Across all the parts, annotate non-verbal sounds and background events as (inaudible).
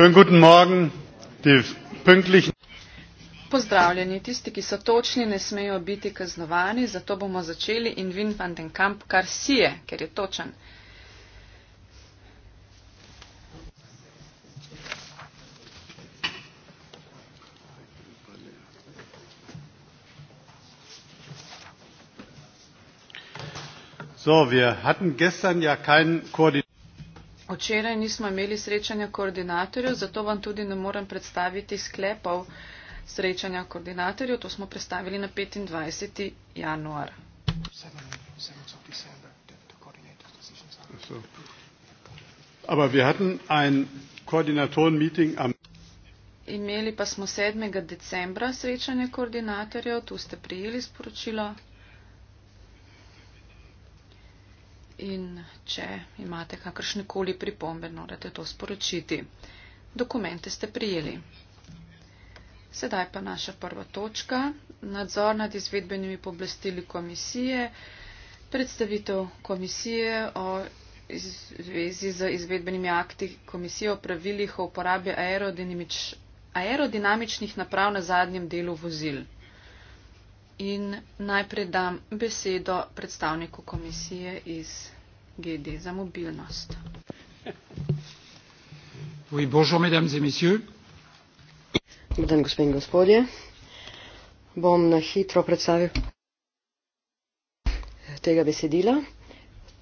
Schönen guten Morgen, die pünktlichen. Pozdravljeni, tisti, ki so točni, ne smejo biti kaznovani, zato bomo začeli in Vin van den Kamp kar sije, ker je točen. So, wir hatten gestern ja keinen Koordinator. Včeraj nismo imeli srečanja koordinatorjev, zato vam tudi ne morem predstaviti sklepov srečanja koordinatorjev. To smo predstavili na 25. januar. Aber wir hatten ein Koordinatoren-Meeting am Imeli pa smo 7. decembra srečanje koordinatorjev, tu ste prijeli sporočilo. in če imate kakršne koli pripombe, morate to sporočiti. Dokumente ste prijeli. Sedaj pa naša prva točka. Nadzor nad izvedbenimi poblastili komisije. Predstavitev komisije o zvezi z izvedbenimi akti komisije o pravilih o uporabi aerodinamič, aerodinamičnih naprav na zadnjem delu vozil in najprej dam besedo predstavniku komisije iz GD za mobilnost. Oui, bonjour, mesdames et messieurs. Dan, gospod in gospodje. Bom na hitro predstavil tega besedila.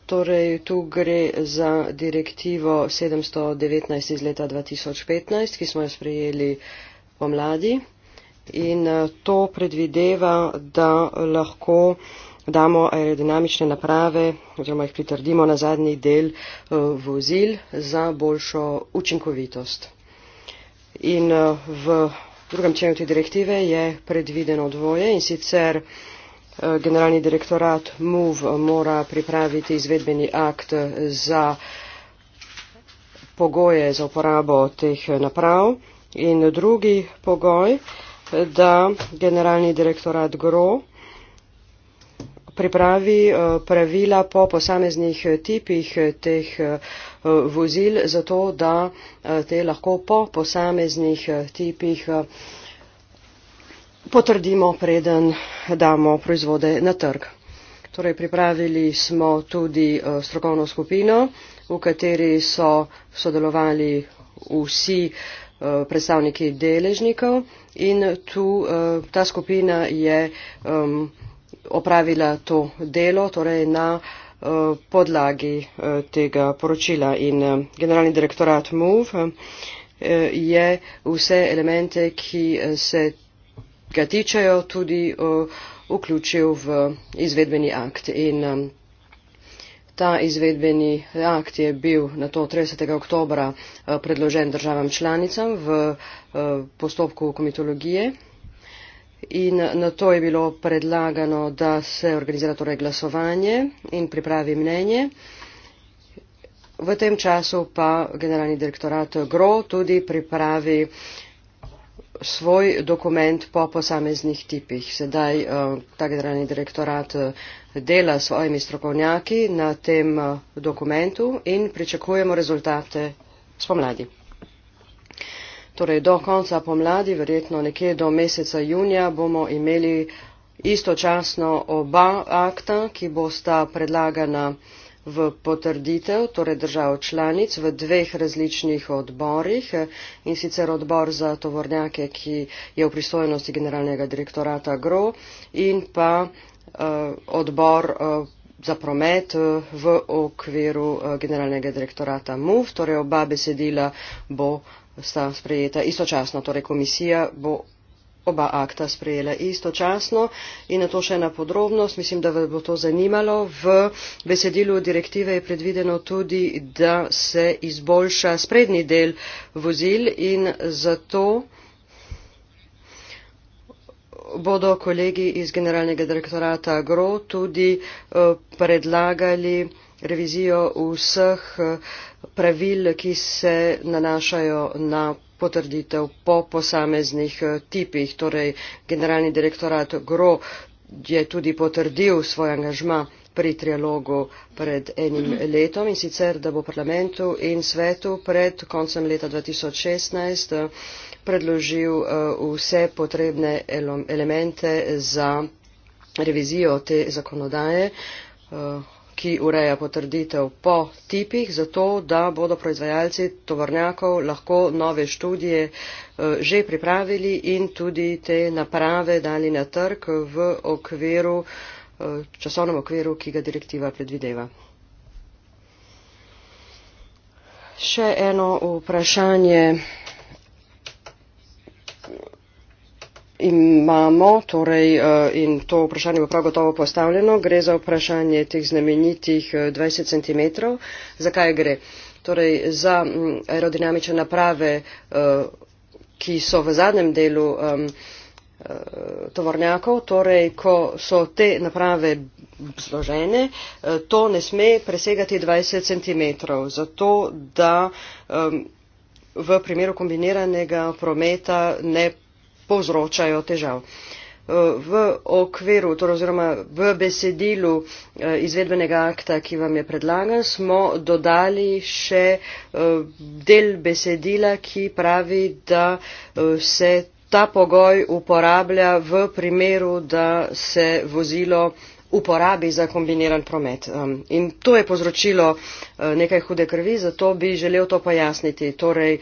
Torej, tu gre za direktivo 719 iz leta 2015, ki smo jo sprejeli pomladi in eh, to predvideva, da lahko damo aerodinamične naprave oziroma jih pritrdimo na zadnji del eh, vozil za boljšo učinkovitost. In eh, v drugem členu te direktive je predvideno dvoje in sicer generalni direktorat MOV mora pripraviti izvedbeni akt za pogoje za uporabo teh naprav in drugi pogoj da generalni direktorat GRO pripravi eh, pravila po posameznih eh, tipih eh, teh vozil, zato da te lahko po posameznih tipih potrdimo, preden damo proizvode na trg. Torej, pripravili smo tudi strokovno skupino, v kateri so sodelovali vsi uh, Eh, predstavniki deležnikov in tu eh, ta skupina je opravila to delo, torej na eh, podlagi tega poročila in generalni direktorat MOVE je vse elemente, ki se ga tičejo, tudi vključil v izvedbeni akt in Ta izvedbeni akt je bil na to 30. oktobra eh, predložen državam članicam v eh, postopku komitologije in na to je bilo predlagano, da se organizira torej glasovanje in pripravi mnenje. V tem času pa generalni direktorat GRO tudi pripravi uh, svoj dokument po posameznih tipih. Sedaj eh, ta generalni direktorat eh, dela s svojimi strokovnjaki na tem eh, dokumentu in pričakujemo rezultate spomladi. Torej do konca pomladi, verjetno nekje do meseca junija, bomo imeli istočasno oba akta, ki bosta predlagana v potrditev, torej držav članic v dveh različnih odborih in sicer odbor za tovornjake, ki je v pristojnosti generalnega direktorata GRO in pa eh, odbor eh, za promet eh, v okviru generalnega direktorata MUF, torej oba besedila bo sta sprejeta istočasno, torej komisija bo oba akta sprejela istočasno in na to še ena podrobnost, mislim, da vas bo to zanimalo. V besedilu direktive je predvideno tudi, da se izboljša sprednji del vozil in zato bodo kolegi iz generalnega direktorata GRO tudi eh, predlagali revizijo vseh eh, pravil, ki se nanašajo na potrditev po posameznih eh, tipih. Torej, generalni direktorat Gro je tudi potrdil svoj angažma pri trialogu pred enim letom in sicer, da bo parlamentu in svetu pred koncem leta 2016 eh, predložil eh, vse potrebne elemente za revizijo te zakonodaje ki ureja potrditev po tipih, zato da bodo proizvajalci tovornjakov lahko nove študije eh, že pripravili in tudi te naprave dali na trg v okviru, eh, časovnem okviru, ki ga direktiva predvideva. Še eno vprašanje imamo, torej eh, in to vprašanje bo prav gotovo postavljeno, gre za vprašanje teh znamenitih 20 cm. Zakaj gre? Torej za mm, aerodinamične naprave, eh, ki so v zadnjem delu eh, tovornjakov, torej ko so te naprave zložene, to ne sme presegati 20 cm, zato da v primeru kombiniranega prometa ne povzročajo težav. Eh, v okviru, torej oziroma v besedilu eh, izvedbenega akta, ki vam je predlagan, smo dodali še eh, del besedila, ki pravi, da se ta pogoj uporablja v primeru, da se vozilo uporabi za kombiniran promet. In to je povzročilo nekaj hude krvi, zato bi želel to pojasniti. Torej,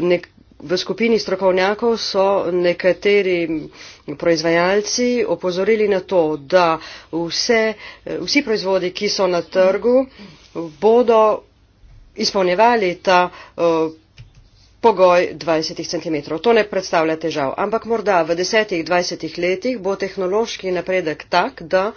nek v skupini strokovnjakov so nekateri proizvajalci opozorili na to, da vse, vsi proizvodi, ki so na trgu, bodo izpolnjevali ta eh, pogoj 20 cm. To ne predstavlja težav, ampak morda v 10-20 letih bo tehnološki napredek tak, da uh,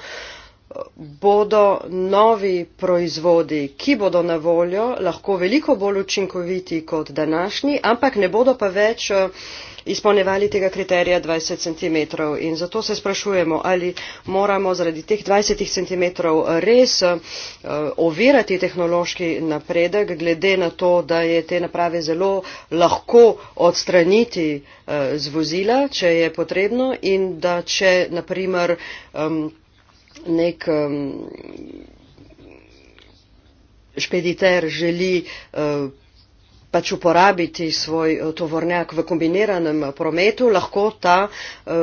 bodo novi proizvodi, ki bodo na voljo, lahko veliko bolj učinkoviti kot današnji, ampak ne bodo pa več eh, izpolnevali tega kriterija 20 cm. In zato se sprašujemo, ali moramo zaradi teh 20 cm res eh, ovirati tehnološki napredek, glede na to, da je te naprave zelo lahko odstraniti eh, z vozila, če je potrebno in da če, naprimer, nek um, špediter želi uh, pač uporabiti svoj uh, tovornjak v kombiniranem uh, prometu, lahko ta uh,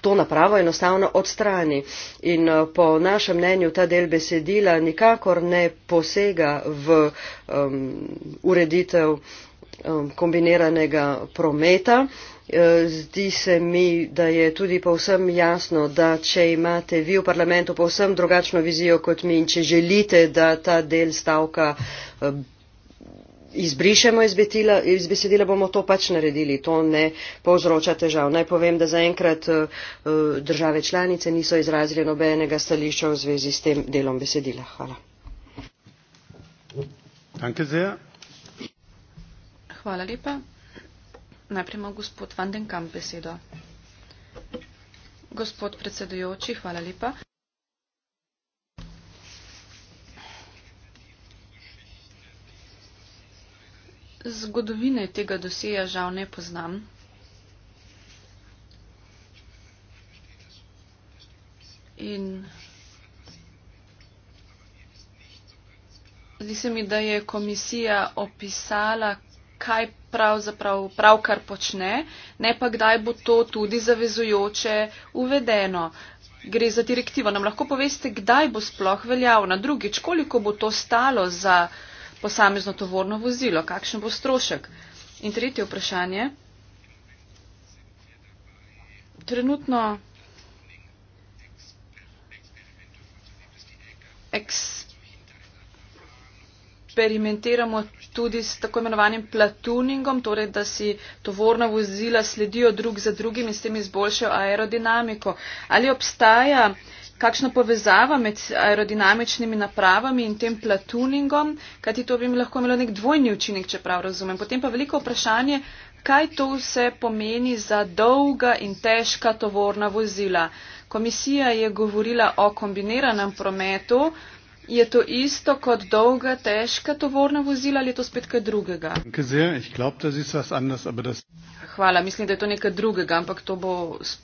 to napravo enostavno odstrani. In uh, po našem mnenju ta del besedila nikakor ne posega v um, ureditev um, kombiniranega prometa. Uh, Eh, zdi se mi, da je tudi povsem jasno, da če imate vi v parlamentu povsem drugačno vizijo kot mi in če želite, da ta del stavka eh, izbrišemo iz, betila, iz besedila, bomo to pač naredili. To ne povzroča težav. Naj povem, da zaenkrat eh, države članice niso izrazile nobenega stališča v zvezi s tem delom besedila. Hvala. Danke sehr. Hvala lepa. Najprej ima gospod Vandenkamp besedo. Gospod predsedujoči, hvala lepa. Zgodovine tega dosija žal ne poznam. In zdi se mi, da je komisija opisala, kaj pravzaprav pravkar počne, ne pa kdaj bo to tudi zavezujoče uvedeno. Gre za direktivo. Nam lahko poveste, kdaj bo sploh veljavna? Drugič, koliko bo to stalo za posamezno tovorno vozilo? Kakšen bo strošek? In tretje vprašanje. Trenutno eksperimentiramo tudi s tako imenovanim platuningom, torej da si tovorna vozila sledijo drug za drugim in s tem izboljšajo aerodinamiko. Ali obstaja kakšna povezava med aerodinamičnimi napravami in tem platuningom, kajti to bi mi lahko imelo nek dvojni učinek, če prav razumem. Potem pa veliko vprašanje, kaj to vse pomeni za dolga in težka tovorna vozila. Komisija je govorila o kombiniranem prometu, Je to isto kot dolga, težka tovorna vozila ali je to spet kaj drugega? Glaub, anders, das... Hvala, mislim, da je to nekaj drugega, ampak to bo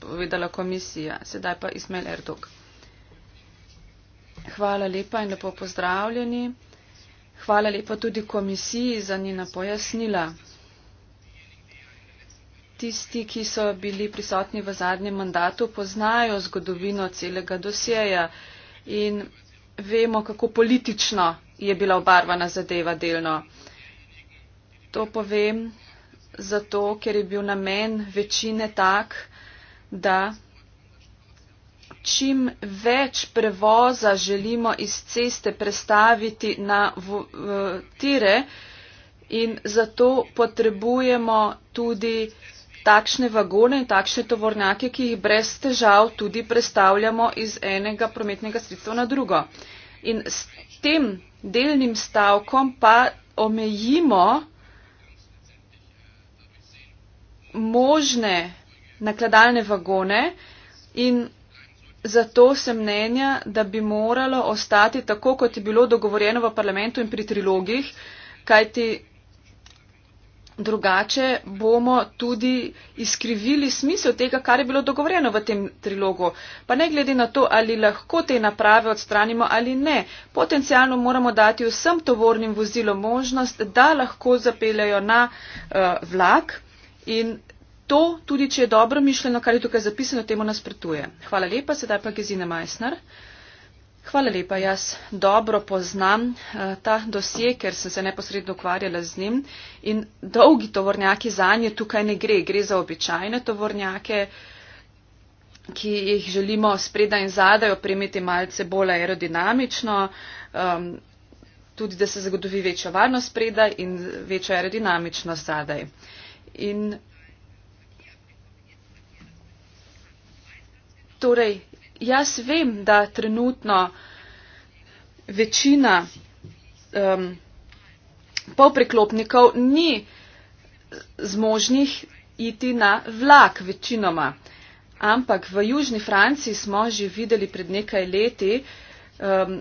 povedala komisija. Sedaj pa Ismail Erdog. Hvala lepa in lepo pozdravljeni. Hvala lepa tudi komisiji za njena pojasnila. Tisti, ki so bili prisotni v zadnjem mandatu, poznajo zgodovino celega dosjeja. In vemo, kako politično je bila obarvana zadeva delno. To povem zato, ker je bil namen večine tak, da čim več prevoza želimo iz ceste prestaviti na v, v, tire in zato potrebujemo tudi takšne vagone in takšne tovornjake, ki jih brez težav tudi prestavljamo iz enega prometnega sredstva na drugo. In s tem delnim stavkom pa omejimo možne nakladalne vagone in zato sem mnenja, da bi moralo ostati tako, kot je bilo dogovorjeno v parlamentu in pri trilogih, kajti drugače bomo tudi izkrivili smisel tega, kar je bilo dogovoreno v tem trilogu. Pa ne glede na to, ali lahko te naprave odstranimo ali ne, potencialno moramo dati vsem tovornim vozilom možnost, da lahko zapeljajo na uh, vlak in to, tudi če je dobro mišljeno, kar je tukaj zapisano, temu nasprotuje. Hvala lepa, sedaj pa Gezina Meissner. Hvala lepa. Jaz dobro poznam eh, ta dosje, ker sem se neposredno ukvarjala z njim. In dolgi tovornjaki za nje tukaj ne gre. Gre za običajne tovornjake, ki jih želimo spreda in zadaj opremiti malce bolj aerodinamično. Um, tudi, da se zagotovi večjo varnost spreda in večjo aerodinamično zadaj. In torej, jaz vem, da trenutno večina um, polpreklopnikov ni zmožnih iti na vlak večinoma. Ampak v Južni Franciji smo že videli pred nekaj leti, um,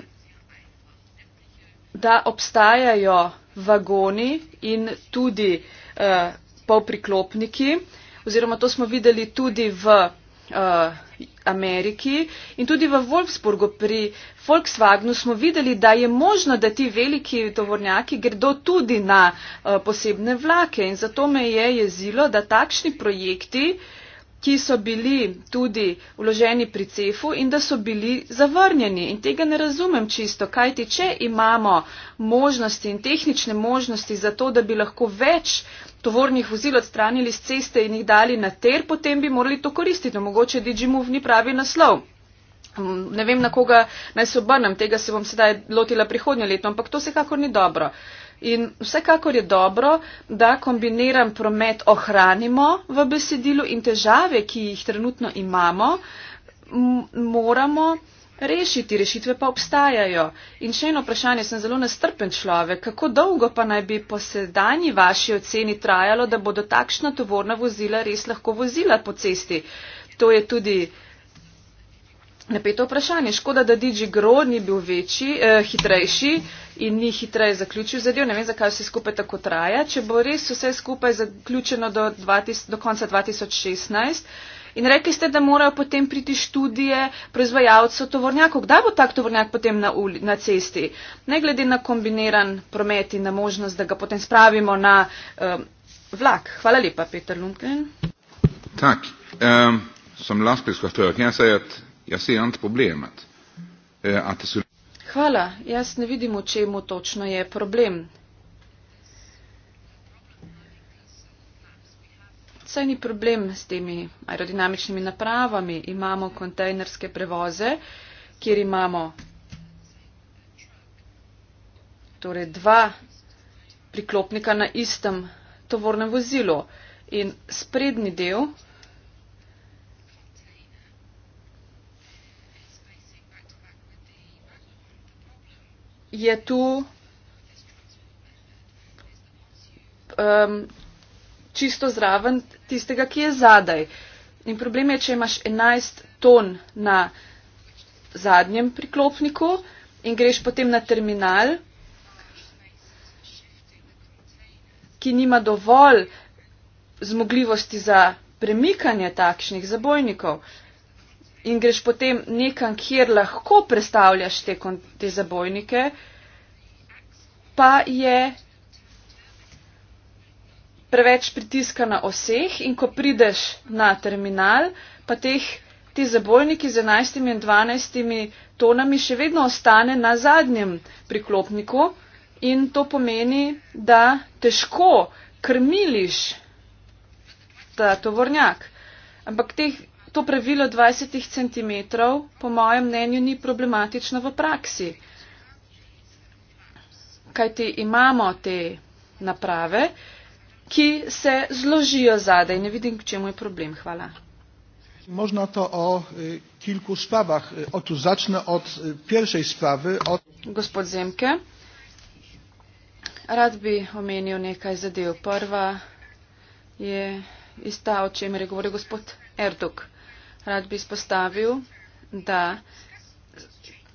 da obstajajo vagoni in tudi uh, eh, polpriklopniki, oziroma to smo videli tudi v uh, Ameriki in tudi v Wolfsburgu pri Volkswagenu smo videli, da je možno, da ti veliki tovornjaki gredo tudi na uh, posebne vlake. In zato me je jezilo, da takšni projekti uh, ki so bili tudi vloženi pri cefu in da so bili zavrnjeni. In tega ne razumem čisto, kajti če imamo možnosti in tehnične možnosti za to, da bi lahko več tovornih vozil odstranili z ceste in jih dali na ter, potem bi morali to koristiti. No, mogoče Digimov ni pravi naslov. Mm, ne vem, na koga naj se obrnem, tega se bom sedaj lotila prihodnje leto, ampak to vsekakor ni dobro. Uh, In vsekakor je dobro, da kombiniran promet ohranimo v besedilu in težave, ki jih trenutno imamo, moramo rešiti. Rešitve pa obstajajo. In še eno vprašanje, sem zelo nestrpen človek. Kako dolgo pa naj bi po sedanji vaši oceni trajalo, da bodo takšna tovorna vozila res lahko vozila po cesti? To je tudi Napeto vprašanje. Škoda, da Digi Gro ni bil večji, eh, hitrejši in ni hitreje zaključil zadev. Ne vem, zakaj vse skupaj tako traja. Če bo res vse skupaj zaključeno do, 20, do konca 2016. In rekli ste, da morajo potem priti študije proizvajalcev tovornjakov. Kdaj bo tak tovornjak potem na, uli, na cesti? Ne glede na kombiniran promet in na možnost, da ga potem spravimo na eh, vlak. Hvala lepa, Peter Lundgren. Tak, um, Jaz se imam problem. Hvala, jaz ne vidim, v čemu točno je problem. Saj ni problem s temi aerodinamičnimi napravami. Imamo kontejnerske prevoze, kjer imamo torej dva priklopnika na istem tovornem vozilu in sprednji del je tu um, čisto zraven tistega, ki je zadaj. In problem je, če imaš 11 ton na zadnjem priklopniku in greš potem na terminal, ki nima dovolj zmogljivosti za premikanje takšnih zabojnikov in greš potem nekam, kjer lahko predstavljaš te, te zabojnike, pa je preveč pritiska na vseh in ko prideš na terminal, pa teh, ti zabojniki z 11 in 12 tonami še vedno ostane na zadnjem priklopniku in to pomeni, da težko krmiliš ta tovornjak. Ampak teh to pravilo 20 cm, po mojem mnenju, ni problematično v praksi. Kaj ti imamo te naprave, ki se zložijo zadaj. Ne vidim, k čemu je problem. Hvala. Možno to o e, kilku sprawach. E, Otu začne od e, pierwszej sprawy. Od... Gospod Zemke, rad bi omenil nekaj zadev. Prva je ista, o čemer je govoril gospod Erdog. Rad bi spostavil, da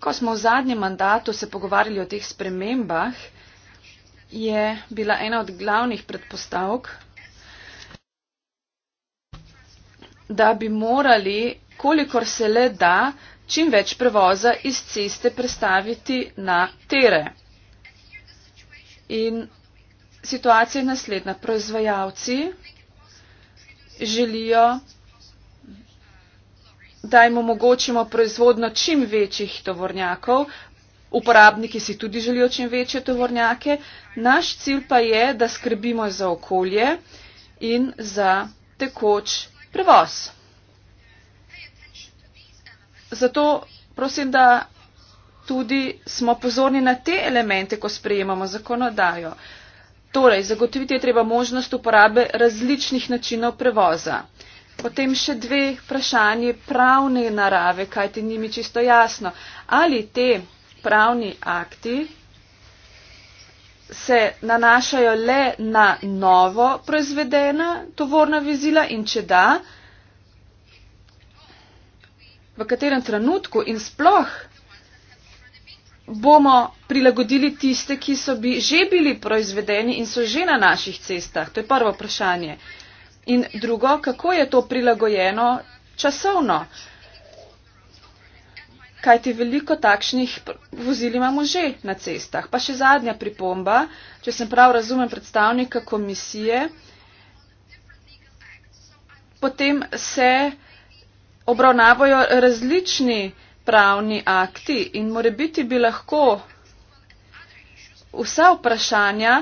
ko smo v zadnjem mandatu se pogovarjali o teh spremembah, je bila ena od glavnih predpostavk, da bi morali, kolikor se le da, čim več prevoza iz ceste prestaviti na tere. In situacija je naslednja. Proizvajalci želijo da jim omogočimo proizvodno čim večjih tovornjakov. Uporabniki si tudi želijo čim večje tovornjake. Naš cilj pa je, da skrbimo za okolje in za tekoč prevoz. Zato prosim, da tudi smo pozorni na te elemente, ko sprejemamo zakonodajo. Torej, zagotoviti je treba možnost uporabe različnih načinov prevoza. Uh, Potem še dve vprašanje pravne narave, kaj ti njimi čisto jasno. Ali te pravni akti se nanašajo le na novo proizvedena tovorna vizila in če da, v katerem trenutku in sploh bomo prilagodili tiste, ki so bi že bili proizvedeni in so že na naših cestah. To je prvo vprašanje. In drugo, kako je to prilagojeno časovno? Kaj ti veliko takšnih vozil imamo že na cestah? Pa še zadnja pripomba, če sem prav razumem predstavnika komisije, potem se obravnavajo različni pravni akti in more biti bi lahko vsa vprašanja,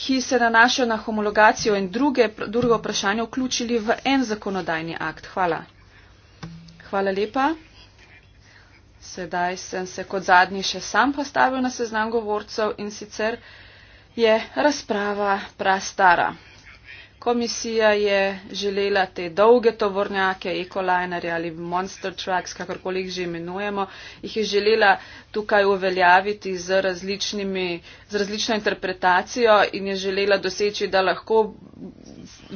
ki se nanašajo na homologacijo in druge, druge vprašanja, vključili v en zakonodajni akt. Hvala. Hvala lepa. Sedaj sem se kot zadnji še sam postavil na seznam govorcev in sicer je razprava prastara komisija je želela te dolge tovornjake, ekolinerje ali monster trucks, kakorkoli jih že imenujemo, jih je želela tukaj uveljaviti z, z različno interpretacijo in je želela doseči, da lahko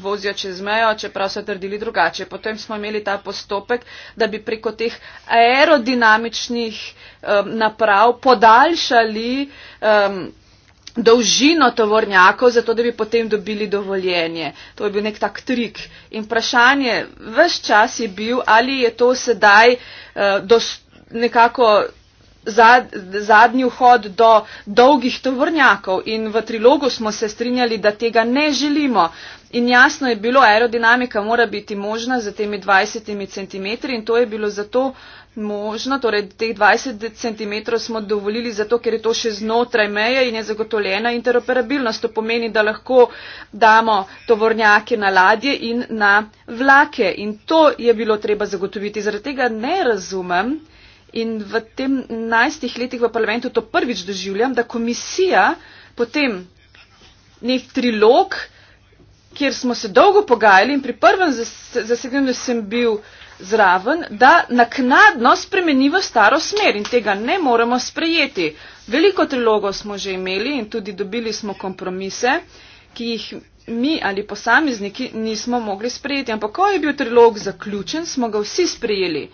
vozijo čez mejo, čeprav so trdili drugače. Potem smo imeli ta postopek, da bi preko teh aerodinamičnih um, naprav podaljšali um, dolžino tovornjakov, zato da bi potem dobili dovoljenje. To je bil nek tak trik. In vprašanje vse čas je bil, ali je to sedaj uh, eh, dos, nekako zad, zadnji vhod do dolgih tovornjakov. In v trilogu smo se strinjali, da tega ne želimo. In jasno je bilo, aerodinamika mora biti možna za temi 20 cm in to je bilo zato, uh, možno, torej teh 20 cm smo dovolili zato, ker je to še znotraj meje in je zagotovljena interoperabilnost. To pomeni, da lahko damo tovornjake na ladje in na vlake. In to je bilo treba zagotoviti. Zaradi tega ne razumem in v tem najstih letih v parlamentu to prvič doživljam, da komisija potem nek trilog, kjer smo se dolgo pogajali in pri prvem zasedanju sem bil zraven, da naknadno spremeni v staro smer in tega ne moremo sprejeti. Veliko trilogov smo že imeli in tudi dobili smo kompromise, ki jih mi ali posamezniki nismo mogli sprejeti. Ampak, ko je bil trilog zaključen, smo ga vsi sprejeli.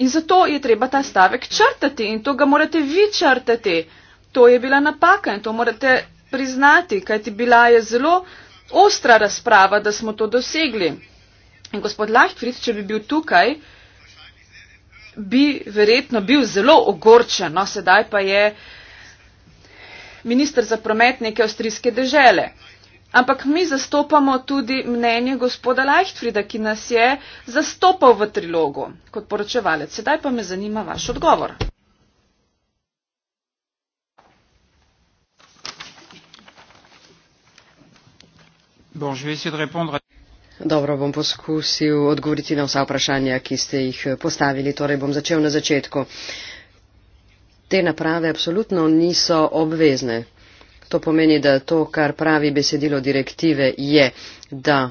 In zato je treba ta stavek črtati in to ga morate vi črtati. To je bila napaka in to morate priznati, kajti bila je zelo ostra razprava, da smo to dosegli. In gospod Lahtfrid, če bi bil tukaj, bi verjetno bil zelo ogorčen, no sedaj pa je ministr za promet neke avstrijske dežele. Ampak mi zastopamo tudi mnenje gospoda Lahtfrida, ki nas je zastopal v trilogu kot poročevalec. Sedaj pa me zanima vaš odgovor. Bon, je vais essayer de répondre à... Dobro, bom poskusil odgovoriti na vsa vprašanja, ki ste jih eh, postavili. Torej bom začel na začetku. Te naprave absolutno niso obvezne. To pomeni, da to, kar pravi besedilo direktive, je, da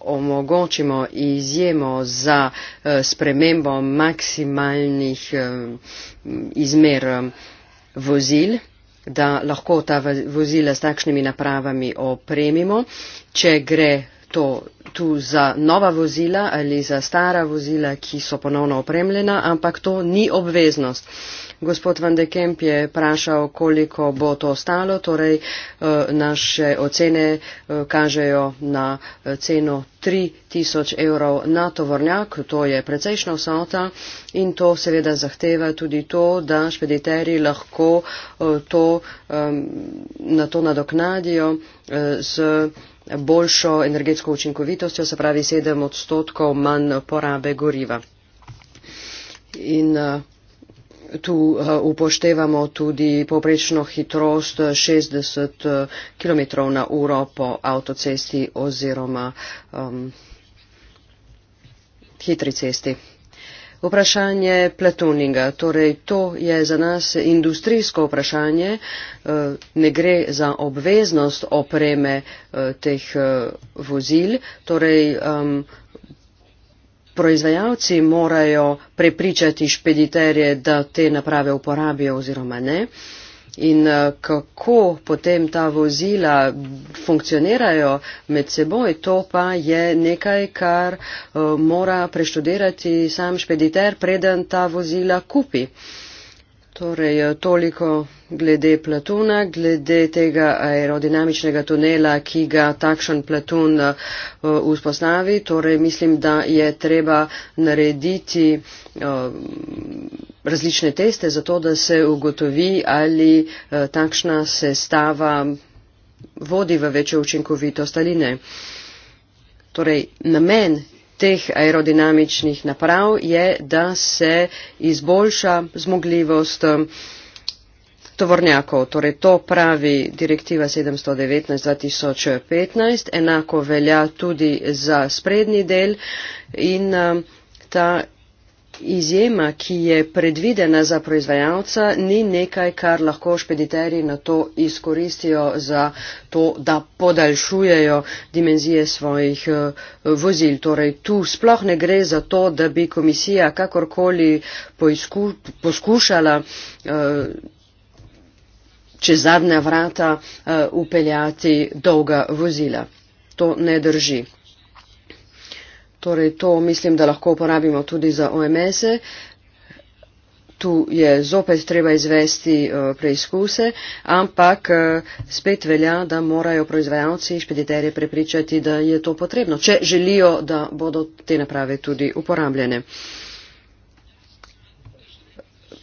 omogočimo izjemo za eh, spremembo maksimalnih eh, izmer vozil da lahko ta vozila s takšnimi napravami opremimo to tu za nova vozila ali za stara vozila, ki so ponovno opremljena, ampak to ni obveznost. Gospod Van de Kemp je vprašal, koliko bo to stalo, torej eh, naše ocene eh, kažejo na eh, ceno 3000 evrov na tovornjak, to je precejšna vsota in to seveda zahteva tudi to, da špediteri lahko to, na to nadoknadijo z boljšo energetsko učinkovitostjo, se pravi 7 odstotkov manj porabe goriva. In eh, tu eh, upoštevamo tudi poprečno hitrost 60 eh, km na uro po avtocesti oziroma um, hitri cesti vprašanje platoninga. Torej, to je za nas industrijsko vprašanje, eh, ne gre za obveznost opreme eh, teh eh, vozil. Torej, proizvajalci morajo prepričati špediterje, da te naprave uporabijo oziroma ne in eh, kako potem ta vozila funkcionirajo med seboj, to pa je nekaj, kar eh, mora preštudirati sam špediter, preden ta vozila kupi. Torej, eh, toliko glede Platuna, glede tega aerodinamičnega tunela, ki ga takšen Platun eh, vzpostavi. Torej, mislim, da je treba narediti eh, različne teste, zato da se ugotovi, ali takšna sestava vodi v večjo učinkovitost ali ne. Torej, namen teh aerodinamičnih naprav je, da se izboljša zmogljivost um, tovornjakov. Torej to pravi direktiva 719-2015, enako velja tudi za sprednji del in um, ta izjema, ki je predvidena za proizvajalca, ni nekaj, kar lahko špediterji na to izkoristijo za to, da podaljšujejo dimenzije svojih eh, vozil. Torej, tu sploh ne gre za to, da bi komisija kakorkoli poskušala eh, čez zadnja vrata upeljati eh, dolga vozila. To ne drži. Torej, to mislim, da lahko uporabimo tudi za OMS-e. Tu je zopet treba izvesti eh, preizkuse, ampak eh, spet velja, da morajo proizvajalci in špediterje prepričati, da je to potrebno, če želijo, da bodo te naprave tudi uporabljene.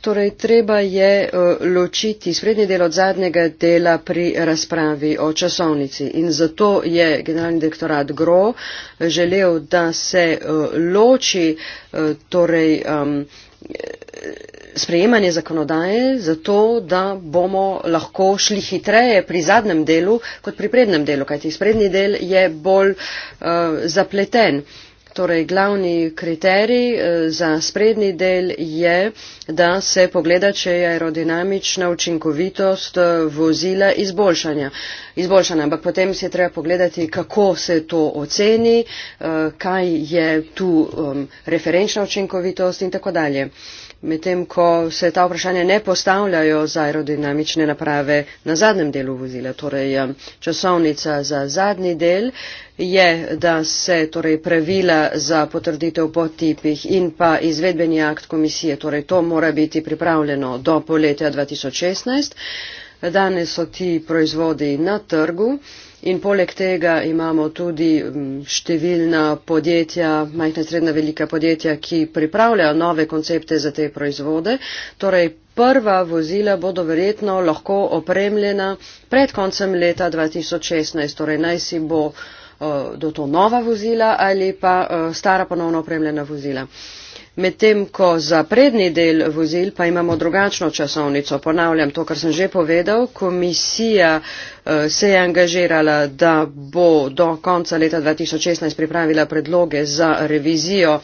Torej, treba je eh, ločiti srednji del od zadnjega dela pri razpravi o časovnici. In zato je generalni direktorat Gro eh, želel, da se eh, loči torej, sprejemanje zakonodaje, zato da bomo lahko šli hitreje pri zadnjem delu kot pri prednjem delu, kajti srednji del je bolj zapleten. Torej, glavni kriterij za sprednji del je uh, da se pogleda, če je aerodinamična učinkovitost eh, vozila izboljšanja. izboljšana. Ampak potem si je treba pogledati, kako se to oceni, eh, kaj je tu um, referenčna učinkovitost in tako dalje. Medtem, ko se ta vprašanja ne postavljajo za aerodinamične naprave na zadnjem delu vozila, torej eh, časovnica za zadnji del je, da se torej, pravila za potrditev po tipih in pa izvedbeni akt komisije, torej to mora biti pripravljeno do poletja 2016. Danes so ti proizvodi na trgu. In poleg tega imamo tudi številna podjetja, majhna in srednja velika podjetja, ki pripravljajo nove koncepte za te proizvode. Torej, prva vozila bodo verjetno lahko opremljena pred koncem leta 2016, torej naj si bo eh, do to nova vozila ali pa eh, stara ponovno opremljena vozila medtem ko za prednji del vozil pa imamo drugačno časovnico. Ponavljam to, kar sem že povedal. Komisija eh, se je angažirala, da bo do konca leta 2016 pripravila predloge za revizijo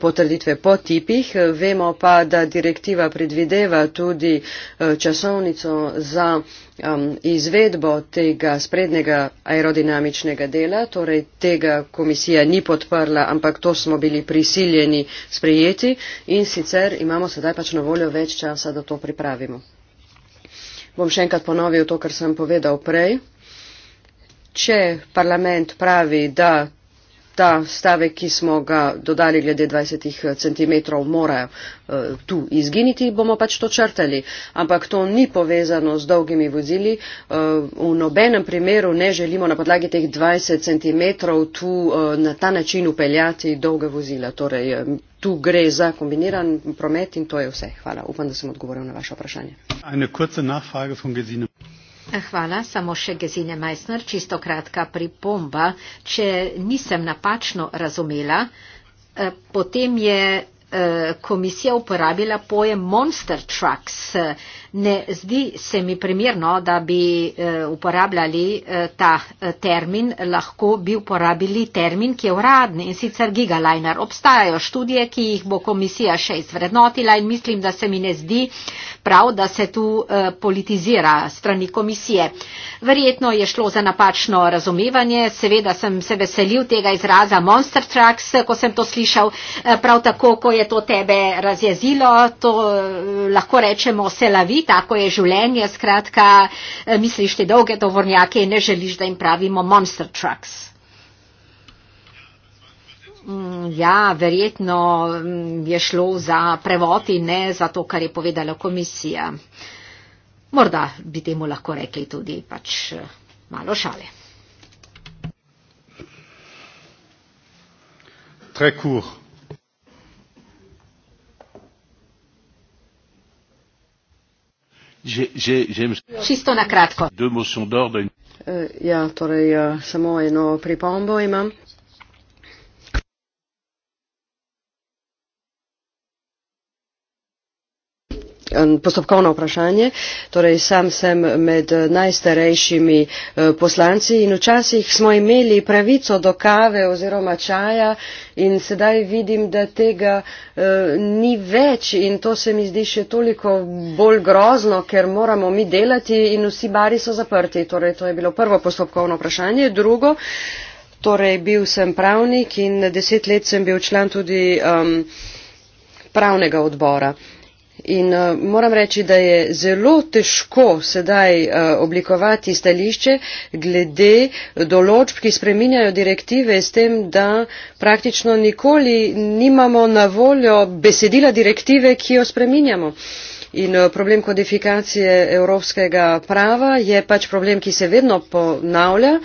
potrditve po tipih. Vemo pa, da direktiva predvideva tudi eh, časovnico za um, izvedbo tega sprednjega aerodinamičnega dela, torej tega komisija ni podprla, ampak to smo bili prisiljeni sprejeti in sicer imamo sedaj pač na voljo več časa, da to pripravimo. Bom še enkrat ponovil to, kar sem povedal prej. Če parlament pravi, da ta stavek, ki smo ga dodali glede 20 eh, cm, mora eh, tu izginiti, bomo pač to črtali. Ampak to ni povezano z dolgimi vozili. Eh, v nobenem primeru ne želimo na podlagi teh 20 cm tu na ta način upeljati dolge vozila. Torej, tu gre za kombiniran promet in to je vse. Hvala. Upam, da sem odgovoril na vaše vprašanje. Hvala, samo še Gezine Meissner, čisto kratka pripomba. Če nisem napačno razumela, eh, potem je eh, komisija uporabila pojem monster trucks. Ne zdi se mi primerno, da bi eh, uporabljali ta termin, lahko bi uporabili termin, ki je uradni in sicer gigaliner. Obstajajo študije, ki jih bo komisija še izvrednotila in mislim, da se mi ne zdi uh, prav, da se tu eh, politizira strani komisije. Verjetno je šlo za napačno razumevanje, seveda sem se veselil tega izraza Monster Trucks, ko sem to slišal, eh, prav tako, ko je to tebe razjezilo, to eh, lahko rečemo se lavi, tako je življenje, skratka, misliš te dolge tovornjake in ne želiš, da jim pravimo Monster Trucks. Mm, ja, verjetno mm, je šlo za prevod in ne za to, kar je povedala komisija. Morda bi temu lahko rekli tudi pač eh, malo šale. Trekur. Čisto na kratko. Uh, ja, torej uh, samo eno pripombo imam. postopkovno vprašanje torej sam sem med najstarejšimi eh, poslanci in včasih smo imeli pravico do kave oziroma čaja in sedaj vidim da tega eh, ni več in to se mi zdi še toliko bolj grozno ker moramo mi delati in vsi bari so zaprti torej to je bilo prvo postopkovno vprašanje drugo torej bil sem pravnik in deset let sem bil član tudi um, pravnega odbora in uh, moram reči, da je zelo težko sedaj uh, oblikovati stališče glede določb, ki spreminjajo direktive s tem, da praktično nikoli nimamo na voljo besedila direktive, ki jo spreminjamo. In eh, problem kodifikacije evropskega prava je pač problem, ki se vedno ponavlja. Uh,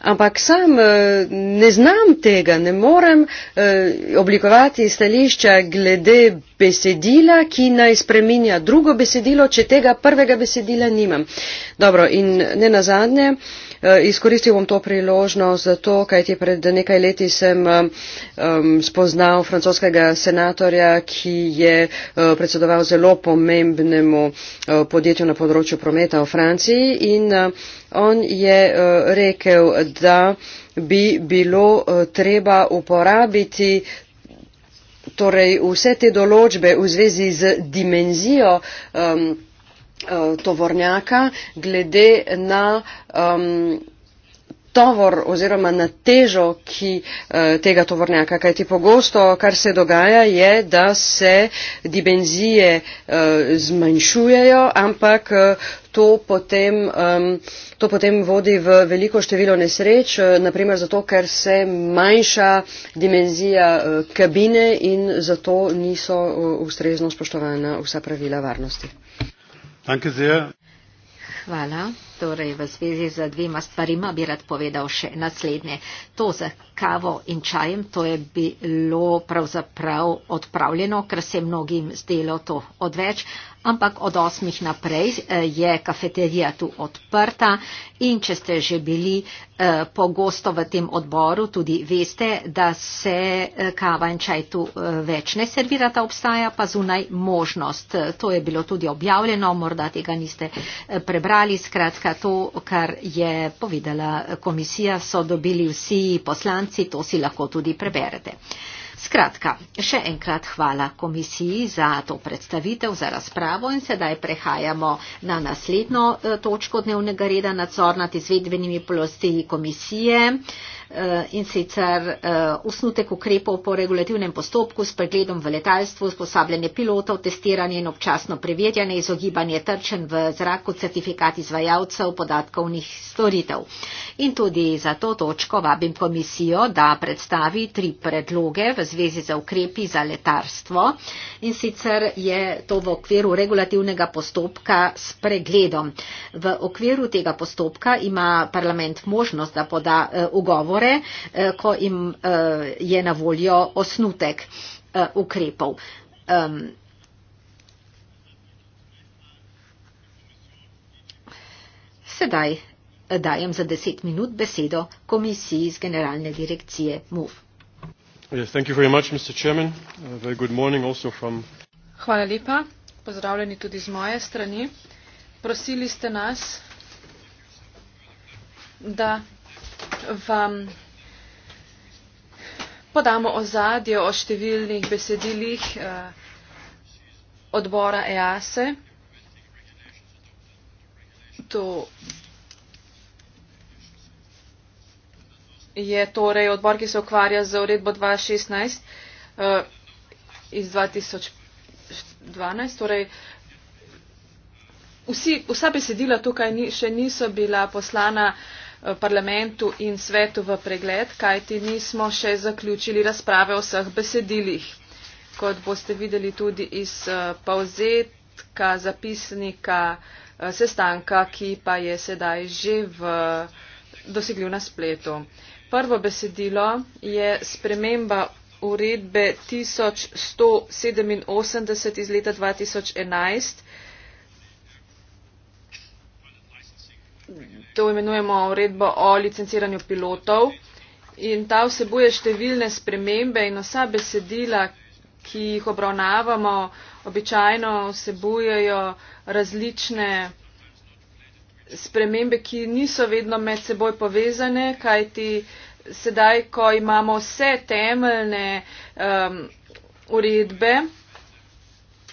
ampak sam eh, ne znam tega, ne morem eh, oblikovati stališča glede besedila, ki naj spreminja drugo besedilo, če tega prvega besedila nimam. Dobro, in ne nazadnje. Eh, izkoristil bom to priložnost zato, kajti pred nekaj leti sem um, spoznal francoskega senatorja, ki je uh, predsedoval zelo pomembnemu uh, podjetju na področju prometa v Franciji in uh, on je uh, rekel, da bi bilo uh, treba uporabiti torej, vse te določbe v zvezi z dimenzijo. Um, Eh, tovornjaka glede na um, tovor oziroma na težo ki, eh, tega tovornjaka. Kaj ti pogosto, kar se dogaja, je, da se dimenzije eh, zmanjšujejo, ampak to potem, to potem vodi v veliko število nesreč, naprimer zato, ker se manjša dimenzija kabine in zato niso ustrezno spoštovana vsa pravila varnosti. Danke sehr. Hvala. Torej, v zvezi z dvima stvarima bi rad povedal še naslednje. To z kavo in čajem, to je bilo pravzaprav odpravljeno, ker se je mnogim zdelo to odveč, ampak od osmih naprej eh, je kafeterija tu odprta in če ste že bili eh, pogosto v tem odboru, tudi veste, da se eh, kava in čaj tu več ne servirata, obstaja pa zunaj možnost. To je bilo tudi objavljeno, morda tega niste prebrali. Skratka, to, kar je povedala komisija, so dobili vsi poslanci, to si lahko tudi preberete. Skratka, še enkrat hvala komisiji za to predstavitev, za razpravo in sedaj prehajamo na naslednjo eh, točko dnevnega reda nadzor nad izvedbenimi polostili komisije eh, in sicer usnutek eh, ukrepov po regulativnem postopku s pregledom v letalstvu, usposabljanje pilotov, testiranje in občasno preverjanje, izogibanje trčen v zraku, certifikat izvajalcev podatkovnih storitev. In tudi za to točko vabim komisijo, da predstavi tri predloge v zvezi z ukrepi za letarstvo in sicer je to v okviru regulativnega postopka s pregledom. V okviru tega postopka ima parlament možnost, da poda eh, ugovore, eh, ko jim eh, je na voljo osnutek ukrepov. Sedaj dajem za deset minut besedo komisiji z generalne direkcije MUF. Hvala lepa. Pozdravljeni tudi z moje strani. Prosili ste nas, da vam podamo ozadje o številnih besedilih eh, odbora EASE. E. To je torej odbor, ki se ukvarja z uredbo 2016 uh, eh, iz 2012. Torej, vsi, vsa besedila tukaj ni, še niso bila poslana eh, parlamentu in svetu v pregled, kajti nismo še zaključili razprave o vseh besedilih. Kot boste videli tudi iz uh, povzetka zapisnika uh, sestanka, ki pa je sedaj že v, dosegljiv na spletu. Uh, Prvo besedilo je sprememba uredbe 1187 iz leta 2011. To imenujemo uredbo o licenciranju pilotov in ta vsebuje številne spremembe in vsa besedila, ki jih obravnavamo, običajno vsebujejo različne spremembe, ki niso vedno med seboj povezane, kajti sedaj, ko imamo vse temeljne um, uredbe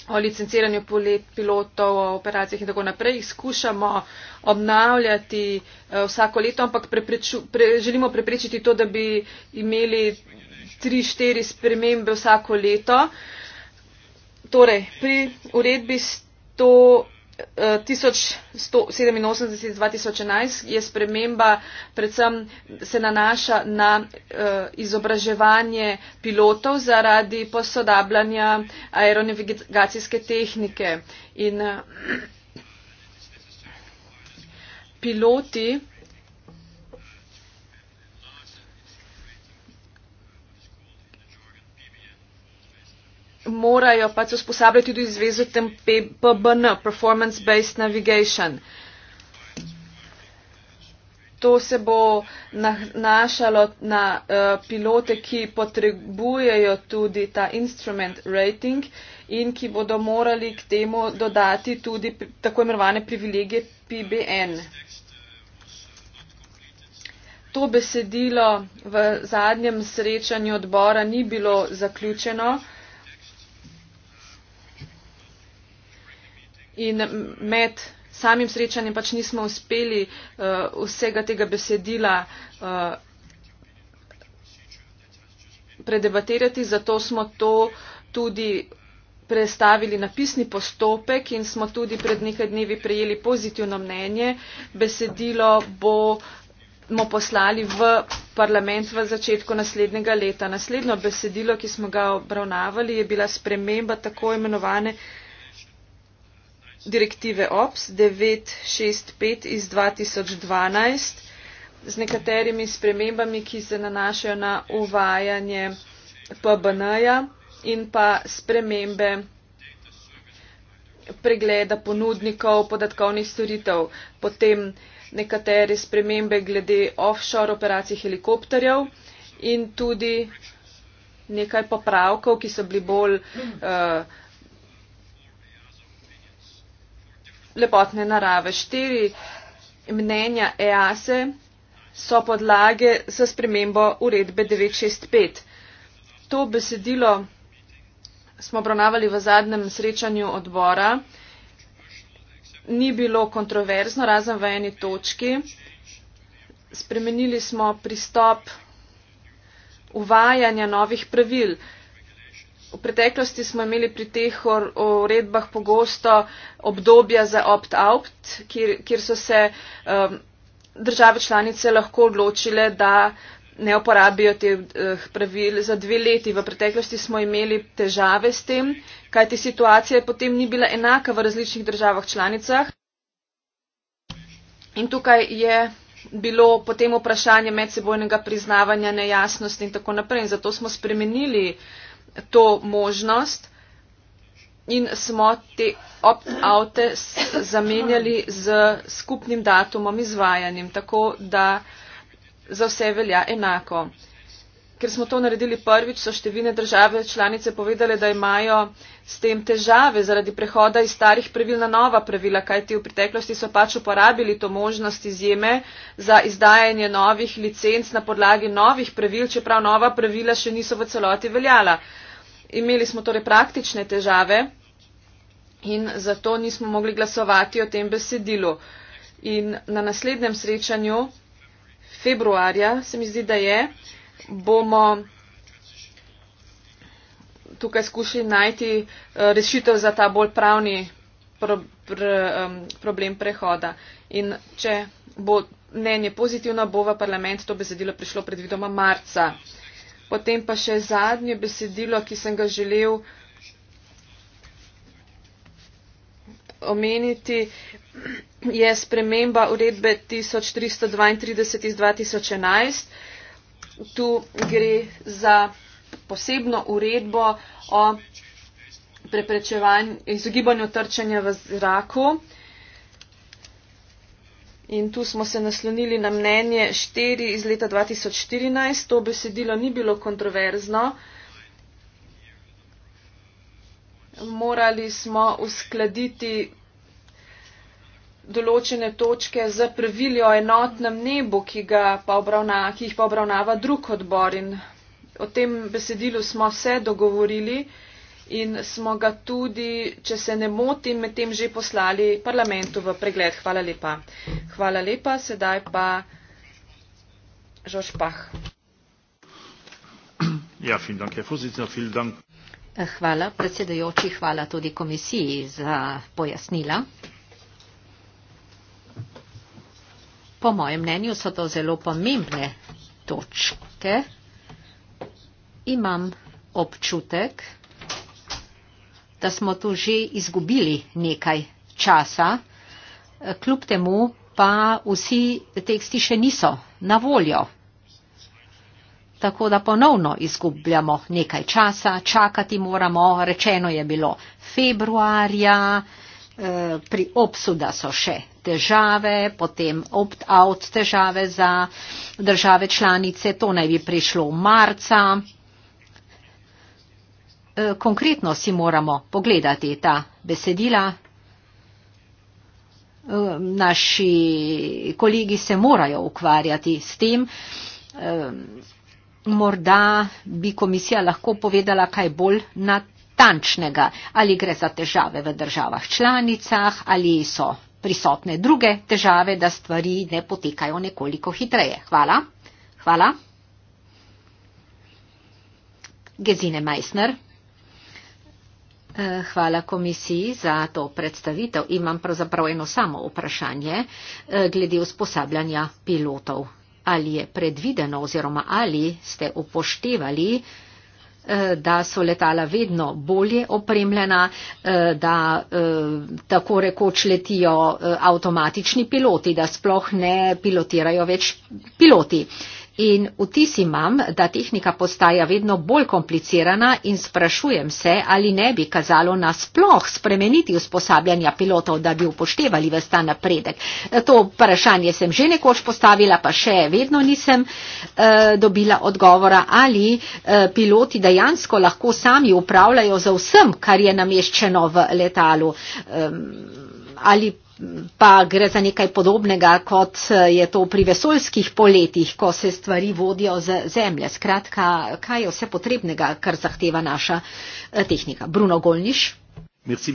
o licenciranju pilotov, o operacijah in tako naprej, jih skušamo obnavljati uh, vsako leto, ampak prepreču, pre, želimo preprečiti to, da bi imeli tri, štiri spremembe vsako leto. Torej, pri uredbi 100. 1187 iz 2011 je sprememba, predvsem se nanaša na uh, izobraževanje pilotov zaradi posodabljanja aeronavigacijske tehnike. In, uh, (clears throat) piloti morajo pač usposabljati tudi zvezo tem PBN, Performance Based Navigation. To se bo nanašalo na uh, pilote, ki potrebujejo tudi ta instrument rating in ki bodo morali k temu dodati tudi tako imenovane privilegije PBN. To besedilo v zadnjem srečanju odbora ni bilo zaključeno. in med samim srečanjem pač nismo uspeli uh, vsega tega besedila uh, predebatirati, zato smo to tudi prestavili na pisni postopek in smo tudi pred nekaj dnevi prejeli pozitivno mnenje. Besedilo bomo poslali v parlament v začetku naslednjega leta. Naslednjo besedilo, ki smo ga obravnavali, je bila sprememba tako imenovane direktive OPS 965 iz 2012 z nekaterimi spremembami, ki se nanašajo na uvajanje PBN-ja in pa spremembe pregleda ponudnikov podatkovnih storitev, potem nekatere spremembe glede offshore operacij helikopterjev in tudi nekaj popravkov, ki so bili bolj uh, lepotne narave. Štiri mnenja EASE e so podlage za spremembo uredbe 965. To besedilo smo obravnavali v zadnjem srečanju odbora. Ni bilo kontroverzno, razen v eni točki. Spremenili smo pristop uvajanja novih pravil v preteklosti smo imeli pri teh uredbah pogosto obdobja za opt-out, kjer, kjer so se um, države članice lahko odločile, da ne uporabijo teh eh, pravil za dve leti. V preteklosti smo imeli težave s tem, kajti situacija potem ni bila enaka v različnih državah članicah. In tukaj je bilo potem vprašanje medsebojnega priznavanja nejasnosti in tako naprej. In zato smo spremenili eh, to možnost in smo te opt-oute zamenjali z skupnim datumom izvajanjem, tako da za vse velja enako. Ker smo to naredili prvič, so številne države članice povedale, da imajo s tem težave zaradi prehoda iz starih pravil na nova pravila, kajti v preteklosti so pač uporabili to možnost izjeme za izdajanje novih licenc na podlagi novih pravil, čeprav nova pravila še niso v celoti veljala. Uh, imeli smo torej praktične težave in zato nismo mogli glasovati o tem besedilu. In na naslednjem srečanju, februarja, se mi zdi, da je, bomo tukaj skušali najti eh, rešitev za ta bolj pravni pro, pr, um, problem prehoda. In če bo mnenje pozitivno, bo v parlament to besedilo prišlo predvidoma marca. Potem pa še zadnje besedilo, ki sem ga želel omeniti, je sprememba uredbe 1332 iz 2011. Tu gre za posebno uredbo o preprečevanju, izogibanju trčanja v zraku. In tu smo se naslonili na mnenje 4 iz leta 2014. To besedilo ni bilo kontroverzno. Morali smo uskladiti določene točke z pravili o enotnem nebu, ki, pa obravnava, ki jih pa obravnava drug odbor. In o tem besedilu smo se dogovorili in smo ga tudi, če se ne motim, med tem že poslali parlamentu v pregled. Hvala lepa. Hvala lepa, sedaj pa Žoš Pah. Ja, hvala predsedajoči, hvala tudi komisiji za pojasnila. Po mojem mnenju so to zelo pomembne točke. Imam občutek, da smo tu že izgubili nekaj časa, kljub temu pa vsi teksti še niso na voljo. Tako da ponovno izgubljamo nekaj časa, čakati moramo, rečeno je bilo februarja, eh, pri obsuda so še težave, potem opt-out težave za države članice, to naj bi prišlo v marca. Eh, konkretno si moramo pogledati ta besedila. Eh, naši kolegi se morajo ukvarjati s tem. Eh, morda bi komisija lahko povedala kaj bolj natančnega, ali gre za težave v državah članicah, ali so prisotne druge težave, da stvari ne potekajo nekoliko hitreje. Hvala. Hvala. Gesine Meissner. Eh, hvala komisiji za to predstavitev. Imam pravzaprav eno samo vprašanje eh, glede usposabljanja pilotov. Ali je predvideno oziroma ali ste upoštevali, eh, da so letala vedno bolje opremljena, da tako rekoč letijo avtomatični piloti, da sploh ne pilotirajo več piloti. In vtis imam, da tehnika postaja vedno bolj komplicirana in sprašujem se, ali ne bi kazalo nasploh spremeniti usposabljanja pilotov, da bi upoštevali ves ta napredek. To vprašanje sem že nekoč postavila, pa še vedno nisem eh, dobila odgovora, ali eh, piloti dejansko lahko sami upravljajo za vsem, kar je nameščeno v letalu. Eh, pa gre za nekaj podobnega, kot eh, je to pri vesoljskih poletih, ko se stvari vodijo z zemlje. Skratka, kaj je vse potrebnega, kar zahteva naša eh, tehnika? Bruno Golniš. Merci,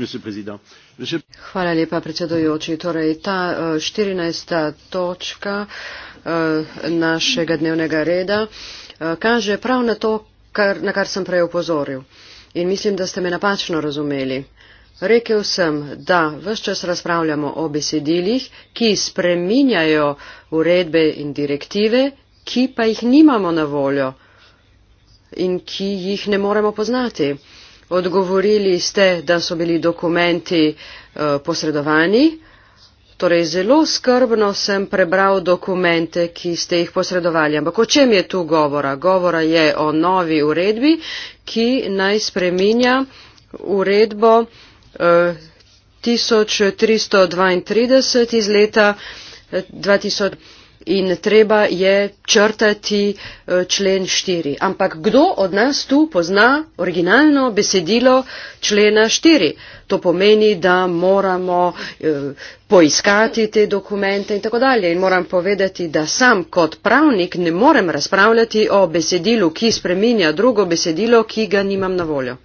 Že... Hvala lepa, predsedojoči. Torej, ta 14. Eh, točka našega dnevnega reda kaže prav na to, kar, na kar sem prej upozoril. In mislim, da ste me napačno razumeli. Rekel sem, da vse čas razpravljamo o besedilih, ki spreminjajo uredbe in direktive, ki pa jih nimamo na voljo in ki jih ne moremo poznati. Odgovorili ste, da so bili dokumenti eh, posredovani. Torej, zelo skrbno sem prebral dokumente, ki ste jih posredovali. Ampak o čem je tu govora? Govora je o novi uredbi, ki naj spreminja uredbo 1332 iz leta 2000 eh, in treba je črtati eh, člen 4. Ampak kdo od nas tu pozna originalno besedilo člena 4? To pomeni, da moramo eh, poiskati te dokumente in tako dalje. In moram povedati, da sam kot pravnik ne morem razpravljati o besedilu, ki spreminja drugo besedilo, ki ga nimam na voljo.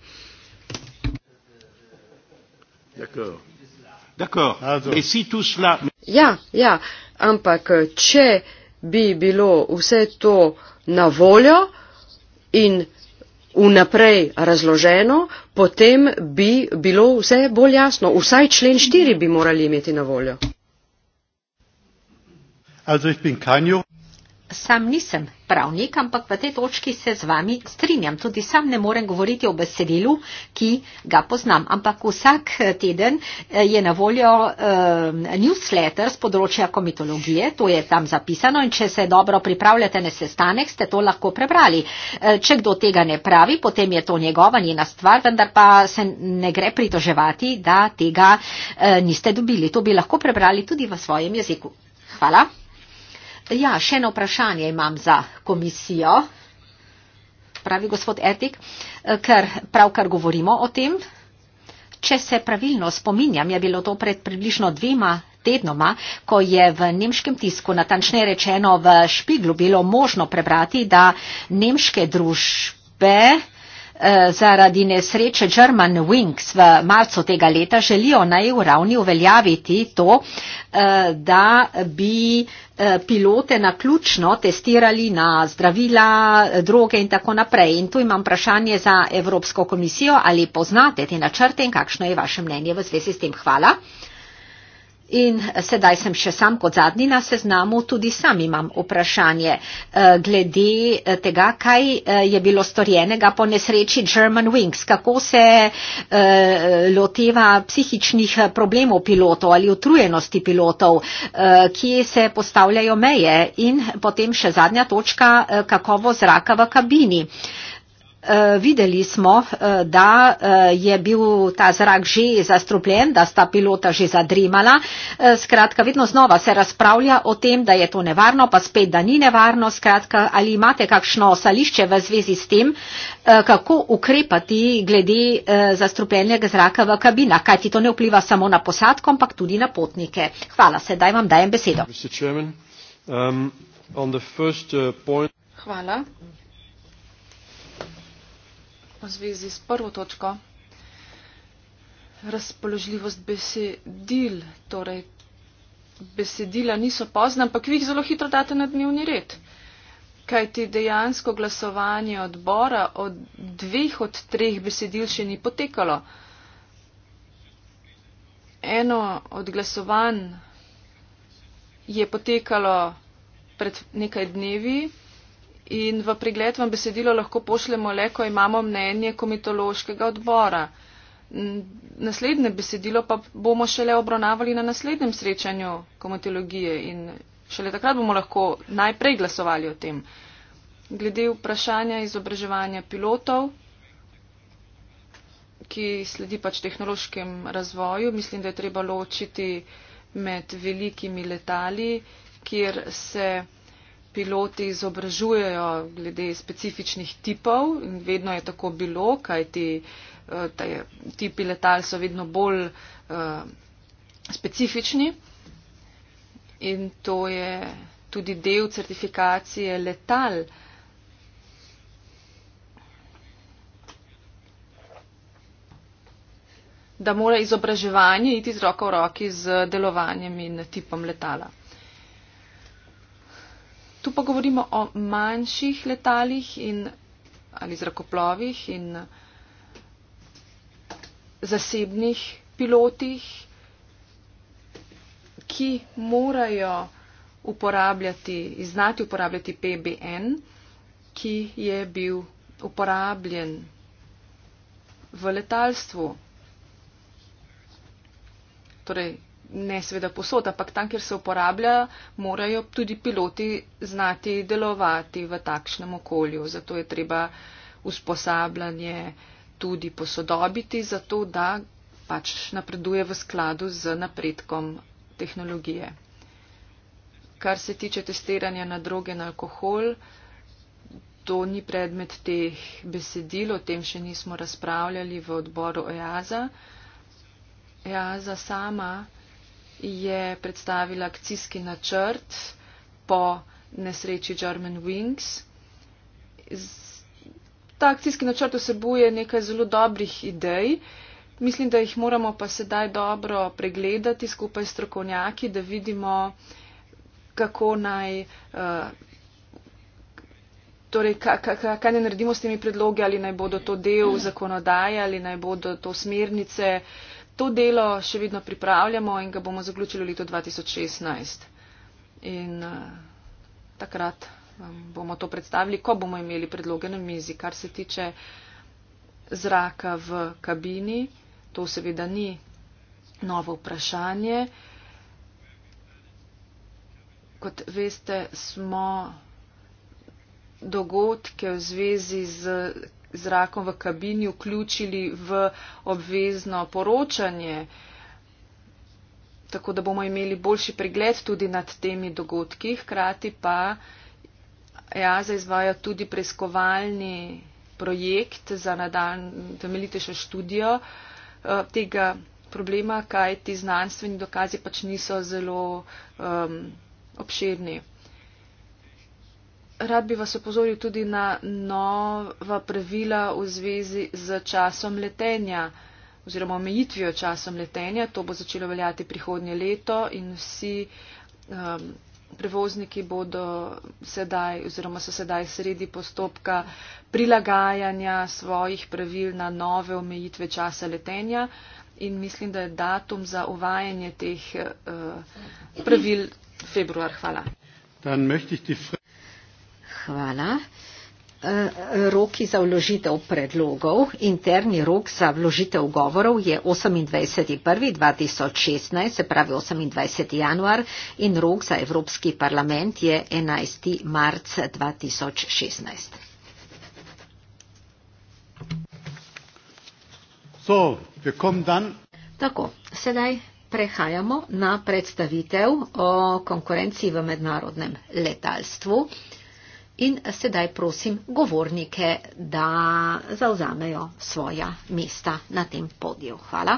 D'accord. D'accord. Mais si tout cela. Ja, ja, ampak eh, če bi bilo vse to na voljo in vnaprej razloženo, potem bi bilo vse bolj jasno. Vsaj člen 4 bi morali imeti na voljo. Also, ich bin kein Jurist sam nisem pravnik, ampak v tej točki se z vami strinjam. Tudi sam ne morem govoriti o besedilu, ki ga poznam. Ampak vsak eh, teden eh, je na voljo uh, newsletter z področja komitologije, to je tam zapisano in če se dobro pripravljate na sestanek, ste to lahko prebrali. Če kdo tega ne pravi, potem je to njegova, njena stvar, vendar pa se ne gre pritoževati, da tega uh, niste dobili. To bi lahko prebrali tudi v svojem jeziku. Hvala. Ja, še eno vprašanje imam za komisijo, pravi gospod Etik, eh, ker pravkar govorimo o tem. Če se pravilno spominjam, je bilo to pred približno dvema tednoma, ko je v nemškem tisku, natančne rečeno v Špiglu, bilo možno prebrati, da nemške družbe Eh, zaradi nesreče German Wings v marcu tega leta želijo na EU ravni uveljaviti to, eh, da bi eh, pilote naključno testirali na zdravila, droge in tako naprej. In tu imam vprašanje za Evropsko komisijo, ali poznate te načrte in kakšno je vaše mnenje v zvezi s tem. Hvala. In sedaj sem še sam kot zadnji na seznamu, tudi sam imam vprašanje eh, glede eh, tega, kaj eh, je bilo storjenega po nesreči German Wings, kako se loteva psihičnih problemov pilotov ali utrujenosti pilotov, ki se postavljajo meje in potem še zadnja točka, kakovo zraka v kabini. Eh, videli smo, eh, da eh, je bil ta zrak že zastrupljen, da sta pilota že zadrimala. Skratka, vedno znova se razpravlja o tem, da je to nevarno, pa spet, da ni nevarno. Skratka, ali imate kakšno stališče v zvezi s tem, kako ukrepati glede zastrupljenega zraka v kabinah, kajti to ne vpliva samo na posadko, ampak tudi na potnike. Hvala, sedaj vam dajem besedo. Um, uh, Hvala v zvezi s prvo točko. Razpoložljivost besedil, torej besedila niso pozna, ampak vi jih zelo hitro date na dnevni red. Kaj ti dejansko glasovanje odbora od dveh od treh besedil še ni potekalo? Eno od glasovanj je potekalo pred nekaj dnevi in v pregled vam besedilo lahko pošljemo le, ko imamo mnenje komitološkega odbora. Naslednje besedilo pa bomo šele obravnavali na naslednjem srečanju komitologije in šele takrat bomo lahko najprej glasovali o tem. Glede vprašanja izobraževanja pilotov, ki sledi pač tehnološkem razvoju, mislim, da je treba ločiti med velikimi letali, kjer se piloti izobražujejo glede specifičnih tipov in vedno je tako bilo, kaj ti eh, tipi letal so vedno bolj uh, specifični in to je tudi del certifikacije letal. da mora izobraževanje iti z roko v roki z delovanjem in tipom letala. Tu pa govorimo o manjših letalih in, ali zrakoplovih in zasebnih pilotih, ki morajo uporabljati, znati uporabljati PBN, ki je bil uporabljen v letalstvu. Torej, ne seveda posod, ampak tam, kjer se uporablja, morajo tudi piloti znati delovati v takšnem okolju. Zato je treba usposabljanje tudi posodobiti, zato da pač napreduje v skladu z napredkom tehnologije. Kar se tiče testiranja na droge in alkohol, to ni predmet teh besedil, o tem še nismo razpravljali v odboru EASA. EASA sama je predstavila akcijski načrt po nesreči German Wings. Ta akcijski načrt vsebuje nekaj zelo dobrih idej. Mislim, da jih moramo pa sedaj dobro pregledati skupaj s strokovnjaki, da vidimo, kako naj. Uh, Torej, kaj ne naredimo s temi predlogi, ali naj bodo to del zakonodaje, ali naj bodo to smernice uh, to delo še vedno pripravljamo in ga bomo zaključili v letu 2016. In uh, takrat um, bomo to predstavili, ko bomo imeli predloge na mizi. Kar se tiče zraka v kabini, to seveda ni novo vprašanje. Kot veste, smo dogodke v zvezi z zrakom v kabini vključili v obvezno poročanje, tako da bomo imeli boljši pregled tudi nad temi dogodki. Hkrati pa EASA izvaja tudi preiskovalni projekt za nadaljno temeljitejšo študijo e, tega problema, kaj ti znanstveni dokazi pač niso zelo um, obširni. Rad bi vas opozoril tudi na nova pravila v zvezi z časom letenja oziroma omejitvijo časom letenja. To bo začelo veljati prihodnje leto in vsi um, prevozniki bodo sedaj oziroma so sedaj sredi postopka prilagajanja svojih pravil na nove omejitve časa letenja in mislim, da je datum za uvajanje teh uh, pravil februar. Hvala hvala. Eh, roki za vložitev predlogov. Interni rok za vložitev govorov je 28.1.2016, se pravi 28. januar, in rok za Evropski parlament je 11. marc 2016. So, Tako, sedaj prehajamo na predstavitev o konkurenciji v mednarodnem letalstvu. In sedaj prosim govornike, da zauzamejo svoja mesta na tem podiju. Hvala.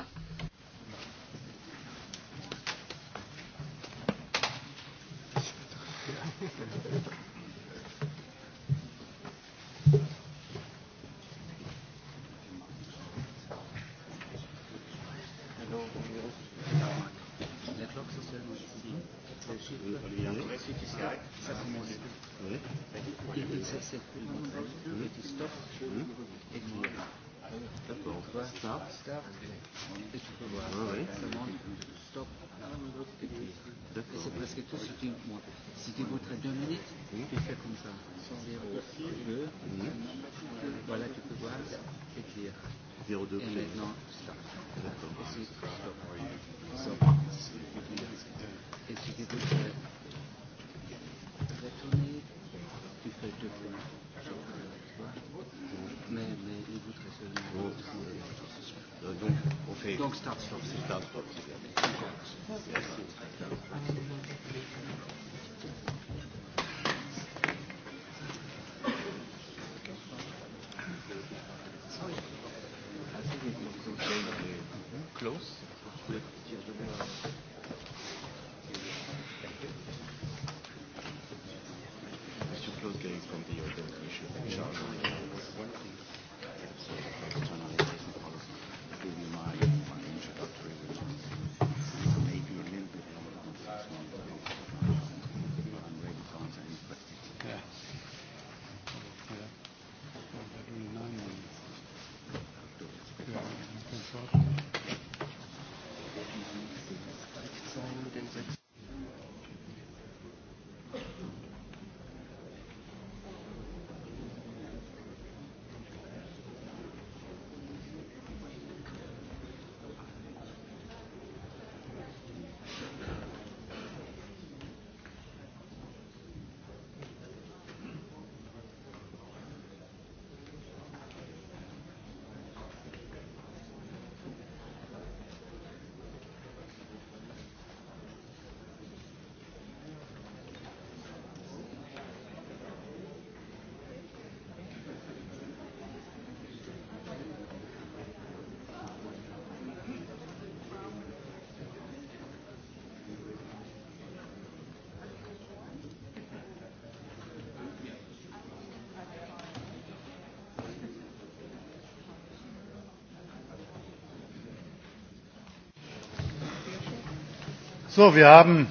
So, wir haben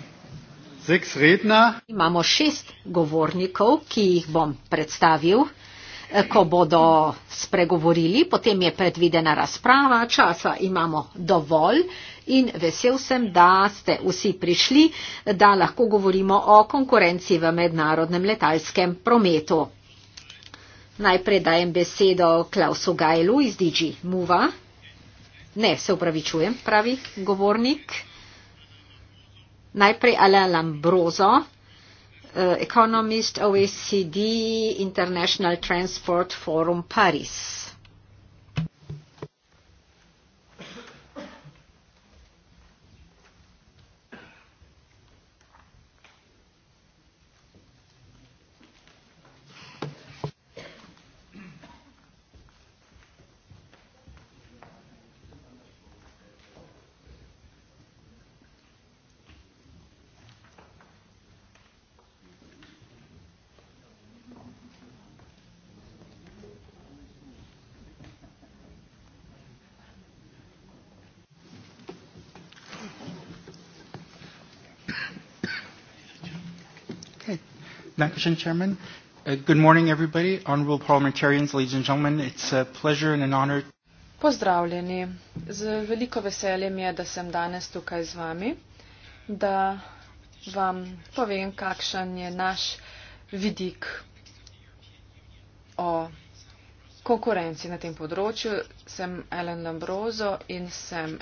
sechs Redner. Imamo šest govornikov, ki jih bom predstavil. Eh, ko bodo spregovorili, potem je predvidena razprava, časa imamo dovolj in vesel sem, da ste vsi prišli, da lahko govorimo o konkurenci v mednarodnem letalskem prometu. Najprej dajem besedo Klausu Gajlu iz DigiMova. Ne, se upravičujem, pravi govornik najprej Alain Lambroso, uh, economist OECD International Transport Forum Paris. Madam Chairman. Uh, good morning, everybody. Honorable parliamentarians, ladies and gentlemen, it's a pleasure and an honor. Pozdravljeni. Z veliko veseljem je, da sem danes tukaj z vami, da vam povem, kakšen je naš vidik o konkurenci na tem področju. Sem Ellen Lambrozo in sem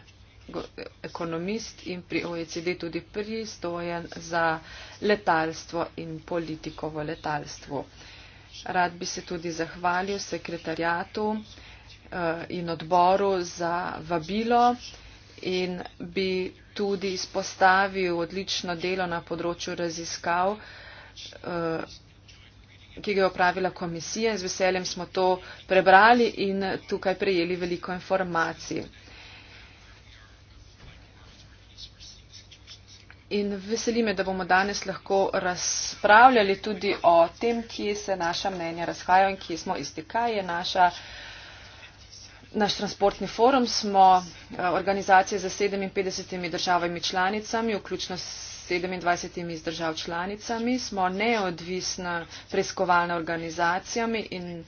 ekonomist in pri OECD tudi pristojen za letalstvo in politiko v letalstvu. Rad bi se tudi zahvalil sekretarjatu eh, in odboru za vabilo in bi tudi izpostavil odlično delo na področju raziskav, eh, ki ga je opravila komisija in z veseljem smo to prebrali in tukaj prejeli veliko informacij. In veseli me, da bomo danes lahko razpravljali tudi o tem, kje se naša mnenja razhajajo in kje smo isti. Kaj je naša, naš transportni forum? Smo eh, organizacije za 57 državami članicami, vključno s 27 iz držav članicami. Smo neodvisna preiskovalna organizacija in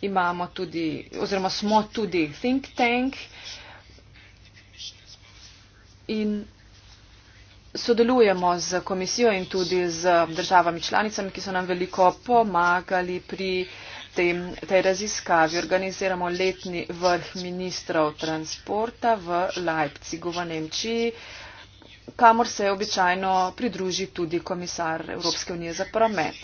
imamo tudi, oziroma smo tudi think tank. In sodelujemo z komisijo in tudi z državami članicami, ki so nam veliko pomagali pri tem, tej raziskavi. Organiziramo letni vrh ministrov transporta v Leipzigu v Nemčiji, kamor se običajno pridruži tudi komisar Evropske unije za promet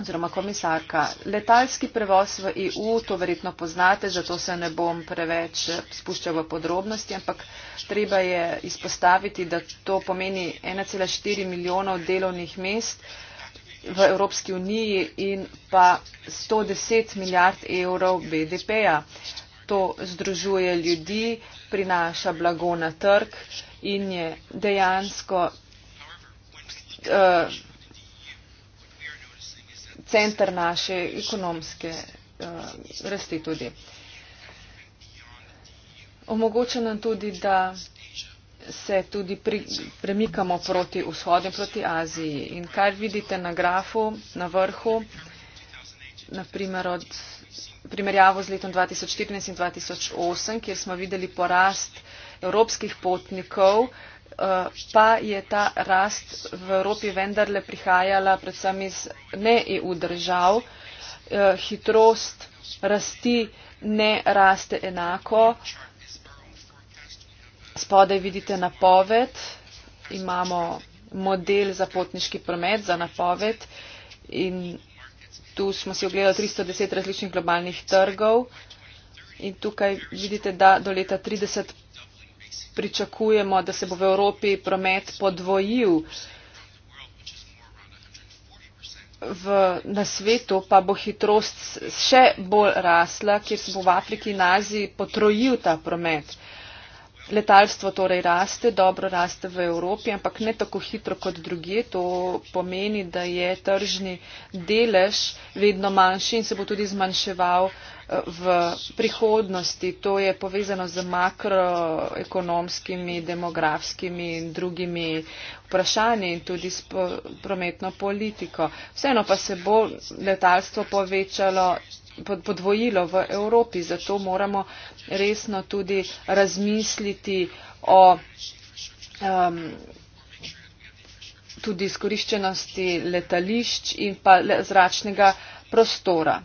oziroma komisarka, letalski prevoz v EU, to verjetno poznate, zato se ne bom preveč eh, spuščal v podrobnosti, ampak treba je izpostaviti, da to pomeni 1,4 milijonov delovnih mest v Evropski uniji in pa 110 milijard evrov BDP-ja. To združuje ljudi, prinaša blago na trg in je dejansko. Uh, center naše ekonomske eh, rasti tudi. Omogoča nam tudi, da se tudi pri, premikamo proti vzhodu, proti Aziji. In kar vidite na grafu na vrhu, naprimer od primerjavo z letom 2014 in 2008, kjer smo videli porast evropskih potnikov, Eh, pa je ta rast v Evropi vendarle prihajala predvsem iz ne EU držav. Eh, hitrost rasti ne raste enako. Spodaj vidite napoved, imamo model za potniški promet, za napoved in tu smo si ogledali 310 različnih globalnih trgov in tukaj vidite, da do leta 30 pričakujemo, da se bo v Evropi promet podvojil. V, na svetu pa bo hitrost še bolj rasla, kjer se bo v Afriki in Aziji potrojil ta promet. Letalstvo torej raste, dobro raste v Evropi, ampak ne tako hitro kot druge. To pomeni, da je tržni delež vedno manjši in se bo tudi zmanjševal uh, v prihodnosti. To je povezano z makroekonomskimi, demografskimi in drugimi vprašanji in tudi s prometno politiko. Vseeno pa se bo letalstvo povečalo podvojilo v Evropi, zato moramo resno tudi razmisliti o um, tudi izkoriščenosti letališč in pa zračnega prostora.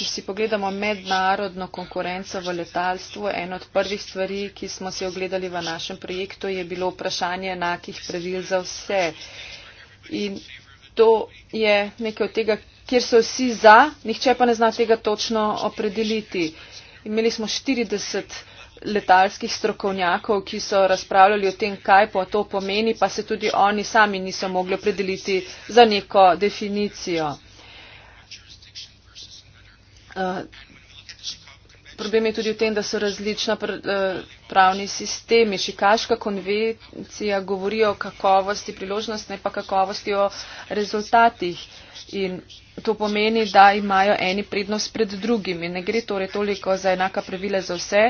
Če si pogledamo mednarodno konkurenco v letalstvu, en od prvih stvari, ki smo si ogledali v našem projektu, je bilo vprašanje enakih pravil za vse. In to je nekaj od tega, kjer so vsi za, nihče pa ne zna tega točno opredeliti. Imeli smo 40 letalskih strokovnjakov, ki so razpravljali o tem, kaj pa to pomeni, pa se tudi oni sami niso mogli opredeliti za neko definicijo. Eh, problem je tudi v tem, da so različna pr, uh, pravni sistemi. Šikaška konvencija govori o kakovosti priložnost, ne pa kakovosti o rezultatih. In to pomeni, da imajo eni prednost pred drugimi. Ne gre torej toliko za enaka pravila za vse,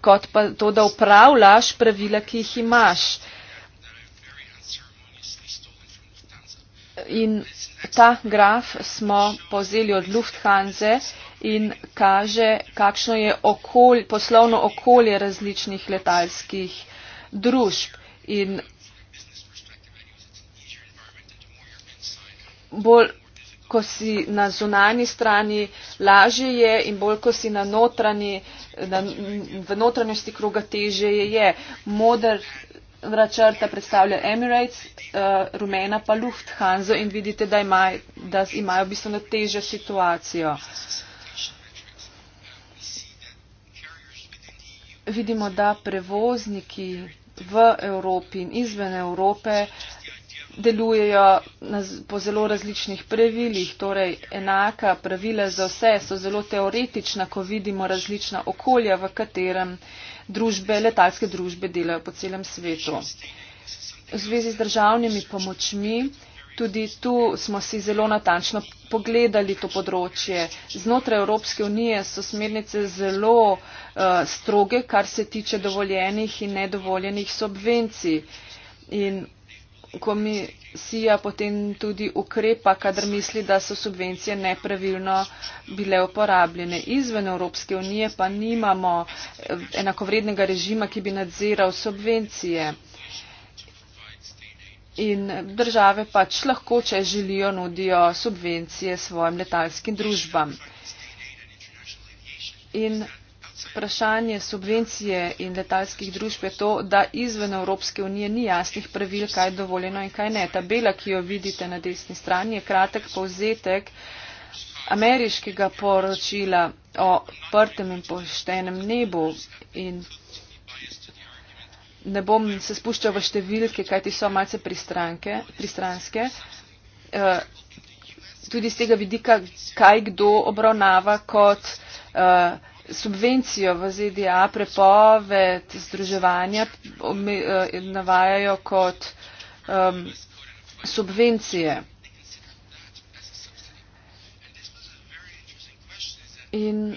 kot pa to, da upravljaš pravila, ki jih imaš. In ta graf smo povzeli od Lufthansa in kaže, kakšno je okolj, poslovno okolje različnih letalskih družb. In bolj, ko si na zunani strani, lažje je in bolj, ko si na notranji, na, v notranjosti kroga, teže je. je. Modr vračrta predstavlja Emirates, uh, rumena pa Lufthansa in vidite, da, ima, da imajo bistveno težjo situacijo. Uh, vidimo, da prevozniki v Evropi in izven Evrope delujejo na, po zelo različnih pravilih, torej enaka pravila za vse so zelo teoretična, ko vidimo različna okolja, v katerem družbe, letalske družbe delajo po celem svetu. V zvezi z državnimi pomočmi tudi tu smo si zelo natančno pogledali to področje. Znotraj Evropske unije so smernice zelo uh, stroge, kar se tiče dovoljenih in nedovoljenih subvencij. In komisija potem tudi ukrepa, kadar misli, da so subvencije nepravilno bile uporabljene. Izven Evropske unije pa nimamo eh, enakovrednega režima, ki bi nadziral subvencije in države pač lahko, če želijo, nudijo subvencije svojim letalskim družbam. In vprašanje subvencije in letalskih družb je to, da izven Evropske unije ni jasnih pravil, kaj je dovoljeno in kaj ne. Ta bela, ki jo vidite na desni strani, je kratek povzetek ameriškega poročila o prtem in poštenem nebu. In ne bom se spuščal v številke, kajti so malce pristranke, pristranske. Eh, tudi z tega vidika, kaj kdo obravnava kot eh, subvencijo v ZDA, prepoved združevanja eh, navajajo kot subvencije. In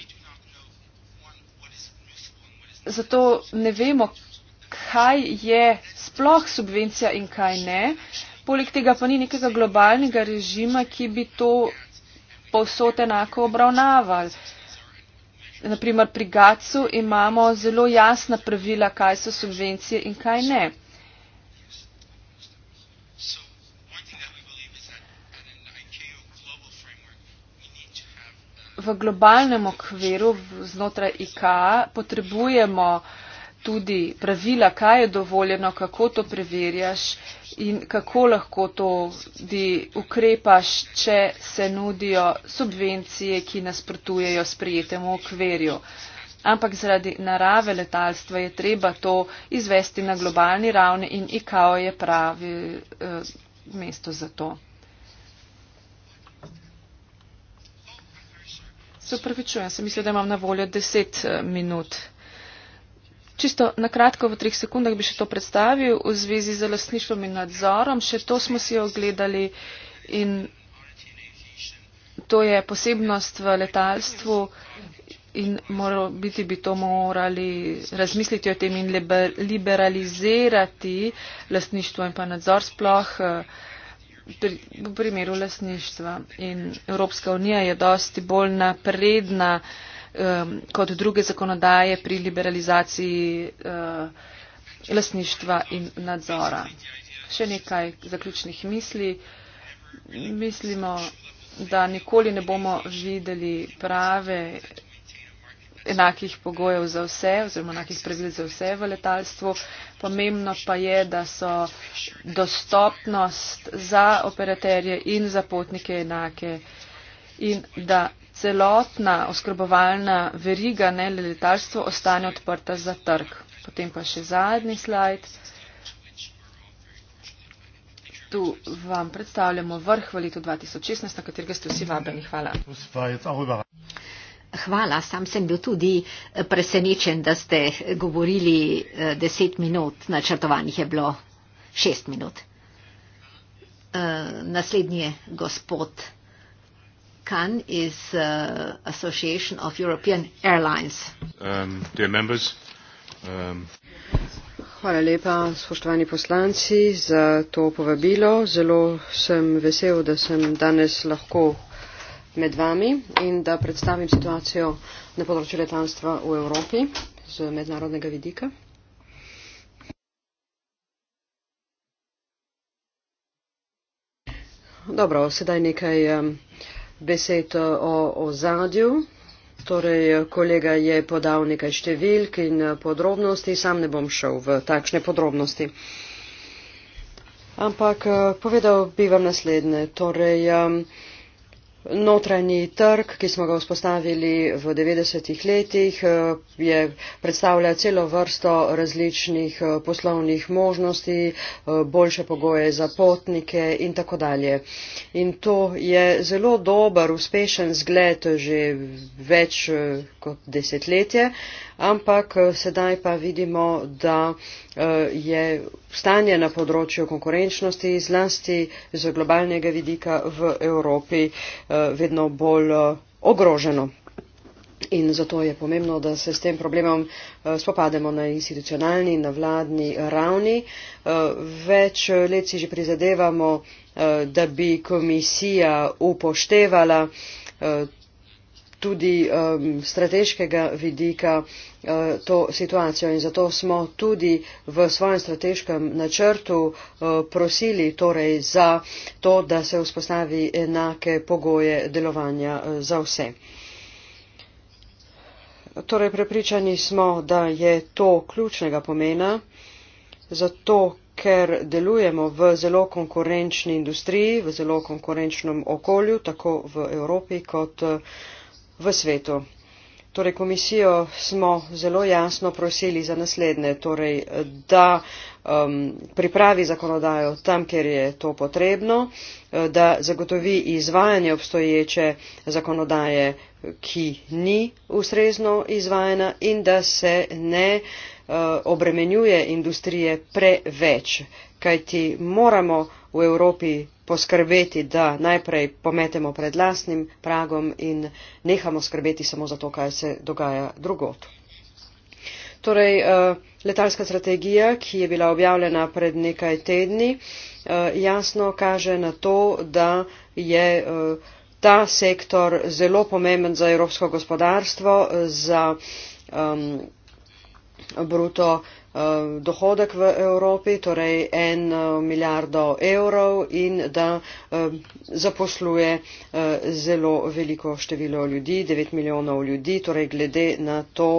zato ne vemo, kaj je sploh subvencija in kaj ne. Poleg tega pa ni nekega globalnega režima, ki bi to povsod enako obravnaval. Naprimer pri GACU imamo zelo jasna pravila, kaj so subvencije in kaj ne. V globalnem okviru znotraj IKA potrebujemo uh, tudi pravila, kaj je dovoljeno, kako to preverjaš in kako lahko to ukrepaš, če se nudijo subvencije, ki nasprotujejo sprijetemu okverju. Ampak zaradi narave letalstva je treba to izvesti na globalni ravni in IKO je pravi eh, mesto za to. Se upravičujem, sem mislil, da imam na voljo 10 eh, minut. Čisto na kratko v treh sekundah bi še to predstavil v zvezi z lastništvom in nadzorom. Še to smo si ogledali in to je posebnost v letalstvu in moral, biti bi to morali razmisliti o tem in liberalizirati lastništvo in pa nadzor sploh eh, pri, v primeru lastništva. In Evropska unija je dosti bolj napredna. Um, kot druge zakonodaje pri liberalizaciji uh, lasništva in nadzora. Še nekaj zaključnih misli. Mislimo, da nikoli ne bomo videli prave enakih pogojev za vse oziroma enakih pravil za vse v letalstvu. Pomembno pa je, da so dostopnost za operaterje in za potnike enake in da celotna oskrbovalna veriga, ne le letalstvo, ostane odprta za trg. Potem pa še zadnji slajd. Tu vam predstavljamo vrh v letu 2016, na katerega ste vsi vabeni. Hvala. Hvala, sam sem bil tudi eh, presenečen, da ste eh, govorili 10 eh, minut, načrtovanih je bilo 6 minut. Naslednji je gospod. Khan is uh, Association of European Airlines. Um, dear members, um Hvala lepa, spoštovani poslanci, za to povabilo. Zelo sem vesel, da sem danes lahko med vami in da predstavim situacijo na področju letalstva v Evropi z mednarodnega vidika. Dobro, sedaj nekaj. Um, besed o ozadju. Torej, kolega je podal nekaj številk in eh, podrobnosti, sam ne bom šel v takšne podrobnosti. Ampak eh, povedal bi vam naslednje. Torej, um, Notranji trg, ki smo ga vzpostavili v 90-ih letih, eh, je, predstavlja celo vrsto različnih eh, poslovnih možnosti, eh, boljše pogoje za potnike in tako dalje. In to je zelo dober, uspešen zgled že več kot desetletje ampak eh, sedaj pa vidimo, da eh, je stanje na področju konkurenčnosti zlasti z globalnega vidika v Evropi eh, vedno bolj ogroženo. In zato je pomembno, da se s tem problemom spopademo na institucionalni, na vladni ravni. Več let si že prizadevamo, da bi komisija upoštevala tudi um, strateškega vidika uh, to situacijo in zato smo tudi v svojem strateškem načrtu uh, prosili torej za to, da se vzpostavi enake pogoje delovanja uh, za vse. Torej prepričani smo, da je to ključnega pomena, zato ker delujemo v zelo konkurenčni industriji, v zelo konkurenčnem okolju, tako v Evropi kot uh, v svetu. Torej komisijo smo zelo jasno prosili za naslednje, torej, da um, pripravi zakonodajo tam, kjer je to potrebno, eh, da zagotovi izvajanje obstoječe zakonodaje, ki ni ustrezno izvajena in da se ne uh, obremenjuje industrije preveč, kajti moramo v Evropi poskrbeti, da najprej pometemo pred lasnim pragom in nehamo skrbeti samo za to, kaj se dogaja drugot. Torej, eh, letalska strategija, ki je bila objavljena pred nekaj tedni, eh, jasno kaže na to, da je eh, ta sektor zelo pomemben za evropsko gospodarstvo, za um, bruto uh, Eh, dohodek v Evropi, torej en eh, milijardo evrov in da eh, zaposluje zelo veliko število ljudi, 9 milijonov ljudi, torej glede na to,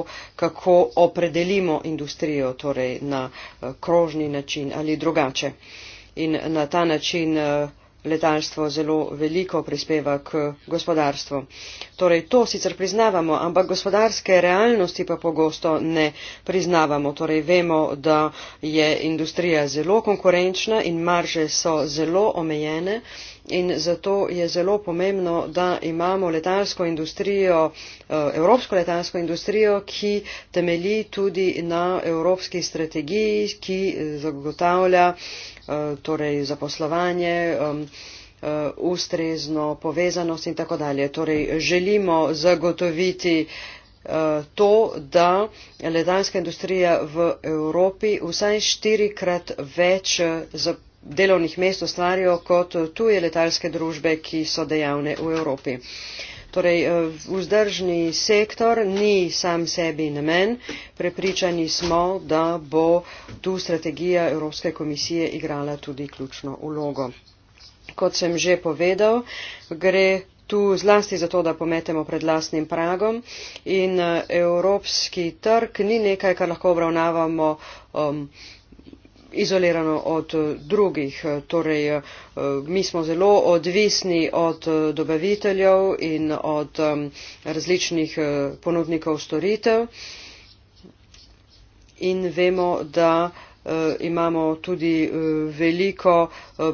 kako opredelimo industrijo, torej na krožni način ali drugače. In na ta način letalstvo zelo veliko prispeva k gospodarstvu. Torej to sicer priznavamo, ampak gospodarske realnosti pa pogosto ne priznavamo. Torej vemo, da je industrija zelo konkurenčna in marže so zelo omejene in zato je zelo pomembno da imamo letalsko industrijo eh, evropsko letalsko industrijo ki temelji tudi na evropski strategiji ki eh, zagotavlja eh, torej zaposlovanje um, ustrezno povezanost in tako dalje. Torej želimo zagotoviti to, da letalska industrija v Evropi vsaj štirikrat več zaposlovanja delovnih mest ustvarijo kot tuje letalske družbe, ki so dejavne v Evropi. Torej, eh, vzdržni sektor ni sam sebi namen. Prepričani smo, da bo tu strategija Evropske komisije igrala tudi ključno ulogo. Kot sem že povedal, gre tu zlasti za to, da pometemo pred lastnim pragom in eh, evropski trg ni nekaj, kar lahko obravnavamo. Um, izolirano od drugih. Torej, eh, mi smo zelo odvisni od eh, dobaviteljev in od različnih eh, ponudnikov storitev in vemo, da imamo tudi veliko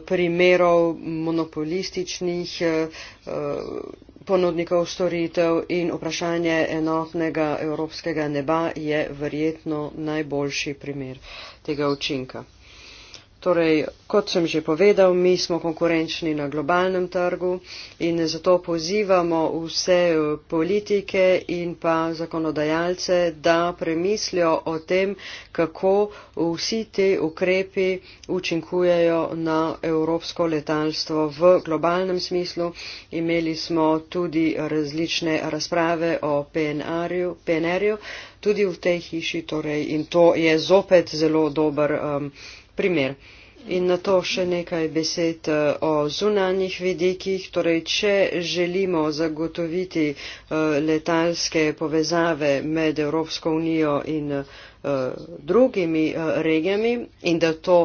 primerov monopolističnih ponudnikov storitev in vprašanje enotnega evropskega neba je verjetno najboljši primer tega učinka. Torej, kot sem že povedal, mi smo konkurenčni na globalnem trgu in zato pozivamo vse politike in pa zakonodajalce, da premislijo o tem, kako vsi te ukrepi učinkujejo na evropsko letalstvo v globalnem smislu. Imeli smo tudi različne razprave o PNR-ju. PNR-ju tudi v tej hiši, torej, in to je zopet zelo dober. Um, primer. In na to še nekaj besed eh, o zunanjih vidikih. Torej, če želimo zagotoviti eh, letalske povezave med Evropsko unijo in eh, drugimi regijami in da to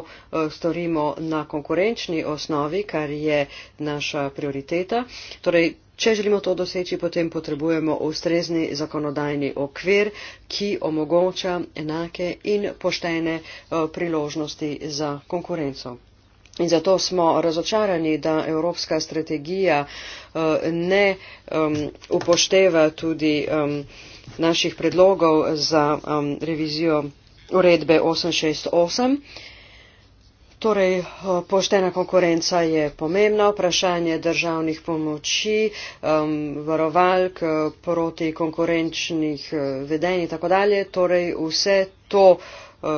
storimo na konkurenčni osnovi, kar je naša prioriteta, torej, Če želimo to doseči, potem potrebujemo ustrezni zakonodajni okvir, ki omogoča enake in poštene eh, priložnosti za konkurenco. In zato smo razočarani, da evropska strategija eh, ne upošteva tudi naših predlogov za revizijo uredbe 868. Torej, eh, poštena konkurenca je pomembna, vprašanje državnih pomoči, um, varovalk eh, proti konkurenčnih eh, vedenj in tako dalje. Torej, vse to uh,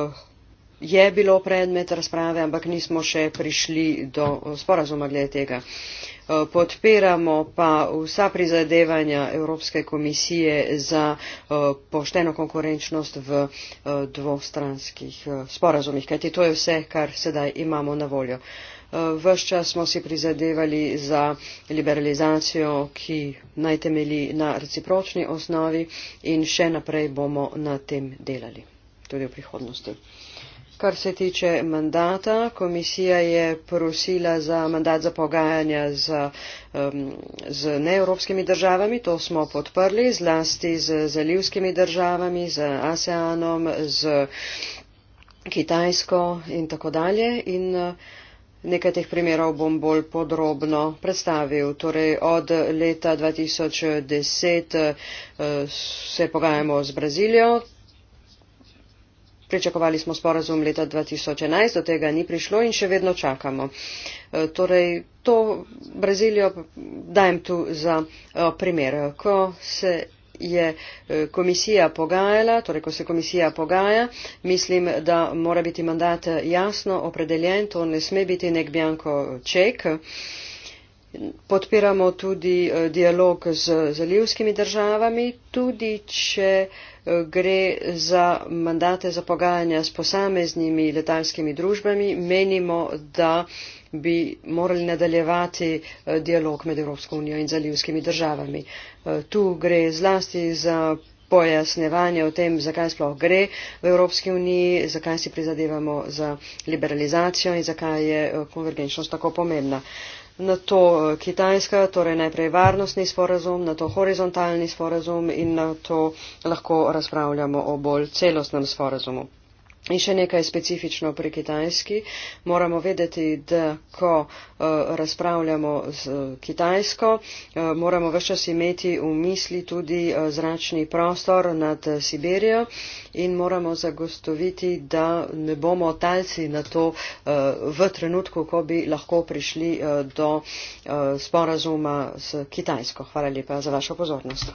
je bilo predmet razprave, ampak nismo še prišli do sporazuma glede tega. Uh, Eh, podpiramo pa vsa prizadevanja Evropske komisije za eh, pošteno konkurenčnost v eh, dvostranskih sporazumih, kajti to je vse, kar sedaj imamo na voljo. Vse čas smo si prizadevali za liberalizacijo, ki naj temeli na recipročni osnovi in še naprej bomo na tem delali, tudi v prihodnosti. Kar se tiče mandata, komisija je prosila za mandat za pogajanja z, um, z neevropskimi državami, to smo podprli, zlasti z zalivskimi državami, z ASEANom, z Kitajsko in tako dalje. In, uh, Nekaj teh primerov bom bolj podrobno predstavil. Torej, od leta 2010 uh, se pogajamo z Brazilijo, Pričakovali smo sporazum leta 2011, do tega ni prišlo in še vedno čakamo. E, torej, to Brazilijo dajem tu za e, primer. Ko se je e, komisija pogajala, torej ko se komisija pogaja, mislim, da mora biti mandat jasno opredeljen, to ne sme biti nek bjanko ček. Podpiramo tudi dialog z zalivskimi državami, tudi če eh, gre za mandate za pogajanja s posameznimi letalskimi družbami, menimo, da bi morali nadaljevati eh, dialog med Evropsko unijo in zalivskimi državami. Eh, tu gre zlasti za pojasnevanje o tem, zakaj sploh gre v Evropski uniji, zakaj si prizadevamo za liberalizacijo in zakaj je eh, konvergenčnost tako pomembna na to eh, Kitajska, torej najprej varnostni sporazum, na to horizontalni sporazum in na to lahko razpravljamo o bolj celostnem sporazumu. In še nekaj specifično pri Kitajski. Moramo vedeti, da ko uh, razpravljamo z eh, Kitajsko, uh, moramo vse čas imeti v misli tudi uh, zračni prostor nad uh, Siberijo in moramo zagostoviti, da ne bomo talci na to uh, v trenutku, ko bi lahko prišli uh, do uh, sporazuma z Kitajsko. Hvala lepa za vašo pozornost.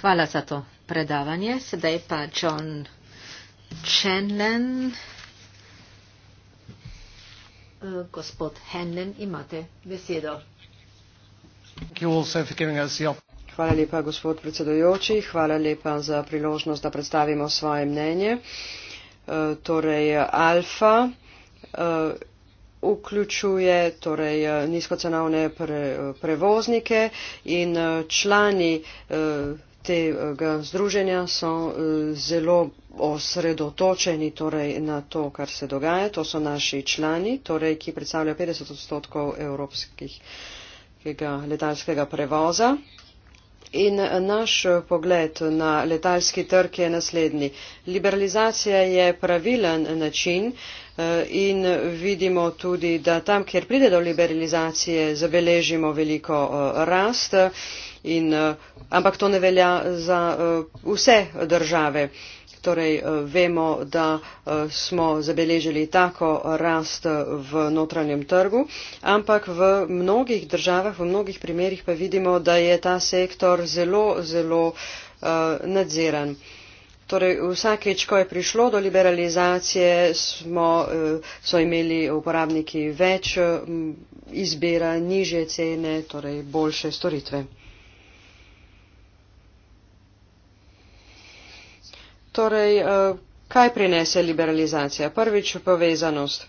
Hvala za to predavanje. Sedaj pa John. Chenlen. Eh, gospod Henlen, imate besedo. Hvala lepa, gospod predsedojoči. Hvala lepa za priložnost, da predstavimo svoje mnenje. Eh, torej, Alfa eh, vključuje torej, nizkocenovne pre, prevoznike in člani tega združenja so eh, zelo osredotočeni torej, na to, kar se dogaja. To so naši člani, torej, ki predstavljajo 50 odstotkov evropskih letalskega prevoza. In eh, naš pogled na letalski trg je naslednji. Liberalizacija je pravilen način, Eh, in vidimo tudi, da tam, kjer pride do liberalizacije, zabeležimo veliko eh, rast, in, eh, ampak to ne velja za vse države. Torej, vemo, da smo zabeležili tako rast v notranjem trgu, ampak v mnogih državah, v mnogih primerjih pa vidimo, da je ta sektor zelo, zelo nadziran. Torej, vsakeč, ko je prišlo do liberalizacije, smo, eh, so imeli uporabniki več eh, izbira, nižje cene, torej boljše storitve. Torej, eh, kaj prinese liberalizacija? Prvič, povezanost.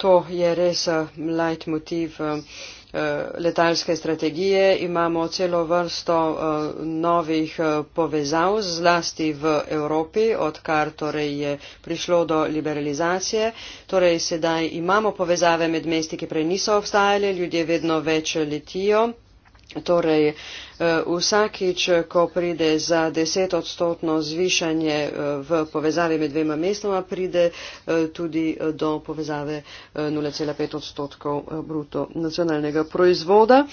To je res leitmotiv. Uh, Eh, letalske strategije, imamo celo vrsto eh, novih eh, povezav, zlasti v Evropi, odkar torej je prišlo do liberalizacije. Torej sedaj imamo povezave med mesti, ki prej niso obstajale, ljudje vedno več letijo. Torej, eh, vsakič, ko pride za deset odstotno zvišanje eh, v povezavi med dvema mestoma, pride eh, tudi do povezave 0,5 odstotkov bruto nacionalnega proizvoda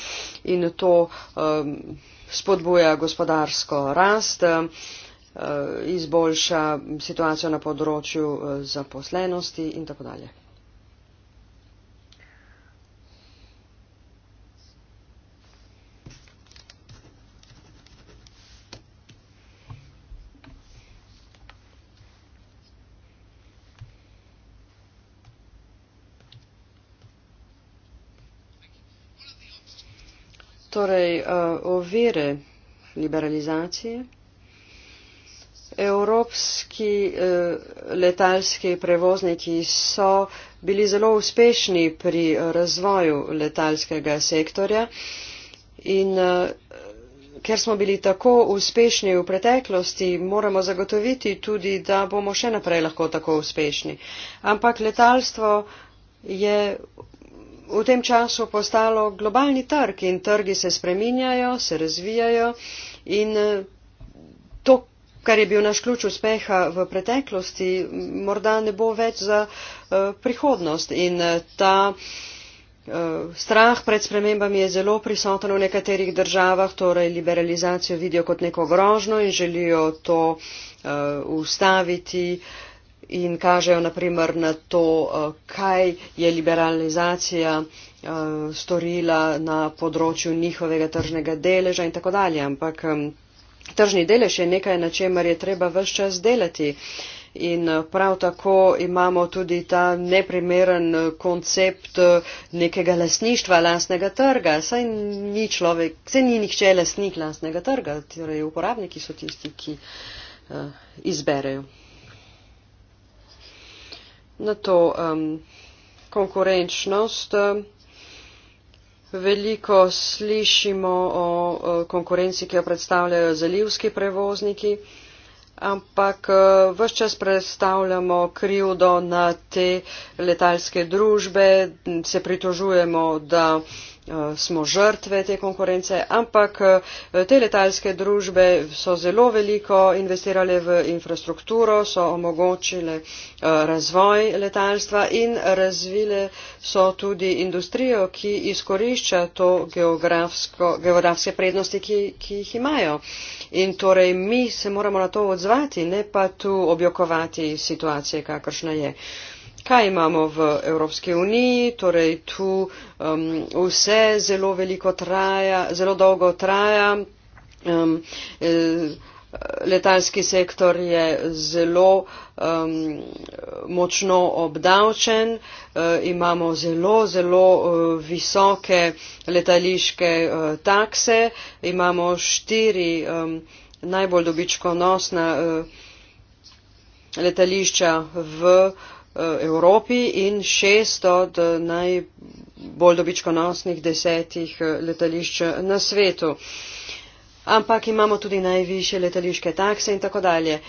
in to spodbuja gospodarsko rast izboljša situacijo na področju zaposlenosti in tako dalje. Torej, eh, ovire liberalizacije. Evropski eh, letalski prevozniki so bili zelo uspešni pri eh, razvoju letalskega sektorja in ker smo bili tako uspešni v preteklosti, moramo zagotoviti tudi, da bomo še naprej lahko tako uspešni. Ampak letalstvo je v tem času postalo globalni trg in trgi se spreminjajo, se razvijajo in eh, to, kar je bil naš ključ uspeha v preteklosti, morda ne bo več za uh, prihodnost. In eh, ta uh, strah pred spremembami je zelo prisoten v nekaterih državah, torej liberalizacijo vidijo kot neko grožno in želijo to uh, ustaviti. Uh, in kažejo naprimer na to, eh, kaj je liberalizacija eh, storila na področju njihovega tržnega deleža in tako dalje. Ampak tržni delež je nekaj, na čemer je treba vse čas delati. In eh, prav tako imamo tudi ta neprimeren koncept nekega lasništva, lasnega trga. Saj ni človek, saj ni nihče lasnik lasnega trga, torej uporabniki so tisti, ki uh, izberejo na to um, konkurenčnost. Veliko slišimo o, o konkurenci, ki jo predstavljajo zalivski prevozniki, ampak vse čas predstavljamo krivdo na te letalske družbe, se pritožujemo, da. Eh, smo žrtve te konkurence, ampak eh, te letalske družbe so zelo veliko investirale v infrastrukturo, so omogočile eh, razvoj letalstva in razvile so tudi industrijo, ki izkorišča to geografske prednosti, ki, ki jih imajo. In torej mi se moramo na to odzvati, ne pa tu objokovati situacije, kakršna je. Uh, kaj imamo v Evropski uniji, torej tu um, vse zelo veliko traja, zelo dolgo traja. Um, eh, letalski sektor je zelo um, močno obdavčen, uh, imamo zelo, zelo uh, visoke letališke uh, takse, imamo štiri um, najbolj dobičkonosna uh, letališča v uh, Eh, Evropi in šest od eh, najbolj dobičkonosnih desetih eh, letališč na svetu. Ampak imamo tudi najviše letališke takse in tako dalje.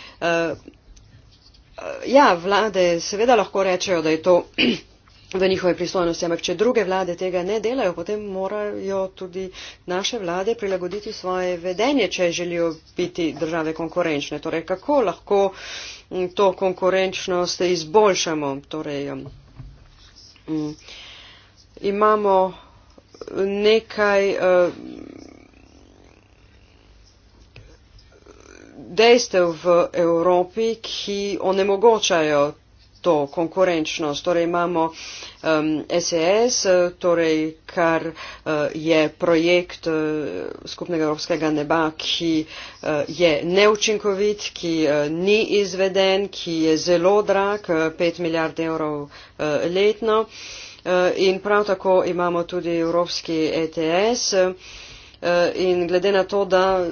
Ja, vlade seveda lahko rečejo, da je to (clears throat) v njihove pristojnosti. Ampak, če druge vlade tega ne delajo, potem morajo tudi naše vlade prilagoditi svoje vedenje, če želijo biti države konkurenčne. Torej, kako lahko mm, to konkurenčnost izboljšamo? Torej, mm, imamo nekaj eh, dejstev v Evropi, ki onemogočajo to konkurenčnost. Torej imamo um, SES, e torej, kar uh, je projekt uh, skupnega evropskega neba, ki uh, je neučinkovit, ki uh, ni izveden, ki je zelo drag, uh, 5 milijard evrov uh, letno. Uh, in prav tako imamo tudi evropski ETS. Uh, Eh, in glede na to, da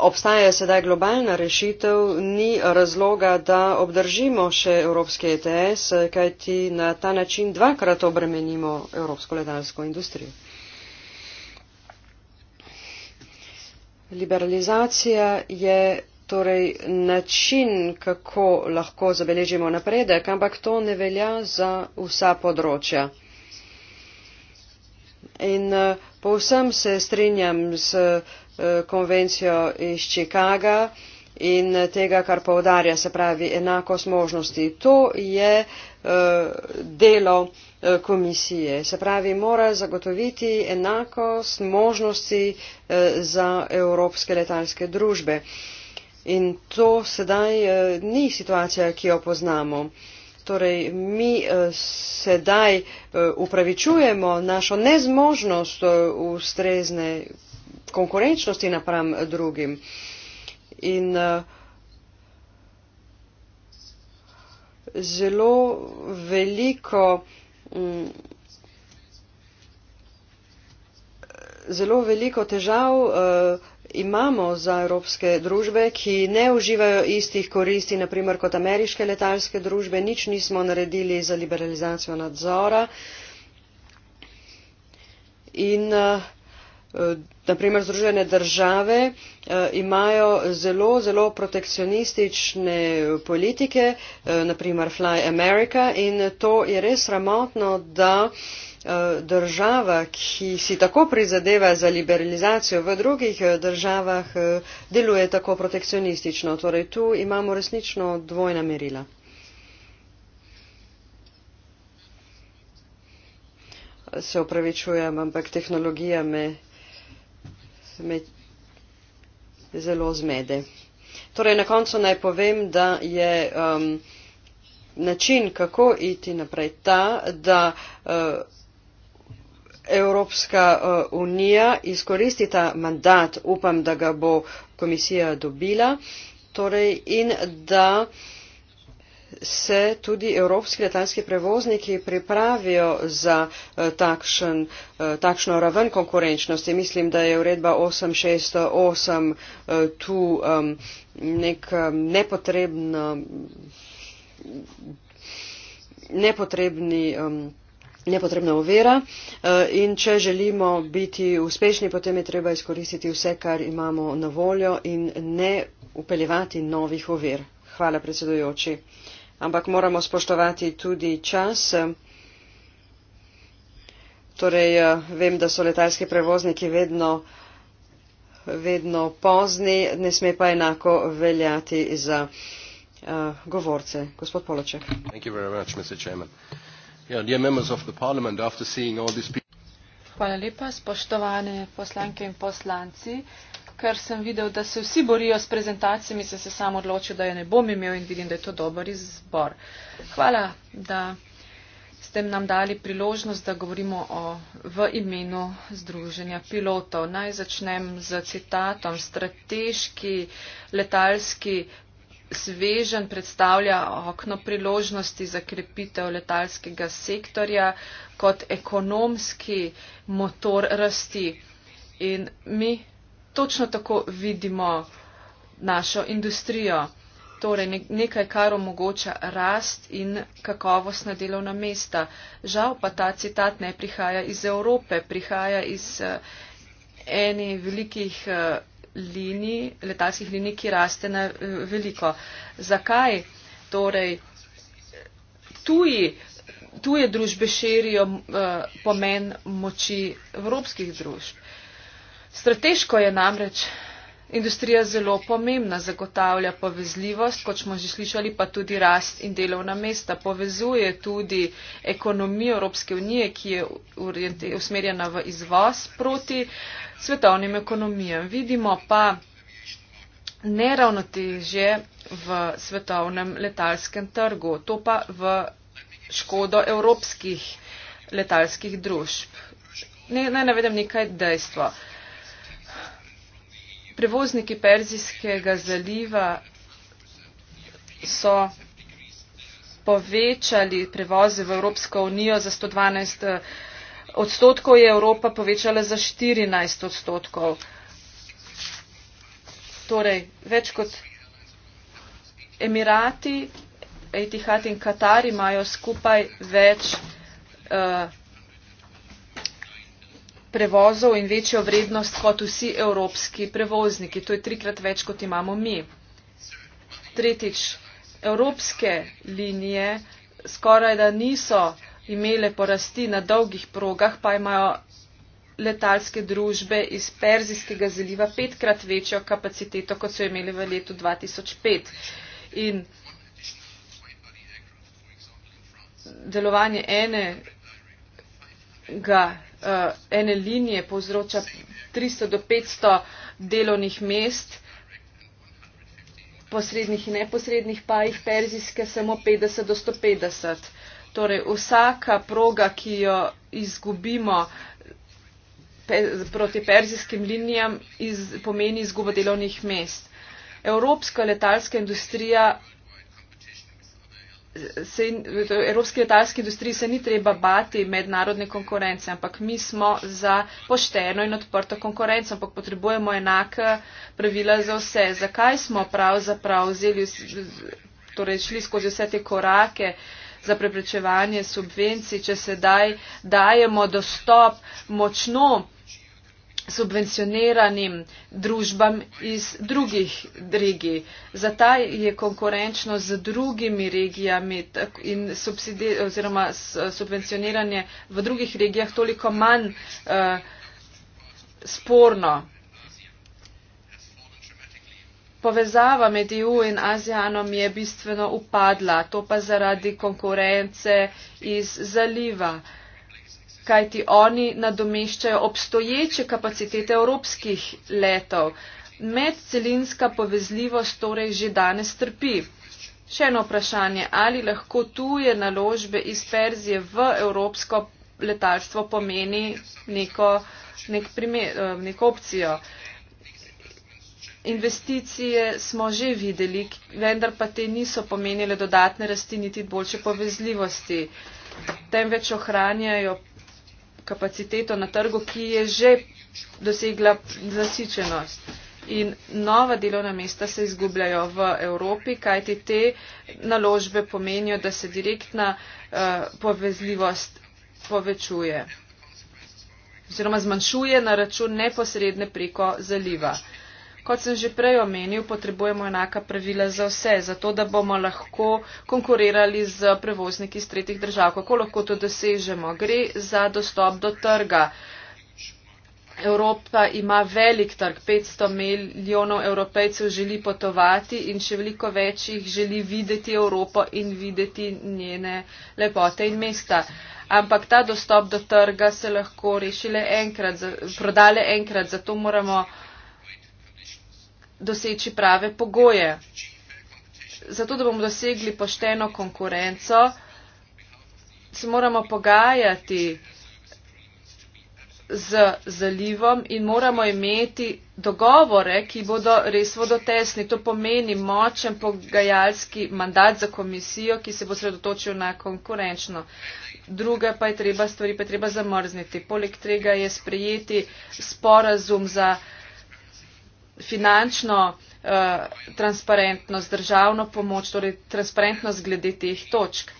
obstaja sedaj globalna rešitev, ni razloga, da obdržimo še evropski ETS, kajti na ta način dvakrat obremenimo evropsko letalsko industrijo. Liberalizacija je torej način, kako lahko zabeležimo napredek, ampak to ne velja za vsa področja in eh, povsem se strinjam z eh, konvencijo iz Čikaga in eh, tega, kar povdarja, se pravi, enakost možnosti. To je delo komisije. Se pravi, mora zagotoviti enakost možnosti za evropske letalske družbe. In to sedaj ni situacija, ki jo poznamo. Torej, mi eh, sedaj eh, upravičujemo našo nezmožnost eh, ustrezne konkurenčnosti napram drugim. In zelo veliko, mm, zelo veliko težav imamo za evropske družbe ki ne uživajo istih koristi naprimer kot ameriške letalske družbe nič nismo naredili za liberalizacijo nadzora in eh, naprimer združene države eh, imajo zelo zelo protekcionistične politike eh, naprimer fly america in to je res sramotno da Eh, država, ki si tako prizadeva za liberalizacijo, v drugih eh, državah eh, deluje tako protekcionistično. Torej, tu imamo resnično dvojna merila. Se opravičujem, ampak tehnologija me, me zelo zmede. Torej, na koncu naj povem, da je um, način, kako iti naprej, ta, da uh, Evropska eh, unija izkoristi ta mandat, upam, da ga bo komisija dobila, torej in da se tudi evropski letalski prevozniki pripravijo za eh, takšen, eh, takšno raven konkurenčnosti. Mislim, da je uredba 868 tu nek nepotrebno, nepotrebni. nepotrebni nepotrebna uvera eh, in če želimo biti uspešni, potem je treba izkoristiti vse, kar imamo na voljo in ne upeljevati novih uver. Hvala, predsedujoči. Ampak moramo spoštovati tudi čas. Torej, eh, vem, da so letalski prevozniki vedno, vedno pozni, ne sme pa enako veljati za uh, govorce. Gospod Poloček. Hvala, predsedujoči. Hvala lepa, spoštovane poslanke in poslanci. Ker sem videl, da se vsi borijo s prezentacijami, sem se sam odločil, da jo ne bom imel in vidim, da je to dober izbor. Hvala, da ste nam dali priložnost, da govorimo o, v imenu Združenja pilotov. Naj začnem z citatom. Strateški letalski sveženj predstavlja okno priložnosti za krepitev letalskega sektorja kot ekonomski motor rasti. In mi točno tako vidimo našo industrijo, torej nekaj, kar omogoča rast in kakovostna delovna mesta. Žal pa ta citat ne prihaja iz Evrope, prihaja iz eh, eni velikih eh, linij, letalskih linij, ki raste na eh, veliko. Zakaj torej eh, tuji, tuje družbe širijo eh, pomen moči evropskih družb? Strateško je namreč industrija zelo pomembna, zagotavlja povezljivost, kot smo že slišali, pa tudi rast in delovna mesta. Povezuje tudi ekonomijo Evropske unije, ki je usmerjena v izvoz proti svetovnim ekonomijam. Vidimo pa neravnotežje v svetovnem letalskem trgu, to pa v škodo evropskih letalskih družb. Ne, naj navedem nekaj dejstva. Prevozniki Perzijskega zaliva so povečali prevoze v Evropsko unijo za 112 eh, odstotkov, je Evropa povečala za 14 odstotkov. Torej, več kot Emirati, Etihad in Katar imajo skupaj več. Uh, prevozov in večjo vrednost kot vsi evropski prevozniki. To je trikrat več, kot imamo mi. Tretjič, evropske linije skoraj da niso imele porasti na dolgih progah, pa imajo letalske družbe iz Perzijskega zaliva petkrat večjo kapaciteto, kot so imeli v letu 2005. In delovanje enega uh, ene linije povzroča 300 do 500 delovnih mest, posrednih in neposrednih pa jih perzijske samo 50 do 150. Torej vsaka proga, ki jo izgubimo pe, proti perzijskim linijam, iz, pomeni izgubo delovnih mest. Evropska letalska industrija se, evropski letalski industriji se ni treba bati mednarodne konkurence, ampak mi smo za pošteno in odprto konkurenco, ampak potrebujemo enake pravila za vse. Zakaj smo pravzaprav vzeli, torej šli skozi vse te korake? za preprečevanje subvencij, če sedaj dajemo dostop močno subvencioniranim družbam iz drugih regij. Za ta je konkurenčno z drugimi regijami in oziroma subvencioniranje v drugih regijah toliko manj uh, sporno. Povezava med EU in ASEANom je bistveno upadla, to pa zaradi konkurence iz zaliva. Uh, kajti oni nadomeščajo obstoječe kapacitete evropskih letov. Medcelinska povezljivost torej že danes trpi. Še eno vprašanje, ali lahko tuje naložbe iz Perzije v evropsko letalstvo pomeni neko, nek primer, eh, neko opcijo. Investicije smo že videli, vendar pa te niso pomenile dodatne rasti niti boljše povezljivosti, temveč ohranjajo kapaciteto na trgu, ki je že dosegla zasičenost. In nova delovna mesta se izgubljajo v Evropi, kajti te naložbe pomenijo, da se direktna uh, povezljivost povečuje oziroma zmanjšuje na račun neposredne preko zaliva. Uh, Kot sem že prej omenil, potrebujemo enaka pravila za vse, zato da bomo lahko konkurirali z prevozniki iz tretjih držav. Kako lahko to dosežemo? Gre za dostop do trga. Evropa ima velik trg, 500 milijonov evropejcev želi potovati in še veliko več jih želi videti Evropo in videti njene lepote in mesta. Ampak ta dostop do trga se lahko rešile enkrat, prodale enkrat, zato moramo doseči prave pogoje. Zato, da bomo dosegli pošteno konkurenco, se moramo pogajati z zalivom in moramo imeti dogovore, ki bodo res vodotesni. To pomeni močen pogajalski mandat za komisijo, ki se bo sredotočil na konkurenčno. Druga pa je treba stvari, pa je treba zamrzniti. Poleg tega je sprejeti sporazum za. Uh, finančno uh, transparentnost, državno pomoč, torej transparentnost glede teh točk.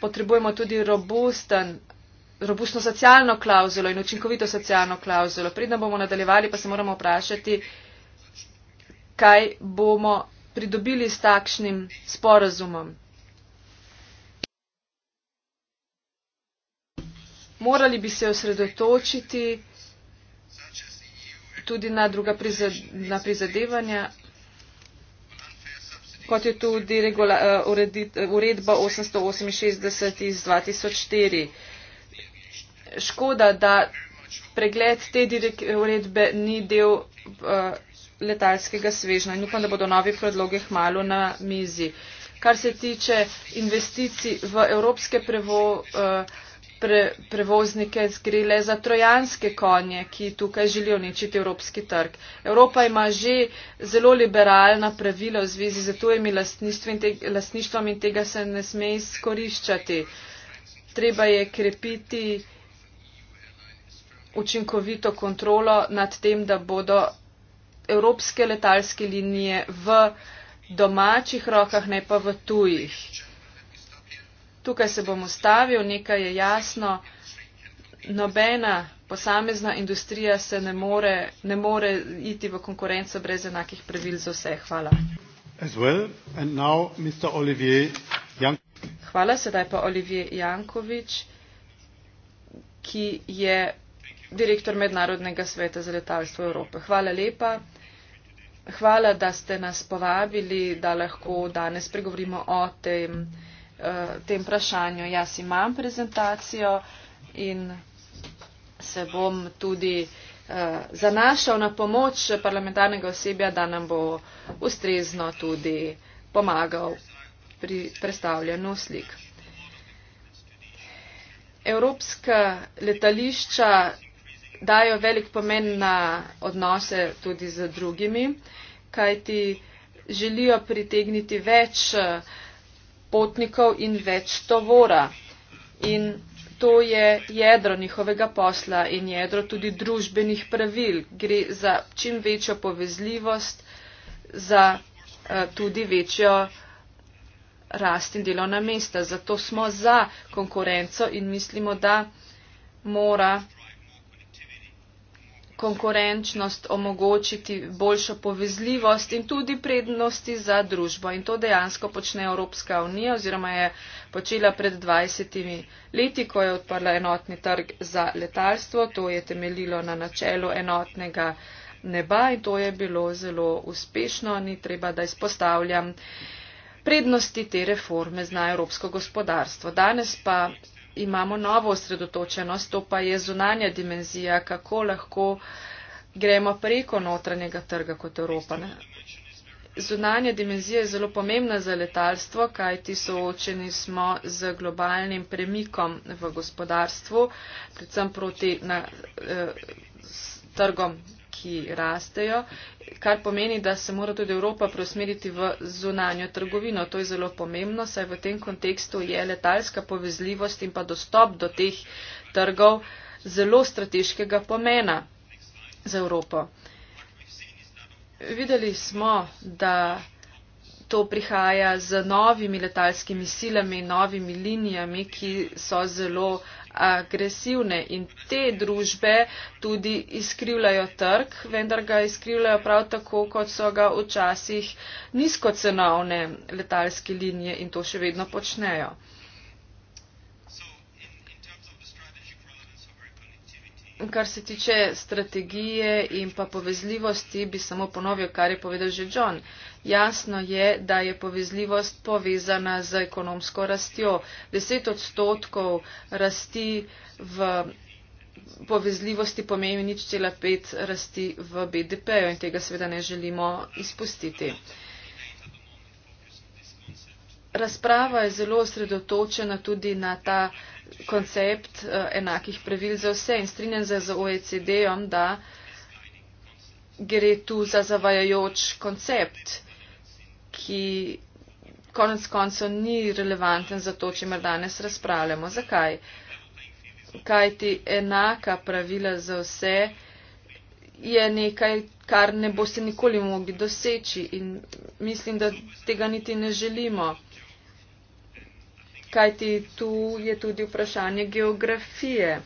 Potrebujemo tudi robusten, robustno socialno klauzulo in učinkovito socialno klauzulo. Predno bomo nadaljevali, pa se moramo vprašati, kaj bomo pridobili s takšnim sporazumom. Morali bi se osredotočiti tudi na druga prizade, na prizadevanja, kot je tudi regula, eh, uredit, uredba 868 iz 2004. Škoda, da. Pregled te uredbe ni del uh, letalskega svežna in upam, da bodo novi predloge hmalo na mizi. Kar se tiče investicij v evropske prevoze, uh, pre, prevoznike zgrile za trojanske konje, ki tukaj želijo ničiti evropski trg. Evropa ima že zelo liberalna pravila v zvezi z tujimi lastništvom in tega se ne sme izkoriščati. Treba je krepiti učinkovito kontrolo nad tem, da bodo evropske letalske linije v domačih rokah, ne pa v tujih tukaj se bom ustavil, nekaj je jasno, nobena posamezna industrija se ne more, ne more iti v konkurenco brez enakih pravil za vse. Hvala. Well. Hvala, sedaj pa Olivier Jankovič, ki je direktor Mednarodnega sveta za letalstvo Evrope. Hvala lepa. Hvala, da ste nas povabili, da lahko danes pregovorimo o tem, uh, tem vprašanju. Jaz imam prezentacijo in se bom tudi uh, zanašal na pomoč parlamentarnega osebja, da nam bo ustrezno tudi pomagal pri predstavljanju slik. Evropska letališča dajo velik pomen na odnose tudi z drugimi, kajti želijo pritegniti več uh, potnikov in več tovora. In to je jedro njihovega posla in jedro tudi družbenih pravil. Gre za čim večjo povezljivost, za eh, tudi večjo rast in delovna mesta. Zato smo za konkurenco in mislimo, da mora konkurenčnost, omogočiti boljšo povezljivost in tudi prednosti za družbo. In to dejansko počne Evropska unija oziroma je počela pred 20 leti, ko je odprla enotni trg za letalstvo. To je temeljilo na načelu enotnega neba in to je bilo zelo uspešno, ni treba, da izpostavljam prednosti te reforme za evropsko gospodarstvo. Danes pa imamo novo osredotočenost, to pa je zunanja dimenzija, kako lahko gremo preko notranjega trga kot Evropa. Ne? Zunanja dimenzija je zelo pomembna za letalstvo, kajti soočeni smo z globalnim premikom v gospodarstvu, predvsem proti na, eh, trgom ki rastejo, kar pomeni, da se mora tudi Evropa preusmeriti v zunanjo trgovino. To je zelo pomembno, saj v tem kontekstu je letalska povezljivost in pa dostop do teh trgov zelo strateškega pomena za Evropo. Videli smo, da to prihaja z novimi letalskimi silami, novimi linijami, ki so zelo agresivne in te družbe tudi izkrivljajo trg, vendar ga izkrivljajo prav tako, kot so ga včasih nizkocenovne letalske linije in to še vedno počnejo. Kar se tiče strategije in pa povezljivosti, bi samo ponovil, kar je povedal že John. Uh, Jasno je, da je povezljivost povezana z ekonomsko rastjo. 10 odstotkov rasti v povezljivosti pomeni nič cela pet rasti v BDP in tega seveda ne želimo izpustiti. Razprava je zelo osredotočena tudi na ta koncept eh, enakih pravil za vse in strinjam se z OECD-om, da gre tu za zavajajoč koncept ki konec konca ni relevanten za to, če mar danes razpravljamo. Zakaj? Kaj ti enaka pravila za vse je nekaj, kar ne boste nikoli mogli doseči in mislim, da tega niti ne želimo. Kaj ti tu je tudi vprašanje geografije.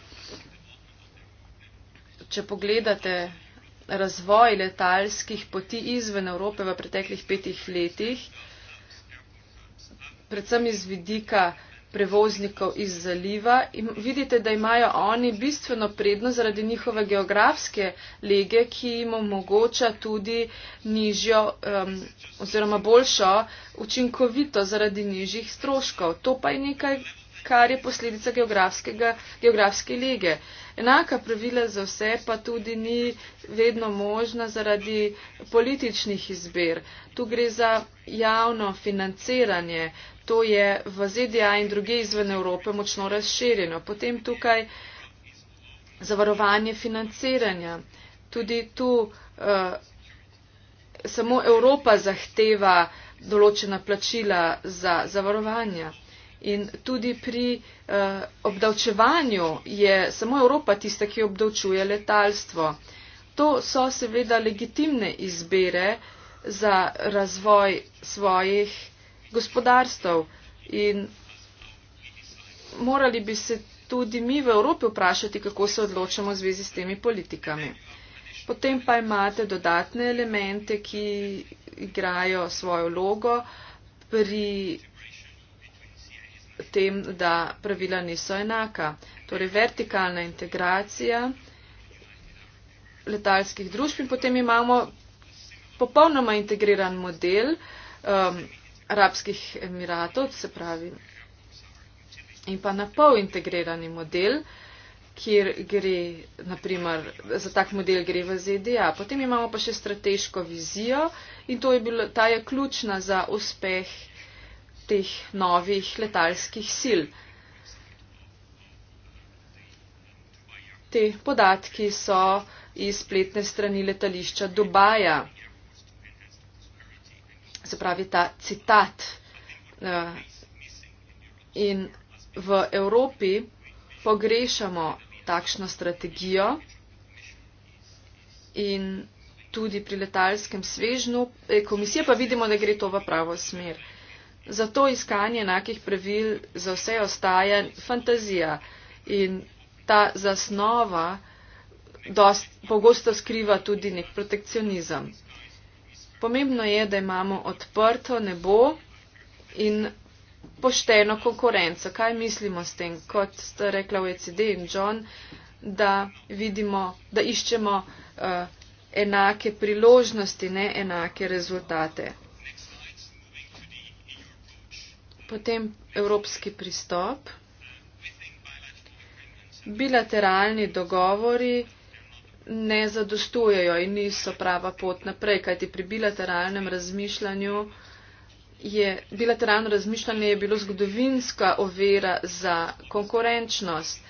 Če pogledate razvoj letalskih poti izven Evrope v preteklih petih letih, predvsem iz vidika prevoznikov iz zaliva. In vidite, da imajo oni bistveno prednost zaradi njihove geografske lege, ki jim omogoča tudi nižjo um, oziroma boljšo učinkovito zaradi nižjih stroškov. To pa je nekaj, kar je posledica geografske lige. Enaka pravila za vse pa tudi ni vedno možna zaradi političnih izbir. Tu gre za javno financiranje. To je v ZDA in druge izven Evrope močno razširjeno. Potem tukaj zavarovanje financiranja. Tudi tu uh, samo Evropa zahteva določena plačila za zavarovanja. In tudi pri eh, obdavčevanju je samo Evropa tista, ki obdavčuje letalstvo. To so seveda legitimne izbere za razvoj svojih gospodarstv. In morali bi se tudi mi v Evropi vprašati, kako se odločamo v zvezi s temi politikami. Potem pa imate dodatne elemente, ki igrajo svojo logo pri tem, da pravila niso enaka. Torej, vertikalna integracija letalskih družb in potem imamo popolnoma integriran model um, Arabskih Emiratov, se pravi, in pa na pol integrirani model, kjer gre, naprimer, za tak model gre v ZDA. Potem imamo pa še strateško vizijo in to je bilo, ta je ključna za uspeh teh novih letalskih sil. Te podatki so iz spletne strani letališča Dubaja. Se pravi ta citat. Eh, in v Evropi pogrešamo takšno strategijo in tudi pri letalskem svežnu. Eh, Komisija pa vidimo, da gre to v pravo smer. Zato iskanje enakih pravil za vse ostaje fantazija in ta zasnova dost, pogosto skriva tudi nek protekcionizem. Pomembno je, da imamo odprto nebo in pošteno konkurenco. Kaj mislimo s tem, kot ste rekla v ECD in John, da, vidimo, da iščemo uh, enake priložnosti, ne enake rezultate? potem evropski pristop, bilateralni dogovori ne zadostujejo in niso prava pot naprej, kajti pri bilateralnem razmišljanju je bilateralno razmišljanje je bilo zgodovinska ovira za konkurenčnost.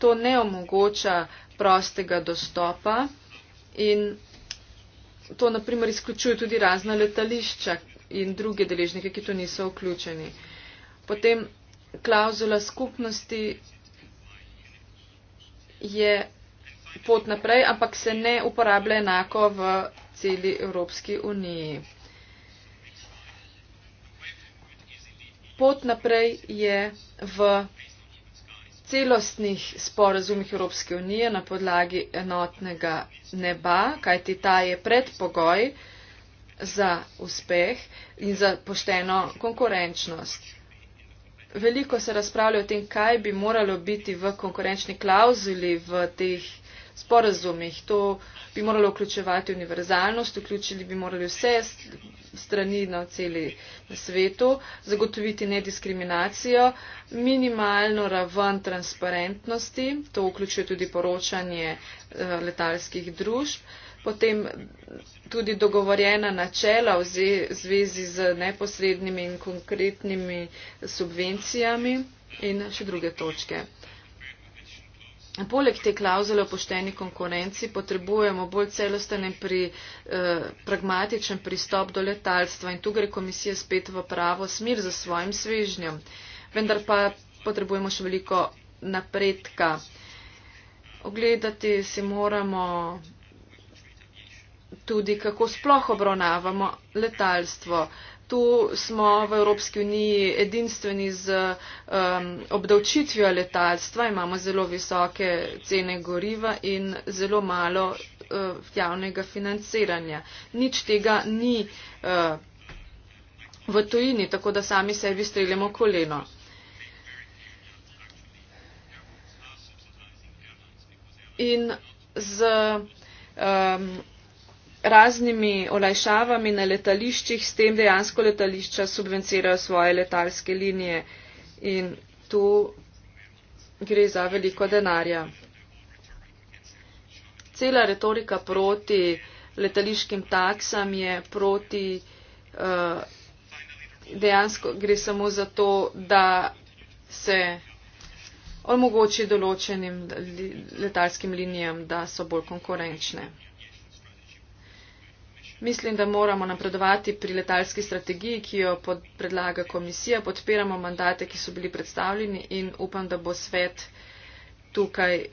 To ne omogoča prostega dostopa in to naprimer izključuje tudi razna letališča in druge deležnike, ki tu niso vključeni. Potem klauzula skupnosti je pot naprej, ampak se ne uporablja enako v celi Evropski uniji. Pot naprej je v celostnih sporazumih Evropske unije na podlagi enotnega neba, kajti ta je predpogoj za uspeh in za pošteno konkurenčnost. Veliko se razpravlja o tem, kaj bi moralo biti v konkurenčni klauzuli v teh sporazumih. To bi moralo vključevati univerzalnost, vključili bi morali vse strani na celi na svetu, zagotoviti nediskriminacijo, minimalno raven transparentnosti, to vključuje tudi poročanje eh, letalskih družb potem tudi dogovorjena načela v zvezi z neposrednimi in konkretnimi subvencijami in še druge točke. Poleg te klauzule o pošteni konkurenci potrebujemo bolj celosten in pri, eh, pragmatičen pristop do letalstva in tu gre komisija spet v pravo smer za svojim svežnjem. Vendar pa potrebujemo še veliko napredka. Ogledati si moramo tudi, kako sploh obravnavamo letalstvo. Tu smo v Evropski uniji edinstveni z um, obdavčitvijo letalstva, imamo zelo visoke cene goriva in zelo malo uh, javnega financiranja. Nič tega ni uh, v tujini, tako da sami sebi streljamo koleno. In z um, raznimi olajšavami na letališčih, s tem dejansko letališča subvencirajo svoje letalske linije in tu gre za veliko denarja. Cela retorika proti letališkim taksam je proti, uh, dejansko gre samo za to, da se omogoči določenim letalskim linijam, da so bolj konkurenčne. Mislim, da moramo napredovati pri letalski strategiji, ki jo pod, predlaga komisija. Podpiramo mandate, ki so bili predstavljeni in upam, da bo svet tukaj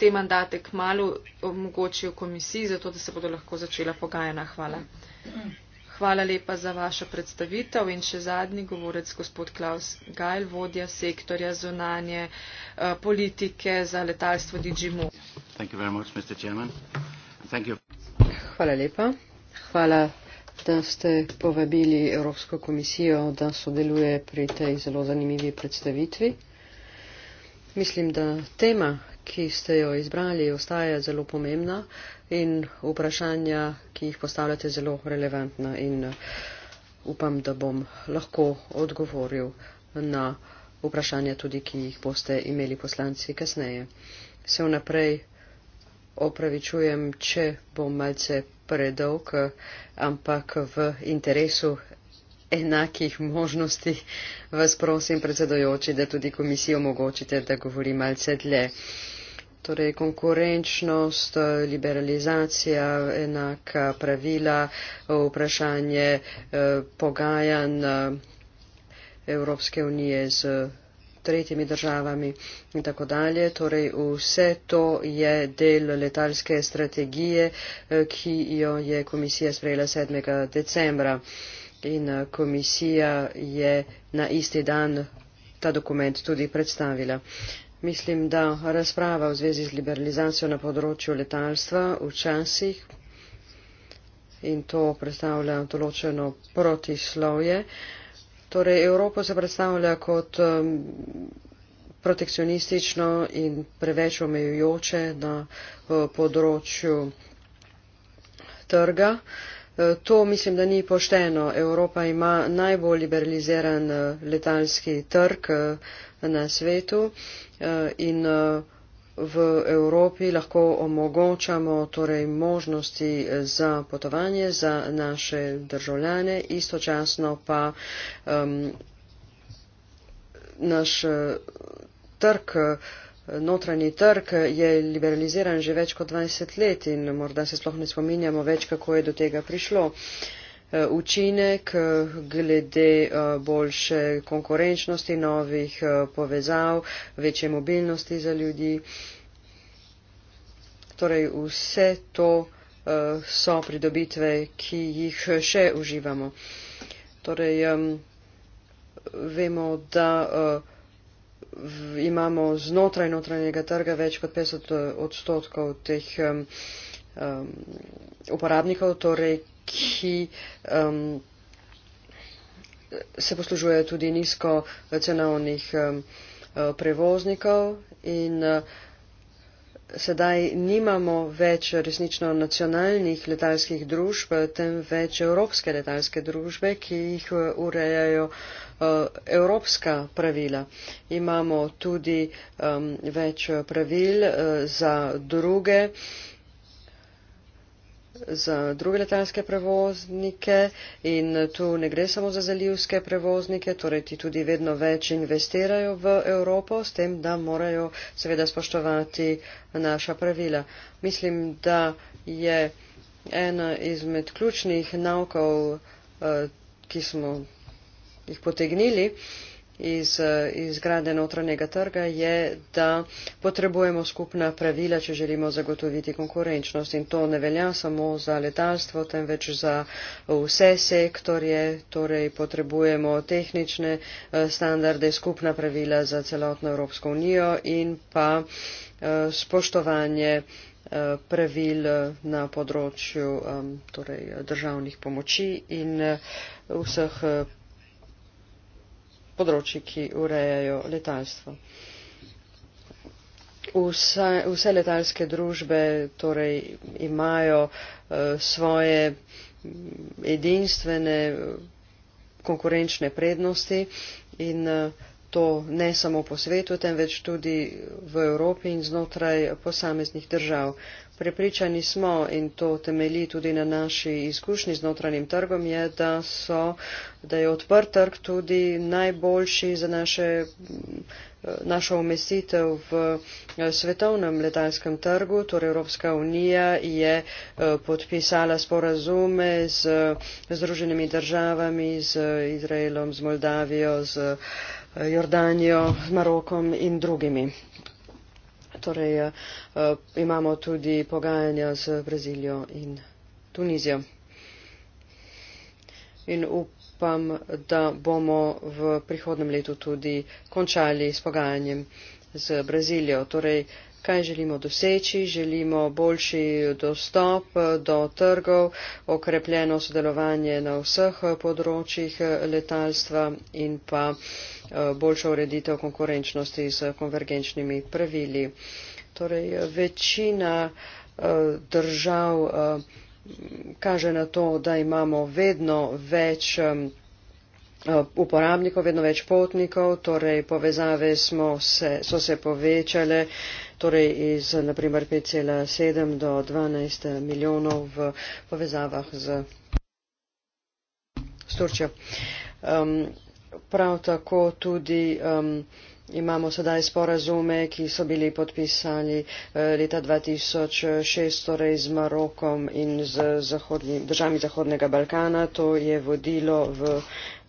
te mandate k malu omogočil komisiji, zato da se bodo lahko začela pogajana. Hvala. Hvala lepa za vašo predstavitev in še zadnji govorec, gospod Klaus Gajl, vodja sektorja zonanje uh, eh, politike za letalstvo DGMO. Hvala lepa. Hvala, da ste povabili Evropsko komisijo, da sodeluje pri tej zelo zanimivi predstavitvi. Mislim, da tema, ki ste jo izbrali, ostaja zelo pomembna in vprašanja, ki jih postavljate, zelo relevantna in upam, da bom lahko odgovoril na vprašanja tudi, ki jih boste imeli poslanci kasneje. Se vnaprej opravičujem, če bom malce predolg, ampak v interesu enakih možnosti vas prosim, predsedojoči, da tudi komisijo omogočite, da govori malce dlje. Torej, konkurenčnost, liberalizacija, enaka pravila, vprašanje eh, pogajanj eh, Evropske unije z. Eh, tretjimi državami in tako dalje. Torej, vse to je del letalske strategije, eh, ki jo je komisija sprejela 7. decembra. In eh, komisija je na isti dan ta dokument tudi predstavila. Mislim, da razprava v zvezi z liberalizacijo na področju letalstva včasih in to predstavlja določeno protislovje. Uh, Torej, Evropo se predstavlja kot um, protekcionistično in preveč omejujoče na uh, področju trga. E, to mislim, da ni pošteno. Evropa ima najbolj liberaliziran e, letalski trg e, na svetu in v Evropi lahko omogočamo torej možnosti za potovanje za naše državljane, istočasno pa um, naš uh, trg, notranji trg je liberaliziran že več kot 20 let in morda se sploh ne spominjamo več, kako je do tega prišlo. Um, Eh, učinek eh, glede eh, boljše konkurenčnosti novih povezav, večje mobilnosti za ljudi. Torej vse to so pridobitve, ki jih še uživamo. Torej, vemo, da imamo znotraj notranjega trga več kot 50 odstotkov teh uporabnikov, torej, ki um, se poslužuje tudi nizko cenovnih um, prevoznikov in uh, sedaj nimamo več resnično nacionalnih letalskih družb, temveč evropske letalske družbe, ki jih eh, urejajo uh, evropska pravila. Imamo tudi um, več pravil uh, za druge uh, za druge letalske prevoznike in tu ne gre samo za zalivske prevoznike, torej ti tudi vedno več investirajo v Evropo, s tem, da morajo seveda spoštovati naša pravila. Mislim, da je ena izmed ključnih navkov, eh, ki smo jih potegnili, iz izgrade notranjega trga je, da potrebujemo skupna pravila, če želimo zagotoviti konkurenčnost. In to ne velja samo za letalstvo, temveč za vse sektorje, torej potrebujemo tehnične eh, standarde, skupna pravila za celotno Evropsko unijo in pa eh, spoštovanje eh, pravil na področju torej, državnih pomoči in vseh področji, ki urejajo letalstvo. Vse, vse letalske družbe torej imajo eh, svoje mm, edinstvene eh, konkurenčne prednosti in eh, to ne samo po svetu, temveč tudi v Evropi in znotraj posameznih držav prepričani smo in to temelji tudi na naši izkušnji z notranjim trgom, je, da, so, da je odprt trg tudi najboljši za naše, našo umestitev v svetovnem letalskem trgu. Torej Evropska unija je podpisala sporazume z Združenimi državami, z Izraelom, z Moldavijo, z Jordanijo, z Marokom in drugimi torej eh, eh, imamo tudi pogajanja z Brazilijo in Tunizijo. In upam, da bomo v prihodnem letu tudi končali s pogajanjem z Brazilijo. Torej, kaj želimo doseči, želimo boljši dostop do trgov, okrepljeno sodelovanje na vseh področjih letalstva in pa eh, boljšo ureditev konkurenčnosti s konvergenčnimi pravili. Torej, večina eh, držav eh, kaže na to, da imamo vedno več uporabnikov, vedno več potnikov, torej povezave se, so se povečale torej iz na primer 5,7 do 12 milijonov v povezavah z, z Turčjo. Um, prav tako tudi um, Imamo sedaj sporazume, ki so bili podpisani eh, leta 2006, torej z Marokom in z zahodnji, državami Zahodnega Balkana. To je vodilo v.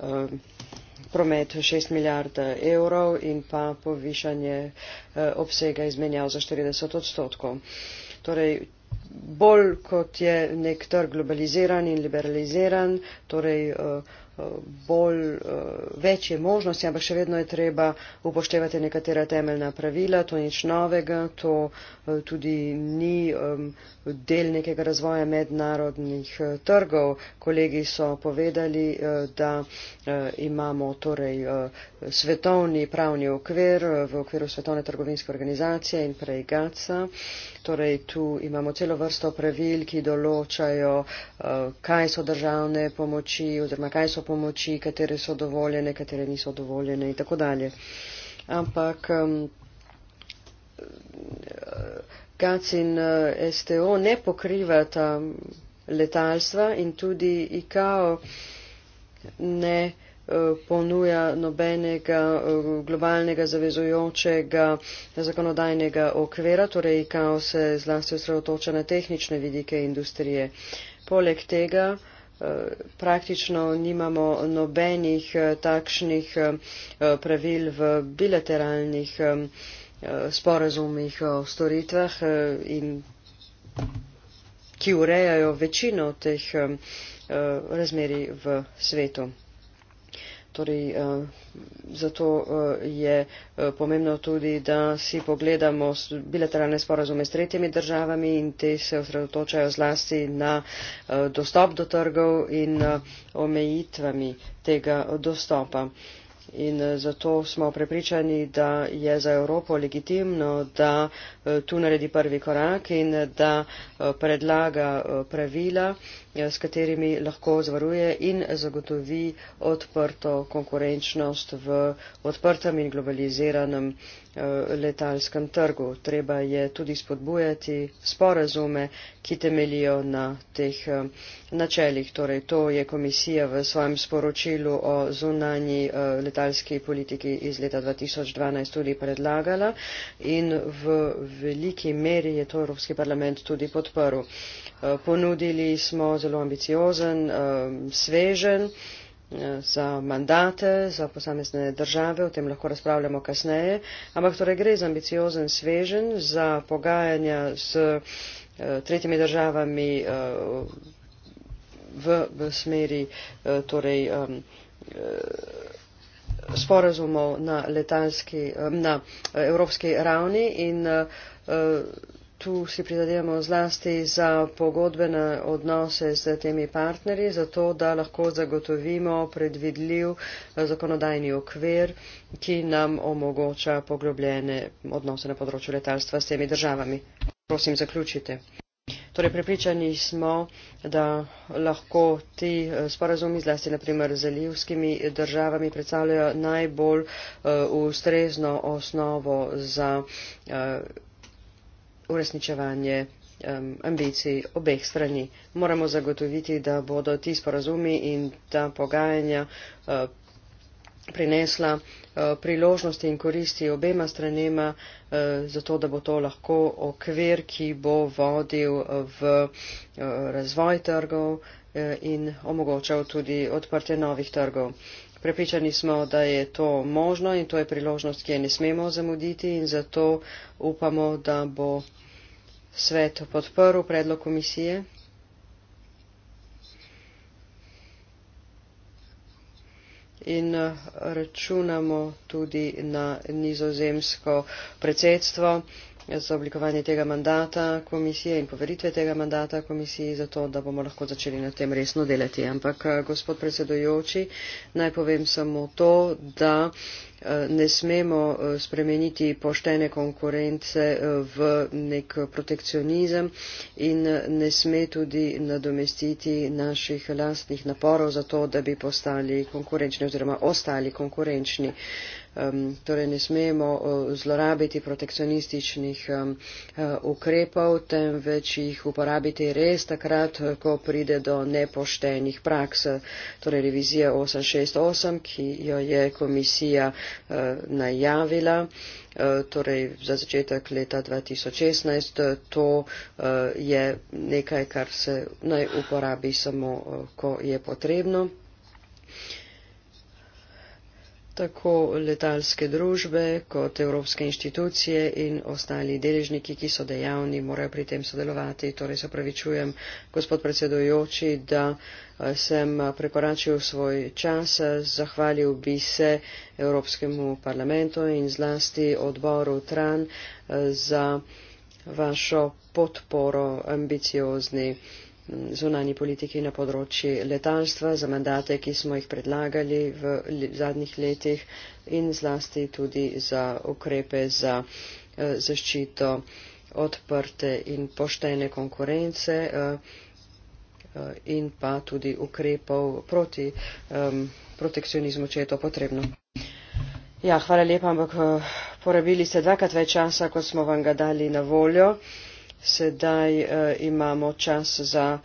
Uh, promet 6 milijard eh, evrov in pa povišanje eh, obsega izmenjav za 40 odstotkov. Torej, bolj kot je nek trg globaliziran in liberaliziran, torej eh, bolj več je možnosti, ampak še vedno je treba upoštevati nekatera temeljna pravila, to nič novega, to tudi ni. Um, del nekega razvoja mednarodnih eh, trgov. Kolegi so povedali, eh, da eh, imamo torej svetovni pravni okvir v okviru Svetovne trgovinske organizacije in prej GATS-a. Torej, tu imamo celo vrsto pravil, ki določajo, kaj so državne pomoči oziroma kaj so pomoči, katere so dovoljene, katere niso dovoljene in tako dalje. Ampak GAC in eh, STO ne pokrivata letalstva in tudi ICAO ne eh, ponuja nobenega eh, globalnega zavezujočega zakonodajnega okvira, torej ICAO se zlasti osredotoča na tehnične vidike industrije. Poleg tega praktično nimamo nobenih takšnih pravil v bilateralnih Eh, sporazumih o storitvah eh, in ki urejajo večino teh eh, razmeri v svetu. Torej, zato je pomembno tudi, da si pogledamo bilateralne sporazume s tretjimi državami in te se osredotočajo zlasti na dostop do trgov in omejitvami tega dostopa. In eh, zato smo prepričani, da je za Evropo legitimno, da eh, tu naredi prvi korak in eh, da predlaga pravila Eh, s katerimi lahko zvaruje in zagotovi odprto konkurenčnost v odprtem in globaliziranem eh, letalskem trgu. Treba je tudi spodbujati sporazume, ki temelijo na teh eh, načelih. Torej, to je komisija v svojem sporočilu o zunanji letalski politiki iz leta 2012 tudi predlagala in v veliki meri je to Evropski parlament tudi podprl. Ponudili smo zelo ambiciozen, um, svežen uh, za mandate, za posamezne države, o tem lahko razpravljamo kasneje, ampak torej gre za ambiciozen svežen, za pogajanja s uh, tretjimi državami uh, v, v smeri torej, um, sporazumov na, um, na evropski ravni in tu si prizadevamo zlasti za pogodbene odnose z temi partnerji, zato da lahko zagotovimo predvidljiv eh, zakonodajni okvir, ki nam omogoča poglobljene odnose na področju letalstva s temi državami. Prosim, zaključite. Torej, prepričani smo, da lahko ti eh, sporazumi, zlasti naprimer z zalivskimi državami, predstavljajo najbolj uh, ustrezno osnovo za. Uh, uresničevanje ambicij obeh strani. Moramo zagotoviti, da bodo ti sporazumi in ta pogajanja eh, prinesla eh, priložnosti in koristi obema stranema, eh, zato da bo to lahko okvir, ki bo vodil v razvoj trgov in omogočal tudi odprte novih trgov. Prepričani smo, da je to možno in to je priložnost, ki je ne smemo zamuditi in zato upamo, da bo svet podprl predlog komisije. In eh, računamo tudi na nizozemsko predsedstvo za oblikovanje tega mandata komisije in poveritve tega mandata komisiji, zato da bomo lahko začeli na tem resno delati. Ampak, eh, gospod predsedojoči, naj povem samo to, da eh, ne smemo eh, spremeniti poštene konkurence v nek protekcionizem in ne sme tudi nadomestiti naših lastnih naporov za to, da bi postali konkurenčni oziroma ostali konkurenčni torej ne smemo eh, zlorabiti protekcionističnih eh, ukrepov, temveč jih uporabiti res takrat, ko pride do nepoštenih praks. Torej revizija 868, ki jo je komisija eh, najavila. Torej za začetek leta 2016 to je nekaj, kar se naj uporabi samo, ko je potrebno tako letalske družbe kot evropske inštitucije in ostali deležniki, ki so dejavni, morajo pri tem sodelovati. Torej se pravičujem, gospod predsedujoči, da eh, sem eh, prekoračil svoj čas. Zahvalil bi se Evropskemu parlamentu in zlasti odboru TRAN eh, za vašo podporo ambiciozni zunani politiki na področji letalstva, za mandate, ki smo jih predlagali v zadnjih letih in zlasti tudi za ukrepe za eh, zaščito odprte in poštene konkurence eh, eh, in pa tudi ukrepov proti protekcionizmu, če je to potrebno. Ja, hvala lepa, ampak porabili ste dvakrat več časa, ko smo vam ga dali na voljo sedaj uh, imamo čas za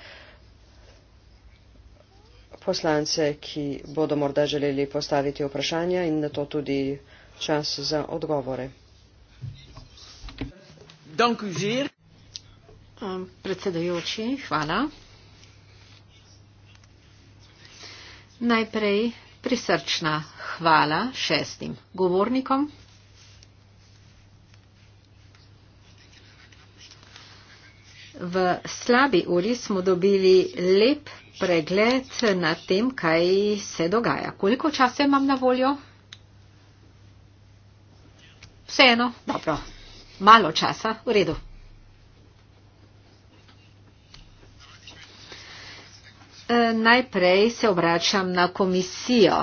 poslance, ki bodo morda želeli postaviti vprašanja in na to tudi čas za odgovore. Ehm, Predsedajoči, hvala. Najprej prisrčna hvala šestim govornikom. V slabi uri smo dobili lep pregled na tem, kaj se dogaja. Koliko časa imam na voljo? Vseeno, dobro. Malo časa, v redu. E, najprej se obračam na komisijo.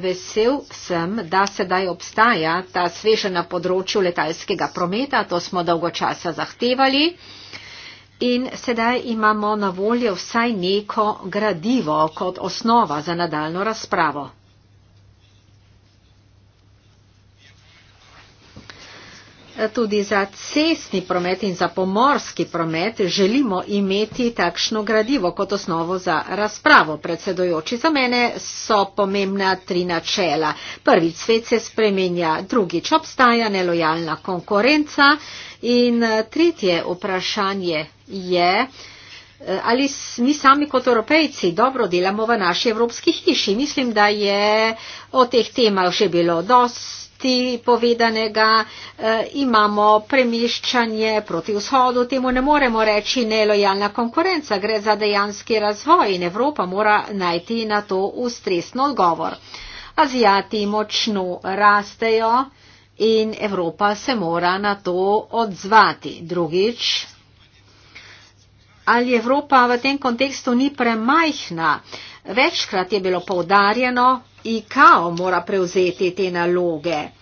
Vesel sem, da sedaj obstaja ta sveže na področju letalskega prometa, to smo dolgo časa zahtevali. In sedaj imamo na voljo vsaj neko gradivo kot osnova za nadaljno razpravo. tudi za cestni promet in za pomorski promet želimo imeti takšno gradivo kot osnovo za razpravo. Predsedojoči za mene so pomembna tri načela. Prvič, svet se spremenja, drugič, obstaja nelojalna konkurenca in eh, tretje vprašanje je, eh, ali mi sami kot evropejci dobro delamo v naši evropski hiši. Mislim, da je o teh temah že bilo dosti časti povedanega eh, imamo premiščanje proti vzhodu, temu ne moremo reči nelojalna konkurenca, gre za dejanski razvoj in Evropa mora najti na to ustresno odgovor. Azijati močno rastejo in Evropa se mora na to odzvati. Drugič, ali Evropa v tem kontekstu ni premajhna? Večkrat je bilo poudarjeno, ICAO mora prevzeti te naloge.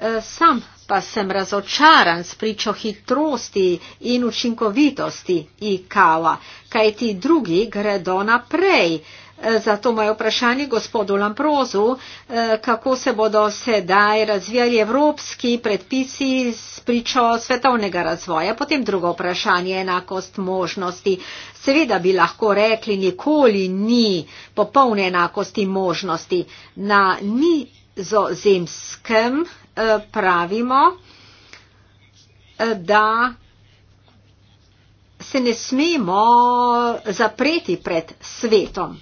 E, sam pa sem razočaran s pričo hitrosti in učinkovitosti ICAO-a, kajti drugi gredo naprej. Zato moje vprašanje gospodu Lamprozu, eh, kako se bodo sedaj razvijali evropski predpisi s pričo svetovnega razvoja. Potem drugo vprašanje, enakost možnosti. Seveda bi lahko rekli, nikoli ni popolne enakosti možnosti. Na nizozemskem eh, pravimo, eh, da se ne smemo zapreti pred svetom.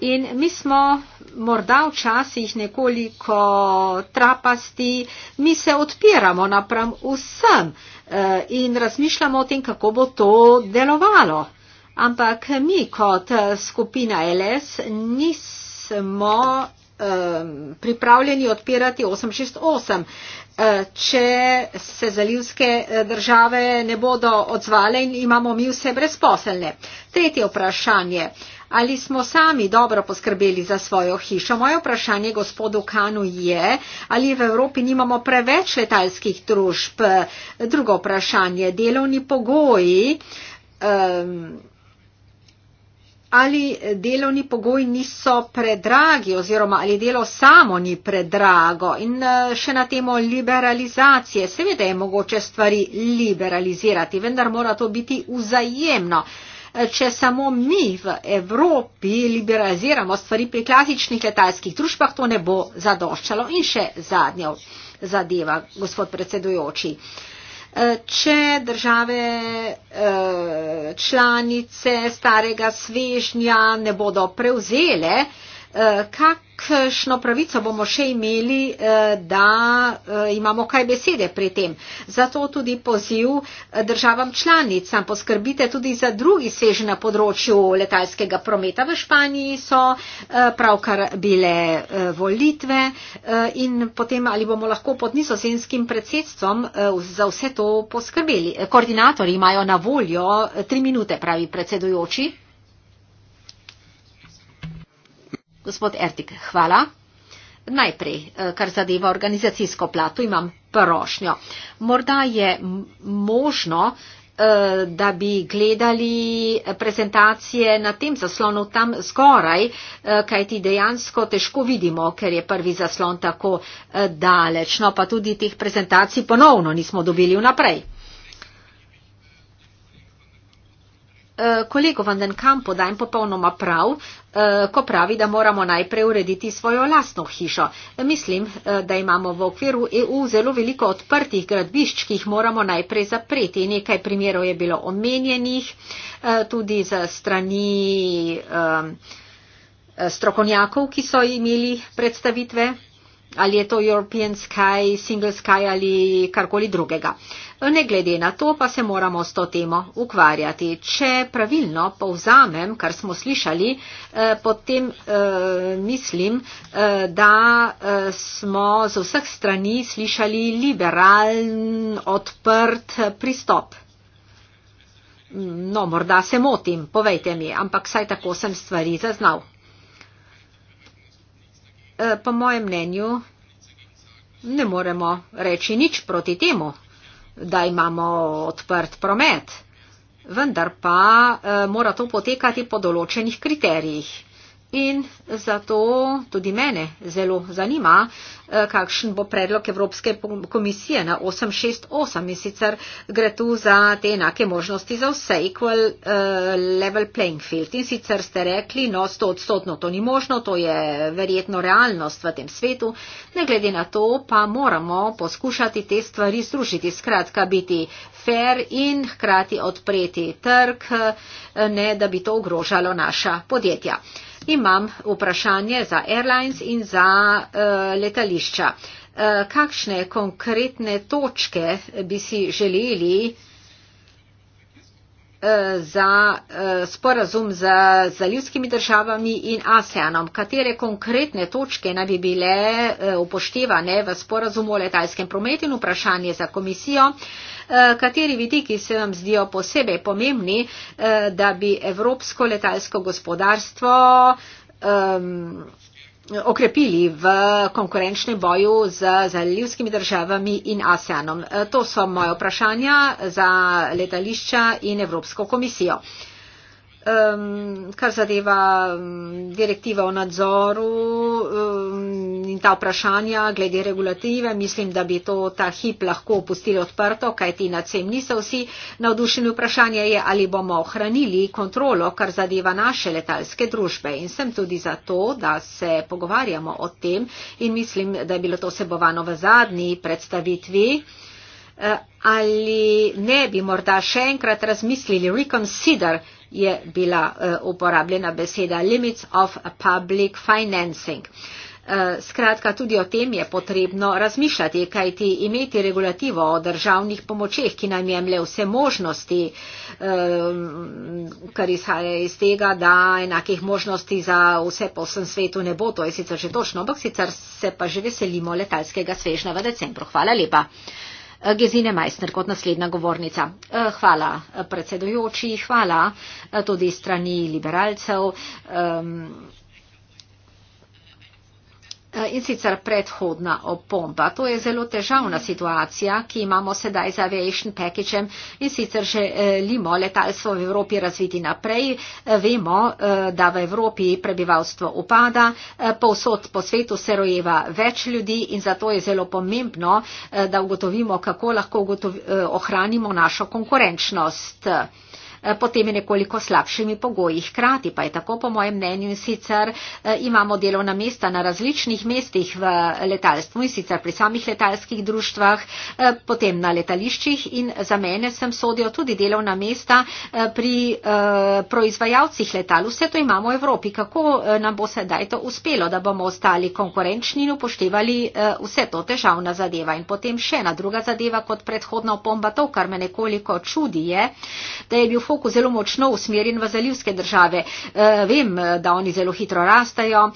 In mi smo morda včasih nekoliko trapasti, mi se odpiramo napram vsem eh, in razmišljamo o tem, kako bo to delovalo. Ampak mi kot eh, skupina LS nismo ehm, pripravljeni odpirati 868, eh, če se zalivske države ne bodo odzvale in imamo mi vse brezposelne. Tretje vprašanje ali smo sami dobro poskrbeli za svojo hišo. Moje vprašanje gospodu Kanu je, ali v Evropi nimamo preveč letalskih družb. Drugo vprašanje, delovni pogoji. Um, Ali delovni pogoji niso predragi oziroma ali delo samo ni predrago in e, še na temo liberalizacije. Seveda je mogoče stvari liberalizirati, vendar mora to biti vzajemno če samo mi v Evropi liberaliziramo stvari pri klasičnih letalskih družbah, to ne bo zadoščalo. In še zadnja zadeva, gospod predsedujoči. E, če države e, članice starega svežnja ne bodo prevzele, Eh, kakšno pravico bomo še imeli, eh, da eh, imamo kaj besede pri tem. Zato tudi poziv državam članicam, poskrbite tudi za drugi sež na področju letalskega prometa. V Španiji so pravkar bile volitve in potem ali bomo lahko pod nizozemskim predsedstvom za vse to poskrbeli. Koordinatori imajo na voljo tri minute, pravi predsedujoči. Gospod Ertik, hvala. Najprej, eh, kar zadeva organizacijsko plato, imam prošnjo. Morda je možno, eh, da bi gledali prezentacije na tem zaslonu tam zgoraj, eh, kajti dejansko težko vidimo, ker je prvi zaslon tako daleč, no pa tudi teh prezentacij ponovno nismo dobili vnaprej. Eh, kolego van den Kampu dajem popolnoma prav, eh, ko pravi, da moramo najprej urediti svojo lastno hišo. Eh, mislim, da imamo v okviru EU zelo veliko odprtih gradbišč, ki jih moramo najprej zapreti. Nekaj primerov je bilo omenjenih tudi za strani strokovnjakov, ki so imeli predstavitve ali je to European Sky, Single Sky ali karkoli drugega. Ne glede na to pa se moramo s to temo ukvarjati. Če pravilno povzamem, kar smo slišali, eh, potem eh, mislim, eh, da smo z vseh strani slišali liberalen, odprt pristop. No, morda se motim, povejte mi, ampak saj tako sem stvari zaznal. Eh, po mojem mnenju ne moremo reči nič proti temu, da imamo odprt promet. Vendar pa eh, mora to potekati po določenih kriterijih. In zato tudi mene zelo zanima, eh, kakšen bo predlog Evropske komisije na 868 in sicer gre tu za te enake možnosti za vse, equal uh, level playing field. In sicer ste rekli, no, sto odstotno to ni možno, to je verjetno realnost v tem svetu, ne glede na to pa moramo poskušati te stvari združiti, skratka biti fair in hkrati odpreti trg, eh, ne da bi to ogrožalo naša podjetja. Uh, imam vprašanje za airlines in za uh, letališča. Uh, kakšne konkretne točke bi si želeli uh, za uh, sporazum z zalivskimi državami in ASEANom? Katere konkretne točke naj bi bile uh, upoštevane v sporazumu o letalskem prometu in vprašanje za komisijo? Uh, Eh, kateri vidiki se vam zdijo posebej pomembni, eh, da bi evropsko letalsko gospodarstvo um, okrepili v konkurenčnem boju z zalivskimi državami in ASEANom. Eh, to so moje vprašanja za letališča in Evropsko komisijo um, kar zadeva direktiva o nadzoru um, in ta vprašanja glede regulative. Mislim, da bi to ta hip lahko opustili odprto, kajti nad vsem niso vsi navdušeni. Vprašanje je, ali bomo ohranili kontrolo, kar zadeva naše letalske družbe. In sem tudi zato, da se pogovarjamo o tem in mislim, da je bilo to sebovano v zadnji predstavitvi. Ali ne bi morda še enkrat razmislili, reconsider je bila eh, uporabljena beseda limits of public financing. Eh, skratka, tudi o tem je potrebno razmišljati, kajti imeti regulativo o državnih pomočeh, ki nam jemlje vse možnosti, eh, kar izhaja iz tega, da enakih možnosti za vse po vsem svetu ne bo, to je sicer že točno, ampak sicer se pa že veselimo letalskega svežna v decembru. Hvala lepa. Eh, Gezine Meissner kot naslednja govornica. Eh, hvala eh, predsedojoči, hvala tudi strani liberalcev. Um, Eh, in sicer predhodna opomba. To je zelo težavna situacija, ki imamo sedaj za aviation package in sicer želimo eh, letalstvo v Evropi razviti naprej. Eh, vemo, da v Evropi prebivalstvo upada, povsod po svetu se rojeva več ljudi in zato je zelo pomembno, da ugotovimo, kako lahko ugotovi, ohranimo našo konkurenčnost. Eh, potem je nekoliko slabšimi pogoji. Hkrati pa je tako po mojem mnenju in sicer eh, imamo delovna mesta na različnih mestih v letalstvu in sicer pri samih letalskih društvah, eh, potem na letališčih in za mene sem sodijo tudi delovna mesta pri proizvajalcih letal. Vse to imamo v Evropi. Kako nam bo sedaj to uspelo, da bomo ostali konkurenčni in upoštevali vse to težavna zadeva? In potem še ena druga zadeva kot predhodna opomba, to, kar me nekoliko čudi, je, da je bil fokus zelo močno usmerjen v zalivske države. Eh, vem, eh, da oni zelo hitro rastajo.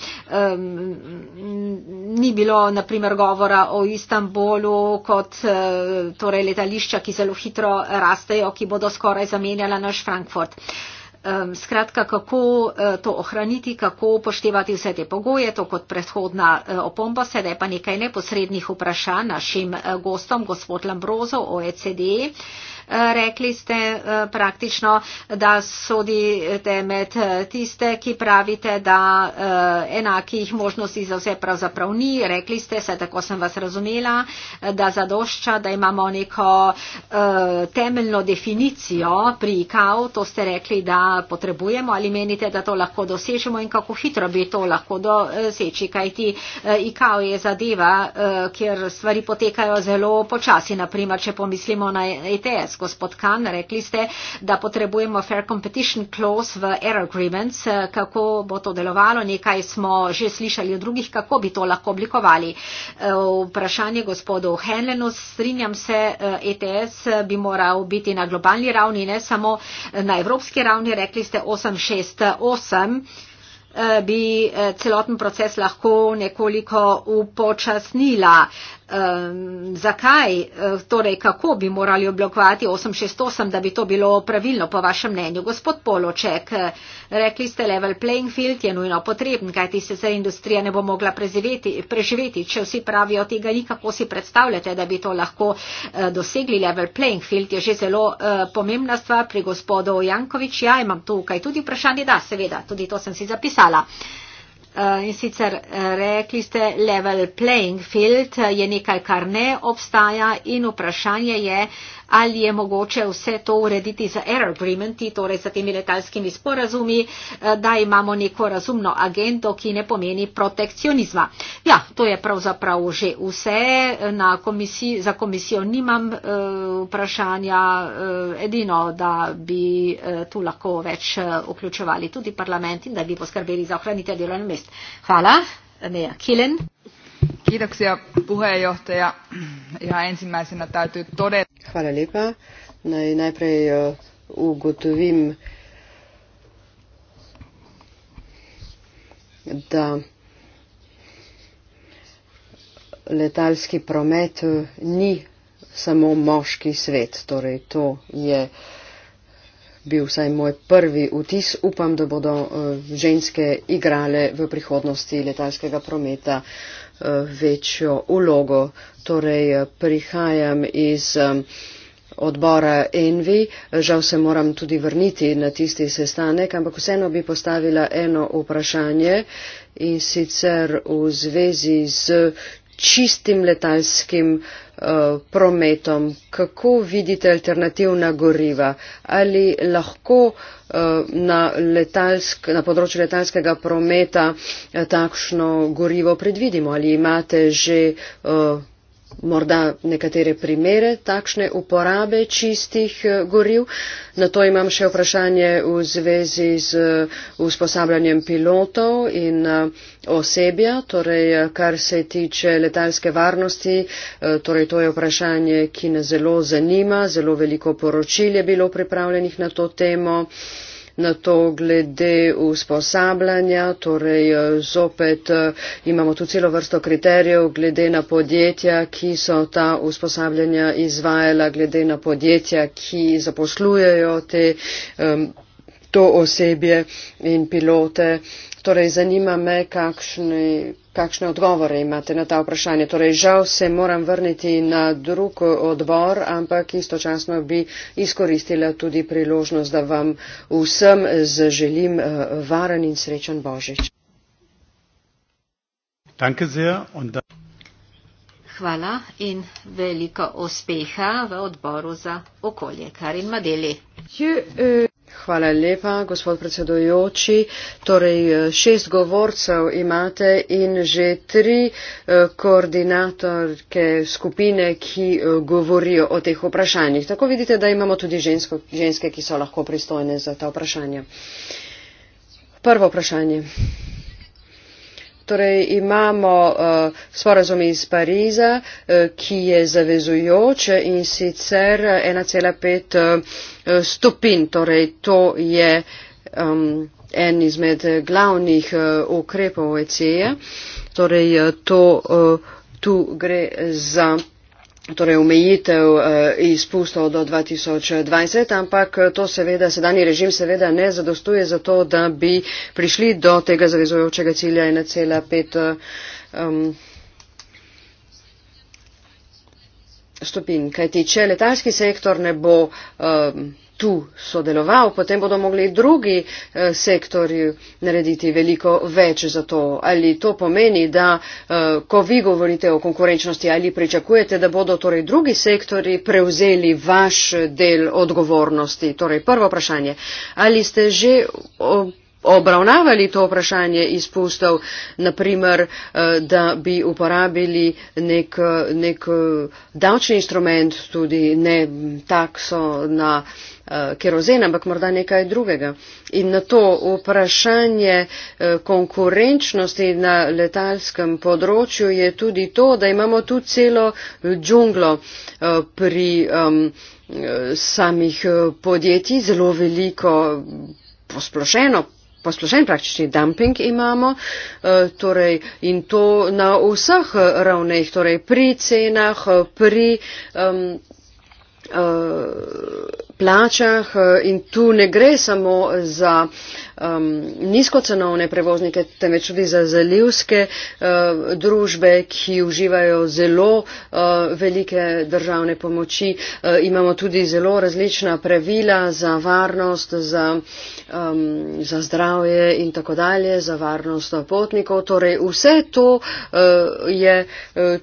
Ni bilo, na primer, govora o Istanbulu kot eh, torej, letališča, ki zelo hitro rastajo, ki bodo skoraj zamenjala naš Frankfurt. Skratka, kako to ohraniti, kako upoštevati vse te pogoje, to kot predhodna opomba, sedaj pa nekaj neposrednih vprašanj našim gostom, gospod Lambrozov, OECD. -e rekli ste eh, praktično, da sodite med eh, tiste, ki pravite, da eh, enakih možnosti za vse pravzaprav ni. Rekli ste, se tako sem vas razumela, da zadošča, da imamo neko temeljno definicijo pri IKAV, to ste rekli, da potrebujemo ali menite, da to lahko dosežemo in kako hitro bi to lahko doseči, kajti IKAV je zadeva, kjer stvari potekajo zelo počasi. Naprimer, če pomislimo na ETS, dejansko spotkan. Rekli ste, da potrebujemo fair competition clause v air agreements. Kako bo to delovalo? Nekaj smo že slišali od drugih, kako bi to lahko oblikovali. Vprašanje gospodu Henlenu, strinjam se, ETS bi moral biti na globalni ravni, ne samo na evropski ravni. Rekli ste 868 bi eh, celoten proces lahko nekoliko upočasnila zakaj, eh, torej kako bi morali oblikovati 868, da bi to bilo pravilno po vašem mnenju. Gospod Poloček, eh, rekli ste, level playing field je nujno potreben, kajti se za industrija ne bo mogla preživeti, preživeti, če vsi pravijo tega ni, kako si predstavljate, da bi to lahko eh, dosegli. Level playing field je že zelo pomembna stvar pri gospodu Jankovič. Ja, imam tukaj tudi vprašanje, da, seveda, tudi to sem si zapisala. Eh, in sicer eh, rekli ste, level playing field eh, je nekaj, kar ne obstaja in vprašanje je, uh, ali je mogoče vse to urediti z air agreementi, torej z temi letalskimi sporazumi, eh, da imamo neko razumno agendo, ki ne pomeni protekcionizma. Ja, to je pravzaprav že vse. Komisij, za komisijo nimam uh, vprašanja, uh, edino, da bi uh, tu lahko več uh, vključevali tudi parlament in da bi poskrbeli za ohranitev delovnih mest. Hvala. Neja Kilen arvoisa puhemies ihan ensimmäisenä täytyy todeta. Eh, letalski promet eh, ni samo moški svet, torej to je bil vsaj moj prvi vtis. Upam, da bodo eh, ženske igrale v prihodnosti letalskega prometa uh, večjo ulogo. Torej, prihajam iz um, odbora Envi. Žal se moram tudi vrniti na tisti sestanek, ampak vseeno bi postavila eno vprašanje in sicer v zvezi z čistim letalskim eh, prometom, kako vidite alternativna goriva, ali lahko eh, na, letalsk, na področju letalskega prometa eh, takšno gorivo predvidimo, ali imate že morda nekatere primere takšne uporabe čistih eh, goriv. Na to imam še vprašanje v zvezi z eh, usposabljanjem pilotov in eh, osebja, torej kar se tiče letalske varnosti, torej to je vprašanje, ki nas zelo zanima, zelo veliko poročil je bilo pripravljenih na to temo na to glede usposabljanja, torej eh, zopet eh, imamo tu celo vrsto kriterijev glede na podjetja, ki so ta usposabljanja izvajala, glede na podjetja, ki zaposlujejo te, to osebje in pilote. Torej, zanima me, kakšni, kakšne odgovore imate na ta vprašanje. Torej, žal se moram vrniti na drug odbor, ampak istočasno bi izkoristila tudi priložnost, da vam vsem zaželim eh, varen in srečen Božič. Hvala in veliko uspeha v odboru za okolje, Karin Madeli. Je, uh... Hvala lepa, gospod predsedojoči. Torej, eh, šest govorcev imate in že tri eh, koordinatorke skupine, ki eh, govorijo o teh vprašanjih. Tako vidite, da imamo tudi žensko, ženske, ki so lahko pristojne za ta vprašanja. Prvo vprašanje torej imamo uh, sporazum iz Pariza, uh, ki je zavezujoč in sicer 1,5 eh, stopinj, torej to je um, en izmed glavnih uh, ukrepov OECD, e. torej to, uh, tu gre za torej omejitev eh, izpustov do 2020, ampak eh, to seveda, sedanji režim seveda ne zadostuje za to, da bi prišli do tega zavezujočega cilja 1,5. Eh, um, stopin, kajti če letalski sektor ne bo um, tu sodeloval, potem bodo mogli drugi eh, sektori narediti veliko več za to. Ali to pomeni, da eh, ko vi govorite o konkurenčnosti, ali pričakujete, da bodo torej drugi sektori prevzeli vaš del odgovornosti? Torej, prvo vprašanje. Ali ste že obravnavali to vprašanje izpustov, naprimer, eh, da bi uporabili nek, nek davčni instrument, tudi ne takso na uh, Eh, kerozen, ampak morda nekaj drugega. In na to vprašanje eh, konkurenčnosti na letalskem področju je tudi to, da imamo tu celo džunglo eh, pri samih podjetij, zelo veliko posplošeno. Posplošen praktični dumping imamo torej, in to na vseh ravneh, torej pri cenah, pri um, uh, plačah eh, in tu ne gre samo za uh, um, nizkocenovne prevoznike, temveč tudi za zalivske uh, družbe, ki uživajo zelo uh, velike državne pomoči. Uh, imamo tudi zelo različna pravila za varnost, za, um, za zdravje in tako dalje, za varnost potnikov. Torej, vse to uh, je uh,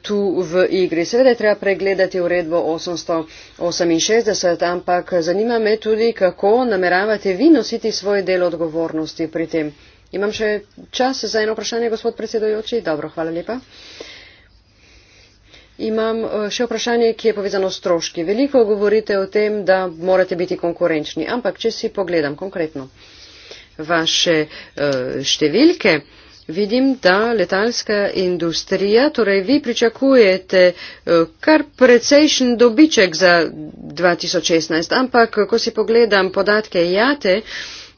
tu v igri. Seveda je treba pregledati uredbo 868, ampak zanima me tudi, kako nameravate vi nositi svoj del odgovornosti odgovornosti pri tem. Imam še čas za eno vprašanje, gospod predsedojoči. Dobro, hvala lepa. Imam eh, še vprašanje, ki je povezano s stroški. Veliko govorite o tem, da morate biti konkurenčni, ampak če si pogledam konkretno vaše eh, številke, vidim, da letalska industrija, torej vi pričakujete eh, kar precejšen dobiček za 2016, ampak ko si pogledam podatke JATE,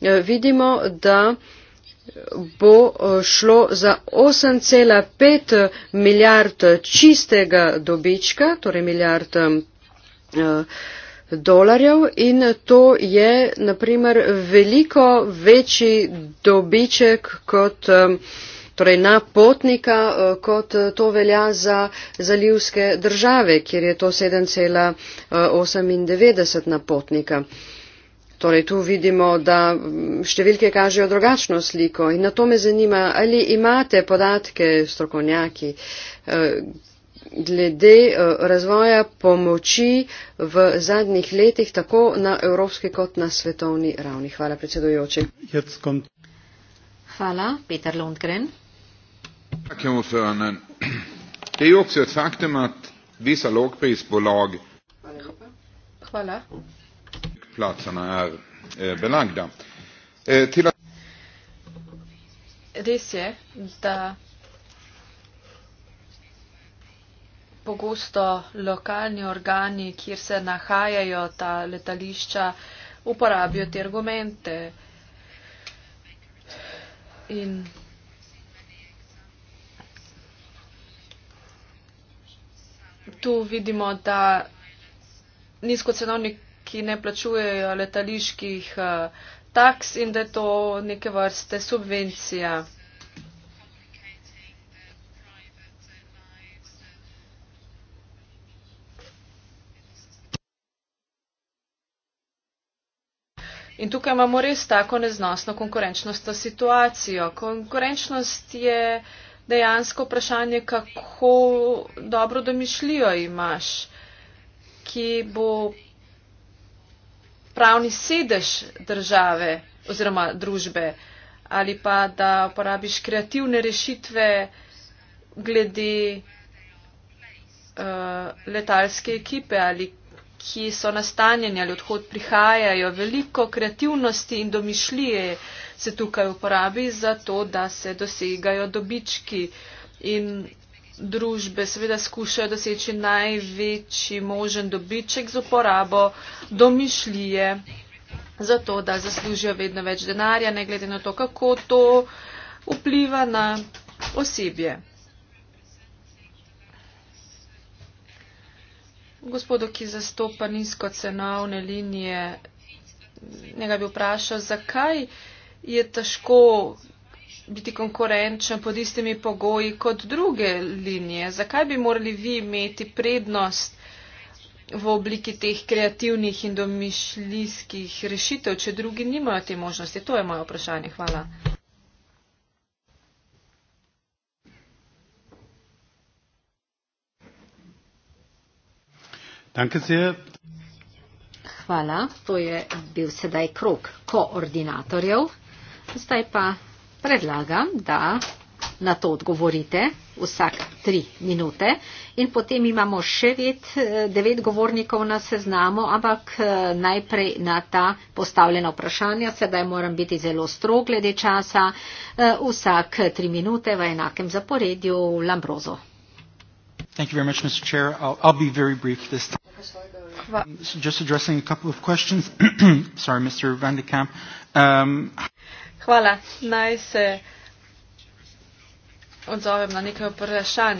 Eh, vidimo, da bo eh, šlo za 8,5 milijard čistega dobička, torej milijard eh, dolarjev in to je naprimer veliko večji dobiček kot torej na potnika, kot to velja za zalivske države, kjer je to 7,98 na potnika. Torej, tu vidimo, da mm, številke kažejo drugačno sliko in na to me zanima, ali imate podatke, strokovnjaki, eh, glede eh, razvoja pomoči v zadnjih letih tako na evropski kot na svetovni ravni. Hvala, predsedujoči. Hvala, Peter Lundgren. Hvala. Hvala platserna är eh, belagda. Eh, till att... Res je, da pogosto lokalni organi, kjer se nahajajo ta letališča, uporabijo te argumente. In tu vidimo, da nizkocenovni ki ne plačujejo letaliških eh, taks in da je to neke vrste subvencija. In tukaj imamo res tako neznosno konkurenčnost na situacijo. Konkurenčnost je dejansko vprašanje, kako dobro domišljijo imaš, ki bo pravni sedež države oziroma družbe ali pa da uporabiš kreativne rešitve glede uh, letalske ekipe ali ki so nastanjeni ali odhod prihajajo. Veliko kreativnosti in domišljije se tukaj uporabi za to, da se dosegajo dobički. In družbe seveda skušajo doseči največji možen dobiček z uporabo domišljije, zato da zaslužijo vedno več denarja, ne glede na to, kako to vpliva na osebje. Gospodo, ki zastopa nizko cenovne linije, njega bi vprašal, zakaj je težko biti konkurenčen pod istimi pogoji kot druge linije? Zakaj bi morali vi imeti prednost v obliki teh kreativnih in domišljijskih rešitev, če drugi nimajo te možnosti? To je moje vprašanje. Hvala. Hvala. To je bil sedaj krok koordinatorjev. Zdaj pa predlagam, da na to odgovorite vsak tri minute in potem imamo še vet, devet govornikov na seznamu, ampak najprej na ta postavljena vprašanja. Sedaj moram biti zelo strog glede časa. Vsak tri minute v enakem zaporedju Lambrozo. Just addressing a couple of questions. (clears throat) Sorry, Mr. Van de Kamp. Um, Hvala. Naj se odzovem na nekaj vprašanj.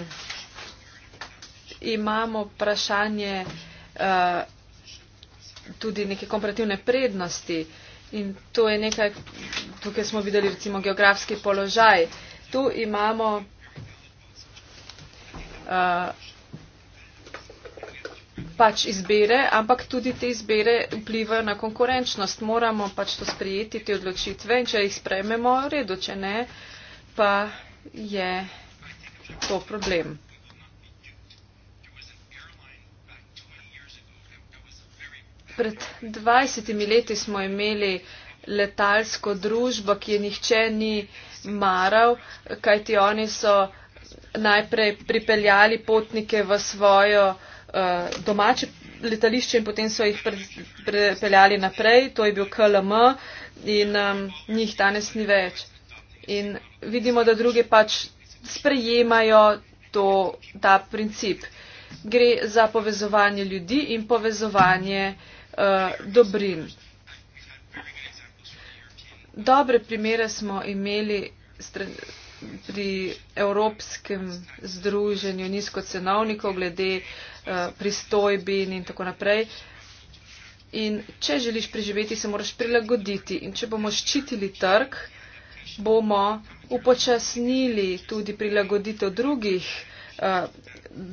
Imamo vprašanje uh, tudi neke komparativne prednosti in to je nekaj, tukaj smo videli recimo geografski položaj. Tu imamo uh, pač izbere, ampak tudi te izbere vplivajo na konkurenčnost. Moramo pač to sprijeti, te odločitve in če jih sprejmemo, redo, če ne, pa je to problem. Pred 20 leti smo imeli letalsko družbo, ki je nihče ni maral, kajti oni so najprej pripeljali potnike v svojo uh, domače letališče in potem so jih prepeljali naprej. To je bil KLM in um, njih danes ni več. In vidimo, da druge pač sprejemajo to, ta princip. Gre za povezovanje ljudi in povezovanje uh, dobrin. Dobre primere smo imeli pri Evropskem združenju nizkocenovnikov glede uh, Eh, pristojbin in tako naprej. In če želiš preživeti, se moraš prilagoditi. In če bomo ščitili trg, bomo upočasnili tudi prilagoditev drugih uh,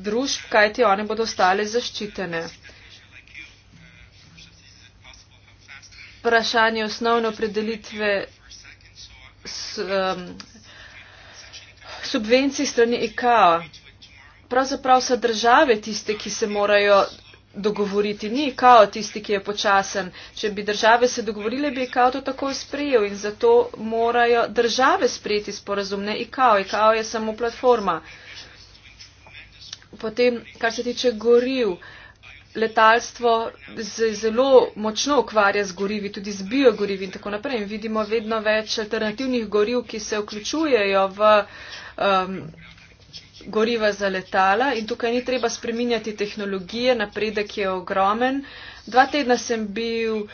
družb, kajti one bodo ostale zaščitene. Vprašanje osnovne opredelitve s, um, subvencij strani IKA pravzaprav so države tiste, ki se morajo dogovoriti. Ni kao tisti, ki je počasen. Če bi države se dogovorile, bi kao to takoj sprejel in zato morajo države sprejeti sporazum, ne kao. Kao je samo platforma. Potem, kar se tiče goriv, letalstvo se zelo močno ukvarja z gorivi, tudi z biogorivi in tako naprej. In vidimo vedno več alternativnih goriv, ki se vključujejo v. Um, goriva za letala in tukaj ni treba spreminjati tehnologije, napredek je ogromen. Dva tedna sem bil uh,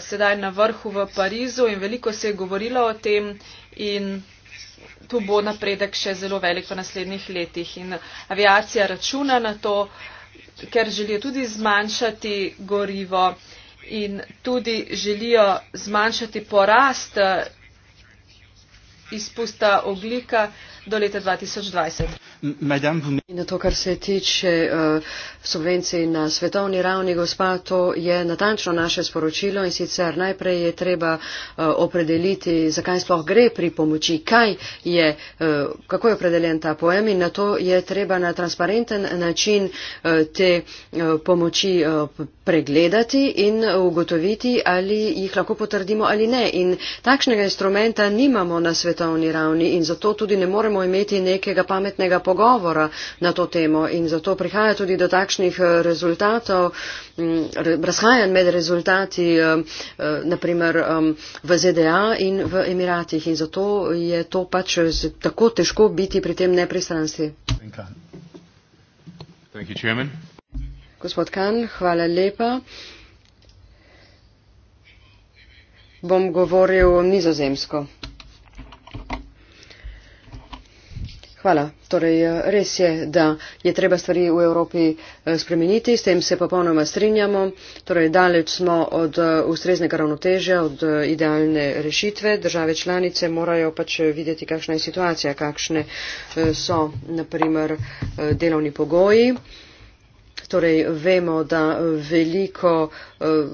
sedaj na vrhu v Parizu in veliko se je govorilo o tem in tu bo napredek še zelo velik v naslednjih letih. In aviacija računa na to, ker želijo tudi zmanjšati gorivo in tudi želijo zmanjšati porast eh, izpusta oglika do leta 2020. In to, kar se tiče eh, subvencij na svetovni ravni, gospa, to je natančno naše sporočilo in sicer najprej je treba eh, opredeliti, zakaj sploh gre pri pomoči, kaj je, eh, kako je opredeljen ta pojem in na to je treba na transparenten način te pomoči pregledati in ugotoviti, ali jih lahko potrdimo ali ne. In takšnega instrumenta nimamo na svetovni ravni in zato tudi ne moremo imeti nekega pametnega pogovora na to temo. In zato prihaja tudi do takšnih eh, rezultatov, mm, razhajanj med rezultati, eh, eh, naprimer v ZDA in v Emiratih. In zato je to pač tako težko biti pri tem nepristranski. Thank you, Chairman. Gospod Kan, hvala lepa. Bom govoril nizozemsko. Hvala. Torej, res je, da je treba stvari v Evropi eh, spremeniti, s tem se popolnoma strinjamo. Torej, daleč smo od eh, ustreznega ravnotežja, od eh, idealne rešitve. Države članice morajo pač videti, kakšna je situacija, kakšne so, naprimer, delovni pogoji torej vemo, da veliko eh,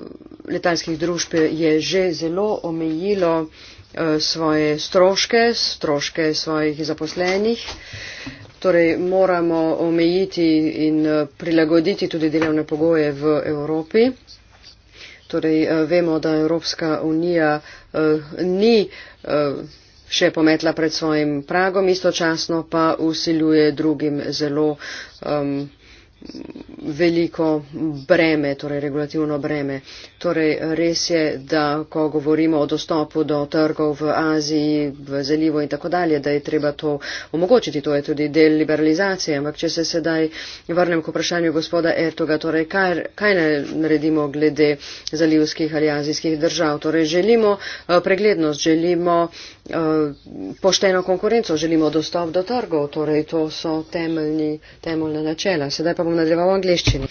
letalskih družb je že zelo omejilo eh, svoje stroške, stroške svojih zaposlenih. Torej moramo omejiti in eh, prilagoditi tudi delovne pogoje v Evropi. Torej vemo, da Evropska unija ni še pometla pred svojim pragom, istočasno pa usiljuje drugim zelo um, veliko breme, torej regulativno breme. Torej res je, da ko govorimo o dostopu do trgov v Aziji, v zalivo in tako dalje, da je treba to omogočiti, to je tudi del liberalizacije, ampak če se sedaj vrnem k vprašanju gospoda Ertoga, torej kaj, kaj ne naredimo glede zalivskih ali azijskih držav, torej želimo eh, preglednost, želimo uh, Eh, pošteno konkurenco, želimo dostop do trgov, torej to so temeljni, temeljne načela. Sedaj pa bom nadaljeval v angliščini.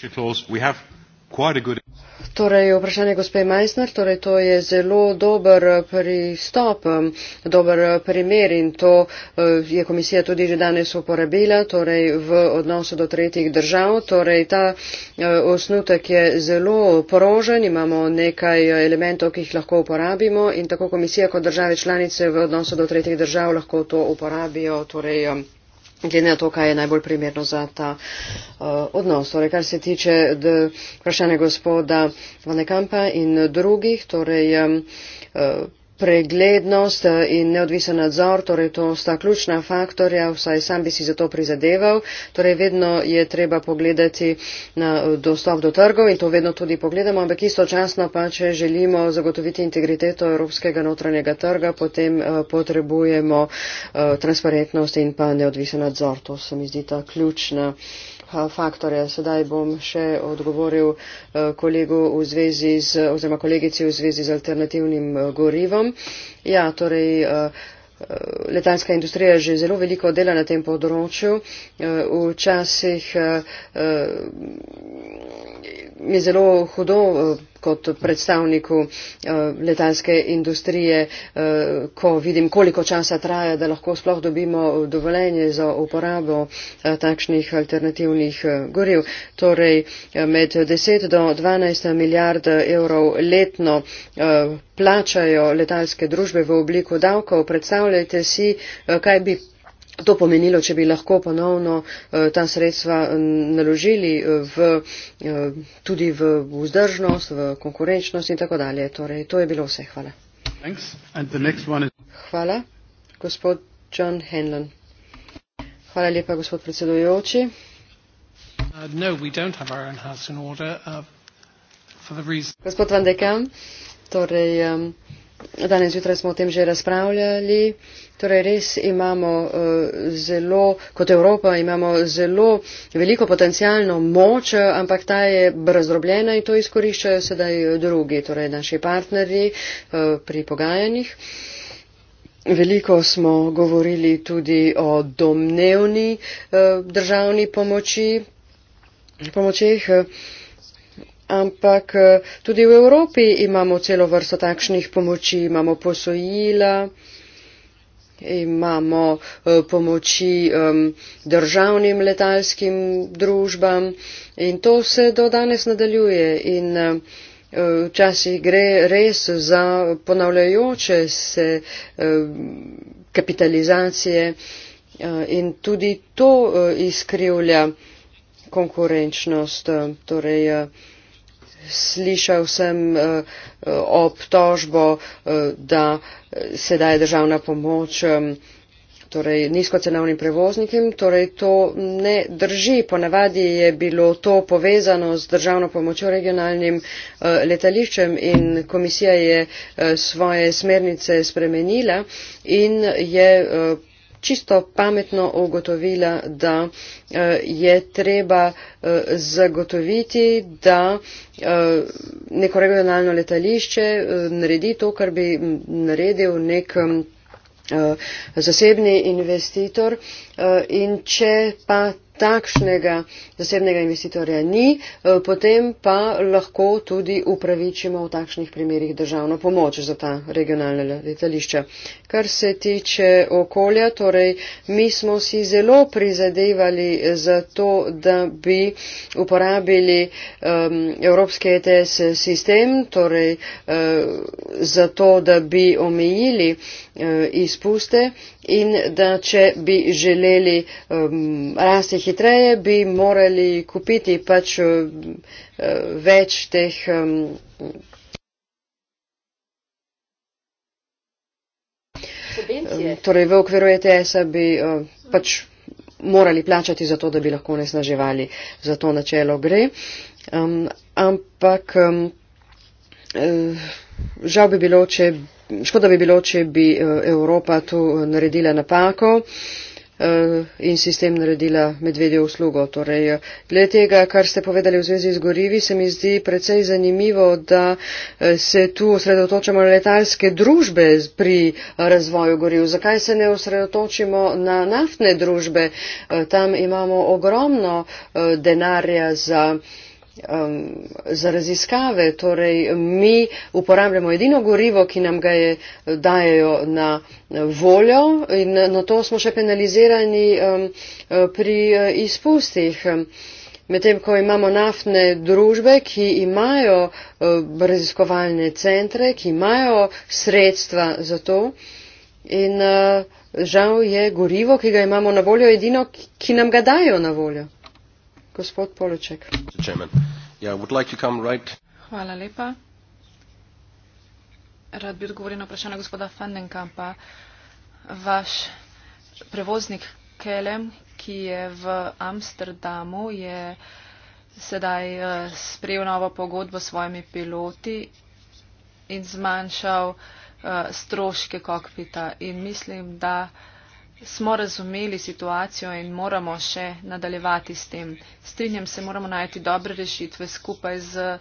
Torej, vprašanje gospe Meissner, torej to je zelo dober eh, pristop, eh, dober eh, primer in to je komisija tudi že danes uporabila, torej v odnosu do tretjih držav. Torej, ta osnutek je zelo porožen, imamo nekaj elementov, ki jih lahko uporabimo in tako komisija kot države članice v odnosu do tretjih držav lahko to uporabijo. Torej, glede na to, kaj je najbolj primerno za ta uh, odnos. Torej, kar se tiče vprašanja gospoda Vanekampa in drugih, torej, um, uh, preglednost eh, in neodvisen nadzor, torej to sta ključna faktorja, vsaj sam bi si za to prizadeval. Torej vedno je treba pogledati na eh, dostop do trgov in to vedno tudi pogledamo, ampak istočasno pa, če želimo zagotoviti integriteto evropskega notranjega trga, potem eh, potrebujemo transparentnost in pa neodvisen nadzor. To se mi zdi ta ključna faktore. Sedaj bom še odgovoril eh, kolegu v zvezi z, oziroma kolegici v zvezi z alternativnim eh, gorivom. Ja, torej, eh, Letalska industrija že zelo veliko dela na tem področju. Včasih mi zelo hudo kot predstavniku eh, letalske industrije, eh, ko vidim, koliko časa traja, da lahko sploh dobimo dovoljenje za uporabo eh, takšnih alternativnih goriv. Torej, med 10 do 12 milijard evrov letno plačajo letalske družbe v obliku davkov. Predstavljajte si, kaj bi to pomenilo, če bi lahko ponovno eh, ta sredstva naložili eh, v, eh, tudi v vzdržnost, v konkurenčnost in tako dalje. Torej, to je bilo vse. Hvala. Hvala, gospod John Henlon. Hvala lepa, gospod predsedujoči. Uh, no, order, uh, gospod Van de Kam, torej, um, danes zjutraj smo o tem že razpravljali. Torej res imamo eh, zelo, kot Evropa imamo zelo veliko potencijalno moč, eh, ampak ta je razdrobljena in to izkoriščajo sedaj drugi, torej naši partnerji eh, pri pogajanjih. Veliko smo govorili tudi o domnevni državni pomoči, pomočeh. Ampak tudi v Evropi imamo celo vrsto takšnih pomoči, imamo posojila, imamo eh, pomoči državnim letalskim družbam in to se do danes nadaljuje in eh, včasih gre res za ponavljajoče se kapitalizacije eh, in tudi to izkrivlja konkurenčnost. Torej, slišal sem eh, eh, obtožbo, eh, da sedaj je državna pomoč torej nizkocenovnim prevoznikom, torej to ne drži. Ponavadi je bilo to povezano z državno pomočjo regionalnim letališčem in komisija je svoje smernice spremenila in je čisto pametno ugotovila, da eh, je treba eh, zagotoviti, da eh, neko regionalno letališče naredi to, kar bi naredil nek zasebni investitor in če pa takšnega zasebnega investitorja ni, eh, potem pa lahko tudi upravičimo v takšnih primerjih državno pomoč za ta regionalna letališča. Kar se tiče okolja, torej mi smo si zelo prizadevali za to, da bi uporabili um, Evropski ETS sistem, torej uh, za to, da bi omejili uh, izpuste in da če bi želeli um, rasti hitreje, bi morali kupiti pač um, uh, več teh. Um, um, torej v okviru ETS-a bi um, pač morali plačati za to, da bi lahko nesnaževali. Za to načelo gre. Um, ampak um, uh, žal bi bilo, če škoda bi bilo, če bi eh, Evropa tu naredila napako eh, in si s tem naredila medvedjo uslugo. Torej, glede tega, kar ste povedali v zvezi z gorivi, se mi zdi precej zanimivo, da eh, se tu osredotočamo na letalske družbe pri razvoju goriv. Zakaj se ne osredotočimo na naftne družbe? Tam imamo ogromno denarja za um, za raziskave. Torej, mi uporabljamo edino gorivo, ki nam ga je, dajo na voljo in na to smo še penalizirani um, pri uh, izpustih. Medtem, ko imamo naftne družbe, ki imajo uh, raziskovalne centre, ki imajo sredstva za to in uh, žal je gorivo, ki ga imamo na voljo, edino, ki nam ga dajo na voljo. Gospod Poloček. Hvala lepa. Rad bi odgovoril na vprašanje gospoda Fandenkampa. Vaš prevoznik Kelem, ki je v Amsterdamu, je sedaj eh, sprejel novo pogodbo s svojimi piloti in zmanjšal eh, stroške kokpita. In mislim, da uh, smo razumeli situacijo in moramo še nadaljevati s tem. Strinjam se, moramo najti dobre rešitve skupaj z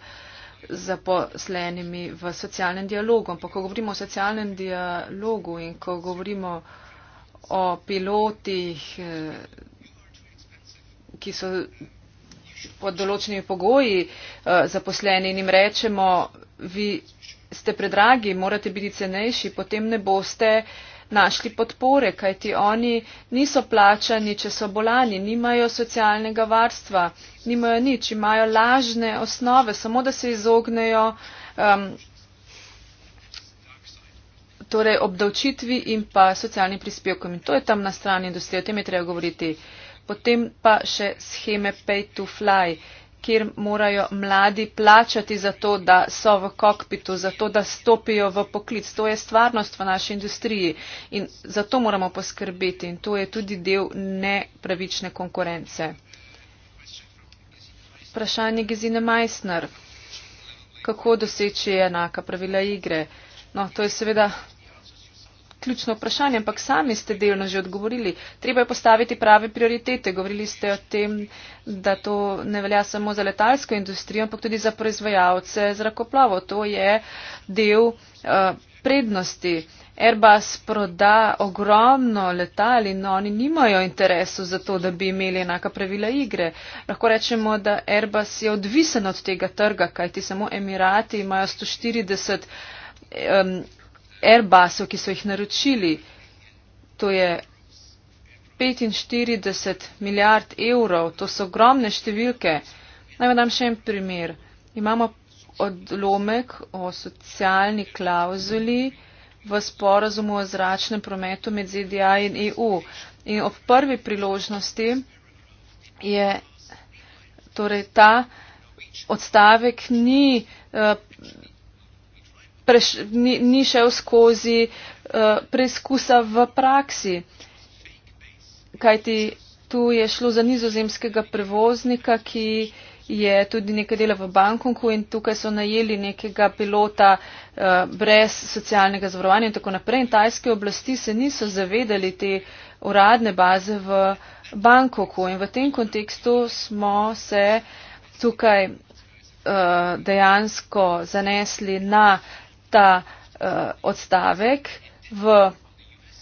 zaposlenimi v socialnem dialogu. Ampak ko govorimo o socialnem dialogu in ko govorimo o pilotih, eh, ki so pod določenimi pogoji eh, zaposleni in jim rečemo, vi ste predragi, morate biti cenejši, potem ne boste uh, našli podpore, kajti oni niso plačani, če so bolani, nimajo socialnega varstva, nimajo nič, imajo lažne osnove, samo da se izognejo um, torej obdavčitvi in pa socialnim prispevkom. In to je tam na strani industrije, o tem je treba govoriti. Potem pa še scheme pay to fly kjer morajo mladi plačati za to, da so v kokpitu, za to, da stopijo v poklic. To je stvarnost v naši industriji in za to moramo poskrbeti in to je tudi del nepravične konkurence. Vprašanje Gizine Meissner. Kako doseči enaka pravila igre? No, to je seveda ključno vprašanje, ampak sami ste delno že odgovorili. Treba je postaviti prave prioritete. Govorili ste o tem, da to ne velja samo za letalsko industrijo, ampak tudi za proizvajalce zrakoplavo. To je del uh, prednosti. Airbus proda ogromno letal in oni nimajo interesu za to, da bi imeli enaka pravila igre. Lahko rečemo, da Airbus je odvisen od tega trga, kajti samo Emirati imajo 140 um, Airbusov, ki so jih naročili, to je 45 milijard evrov, to so ogromne številke. Naj vam dam še en primer. Imamo odlomek o socialni klauzuli v sporazumu o zračnem prometu med ZDA in EU. In ob prvi priložnosti je torej ta odstavek ni. Uh, preš, ni, ni šel skozi uh, preizkusa v praksi. Kajti tu je šlo za nizozemskega prevoznika, ki je tudi nekaj dela v Bankonku in tukaj so najeli nekega pilota uh, brez socialnega zavarovanja in tako naprej. In tajske oblasti se niso zavedali te uradne baze v Bankoku. In v tem kontekstu smo se tukaj uh, dejansko zanesli na uh, ta uh, odstavek v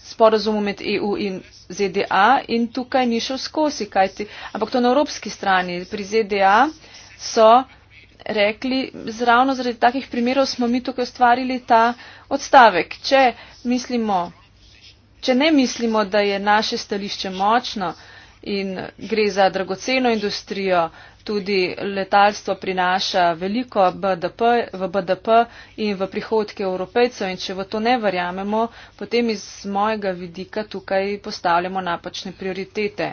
sporozumu med EU in ZDA in tukaj ni šel skozi, kajti, ampak to na evropski strani. Pri ZDA so rekli, ravno zaradi takih primerov smo mi tukaj ustvarili ta odstavek. Če, mislimo, če ne mislimo, da je naše stališče močno, uh, in gre za dragoceno industrijo. Tudi letalstvo prinaša veliko BDP, v BDP in v prihodke evropejcev in če v to ne verjamemo, potem iz mojega vidika tukaj postavljamo napačne prioritete.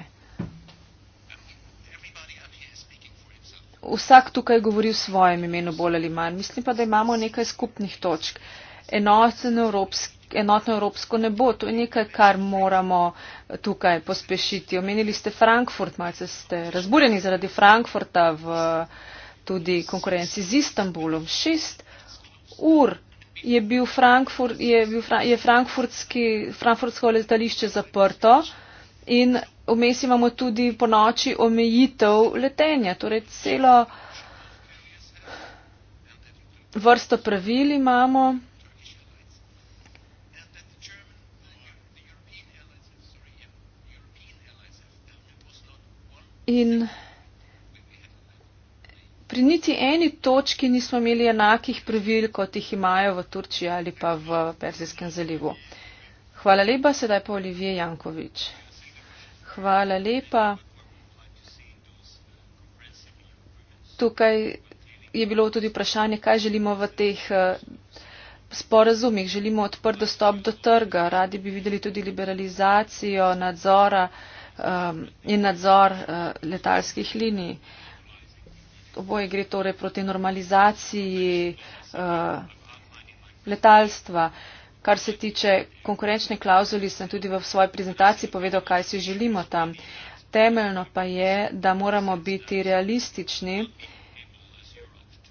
Vsak tukaj govori v svojem imenu bolj ali manj. Mislim pa, da imamo nekaj skupnih točk. Enoten evropski enotno evropsko ne bo. To je nekaj, kar moramo tukaj pospešiti. Omenili ste Frankfurt, malce ste razburjeni zaradi Frankfurta v tudi konkurenci z Istanbulom. Šest ur je bil Frankfurt, je, bil, je frankfurtski, frankfurtsko letališče zaprto in vmes imamo tudi po noči omejitev letenja, torej celo vrsto pravil imamo. In pri niti eni točki nismo imeli enakih pravil, kot jih imajo v Turčiji ali pa v Persijskem zalivu. Hvala lepa, sedaj pa Olivije Jankovič. Hvala lepa. Tukaj je bilo tudi vprašanje, kaj želimo v teh eh, sporazumih. Želimo odprt dostop do trga, radi bi videli tudi liberalizacijo nadzora um, in nadzor uh, letalskih linij. Oboje gre torej proti normalizaciji uh, letalstva. Kar se tiče konkurenčne klauzuli, sem tudi v svoji prezentaciji povedal, kaj si želimo tam. Temeljno pa je, da moramo biti realistični,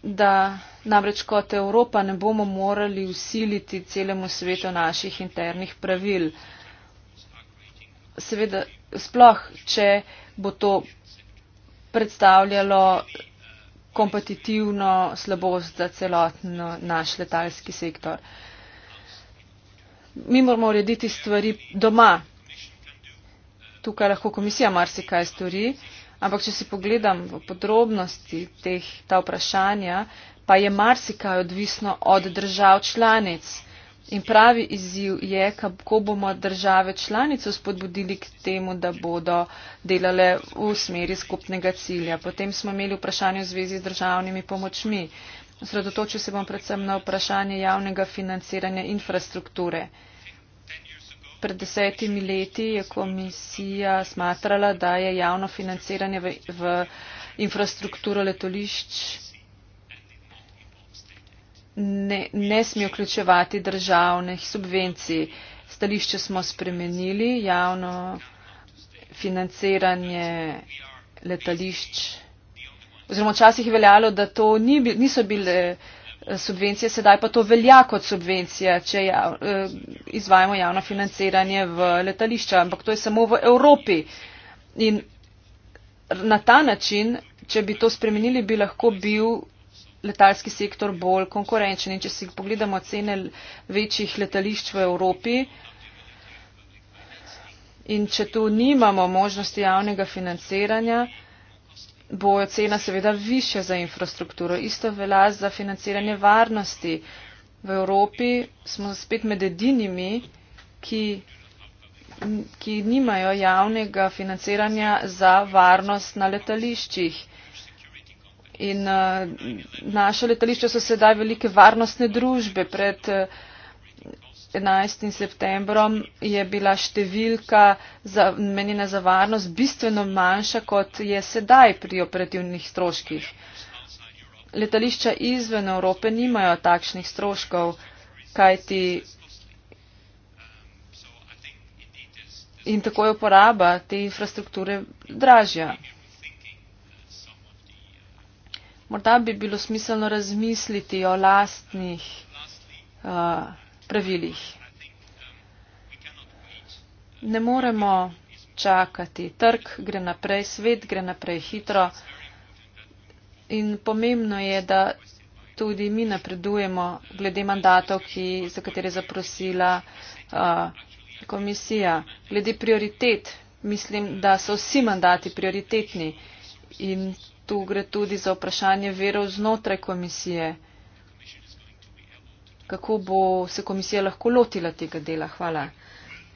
da namreč kot Evropa ne bomo morali usiliti celemu svetu naših internih pravil. Uh, seveda sploh, če bo to predstavljalo kompetitivno slabost za celoten naš letalski sektor. Mi moramo urediti stvari doma. Tukaj lahko komisija marsikaj stori, ampak če si pogledam v podrobnosti teh, ta vprašanja, pa je marsikaj odvisno od držav članic. In pravi izziv je, kako bomo države članice spodbudili k temu, da bodo delale v smeri skupnega cilja. Potem smo imeli vprašanje v zvezi z državnimi pomočmi. Sredotočil se bom predvsem na vprašanje javnega financiranja infrastrukture. Pred desetimi leti je komisija smatrala, da je javno financiranje v, v infrastrukturo letališč ne, ne smejo vključevati državnih subvencij. Stališče smo spremenili, javno financiranje letališč. Oziroma včasih je veljalo, da to ni, niso bile eh, subvencije, sedaj pa to velja kot subvencija, če jav, eh, izvajamo javno financiranje v letališča. Ampak to je samo v Evropi. In na ta način, če bi to spremenili, bi lahko bil letalski sektor bolj konkurenčen. In če si pogledamo cene večjih letališč v Evropi in če tu nimamo možnosti javnega financiranja, bo cena seveda više za infrastrukturo. Isto velja za financiranje varnosti. V Evropi smo spet med edinimi, ki, ki nimajo javnega financiranja za varnost na letališčih in uh, eh, naše letališče so sedaj velike varnostne družbe. Pred uh, eh, 11. septembrom je bila številka za, menjena za varnost bistveno manjša, kot je sedaj pri operativnih stroških. Letališča izven Evrope nimajo takšnih stroškov, kajti in tako je uporaba te infrastrukture dražja morda bi bilo smiselno razmisliti o lastnih uh, pravilih. Ne moremo čakati. Trg gre naprej, svet gre naprej hitro in pomembno je, da tudi mi napredujemo glede mandatov, ki, za katere je zaprosila uh, komisija. Glede prioritet, mislim, da so vsi mandati prioritetni in tu gre tudi za vprašanje verov znotraj komisije. Kako bo se komisija lahko lotila tega dela? Hvala.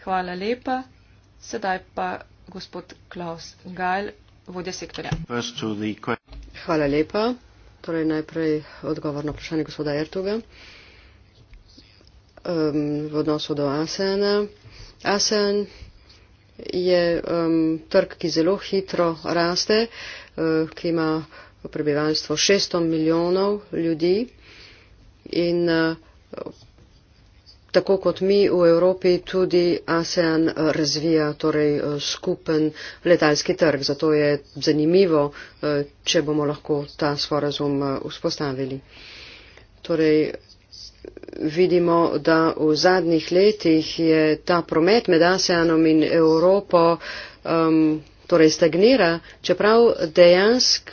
Hvala lepa. Sedaj pa gospod Klaus Gajl, vodja sektorja. Hvala lepa. Torej najprej odgovor na vprašanje gospoda Ertuga. Um, v odnosu do ASEAN-a. ASEAN je um, trg, ki zelo hitro raste. Eh, ki ima prebivalstvo 600 milijonov ljudi in eh, tako kot mi v Evropi tudi ASEAN razvija torej eh, skupen letalski trg. Zato je zanimivo, če bomo lahko ta sporazum vzpostavili. Torej, vidimo, da v zadnjih letih je ta promet med ASEANom in Evropo um, torej stagnira, čeprav dejansk,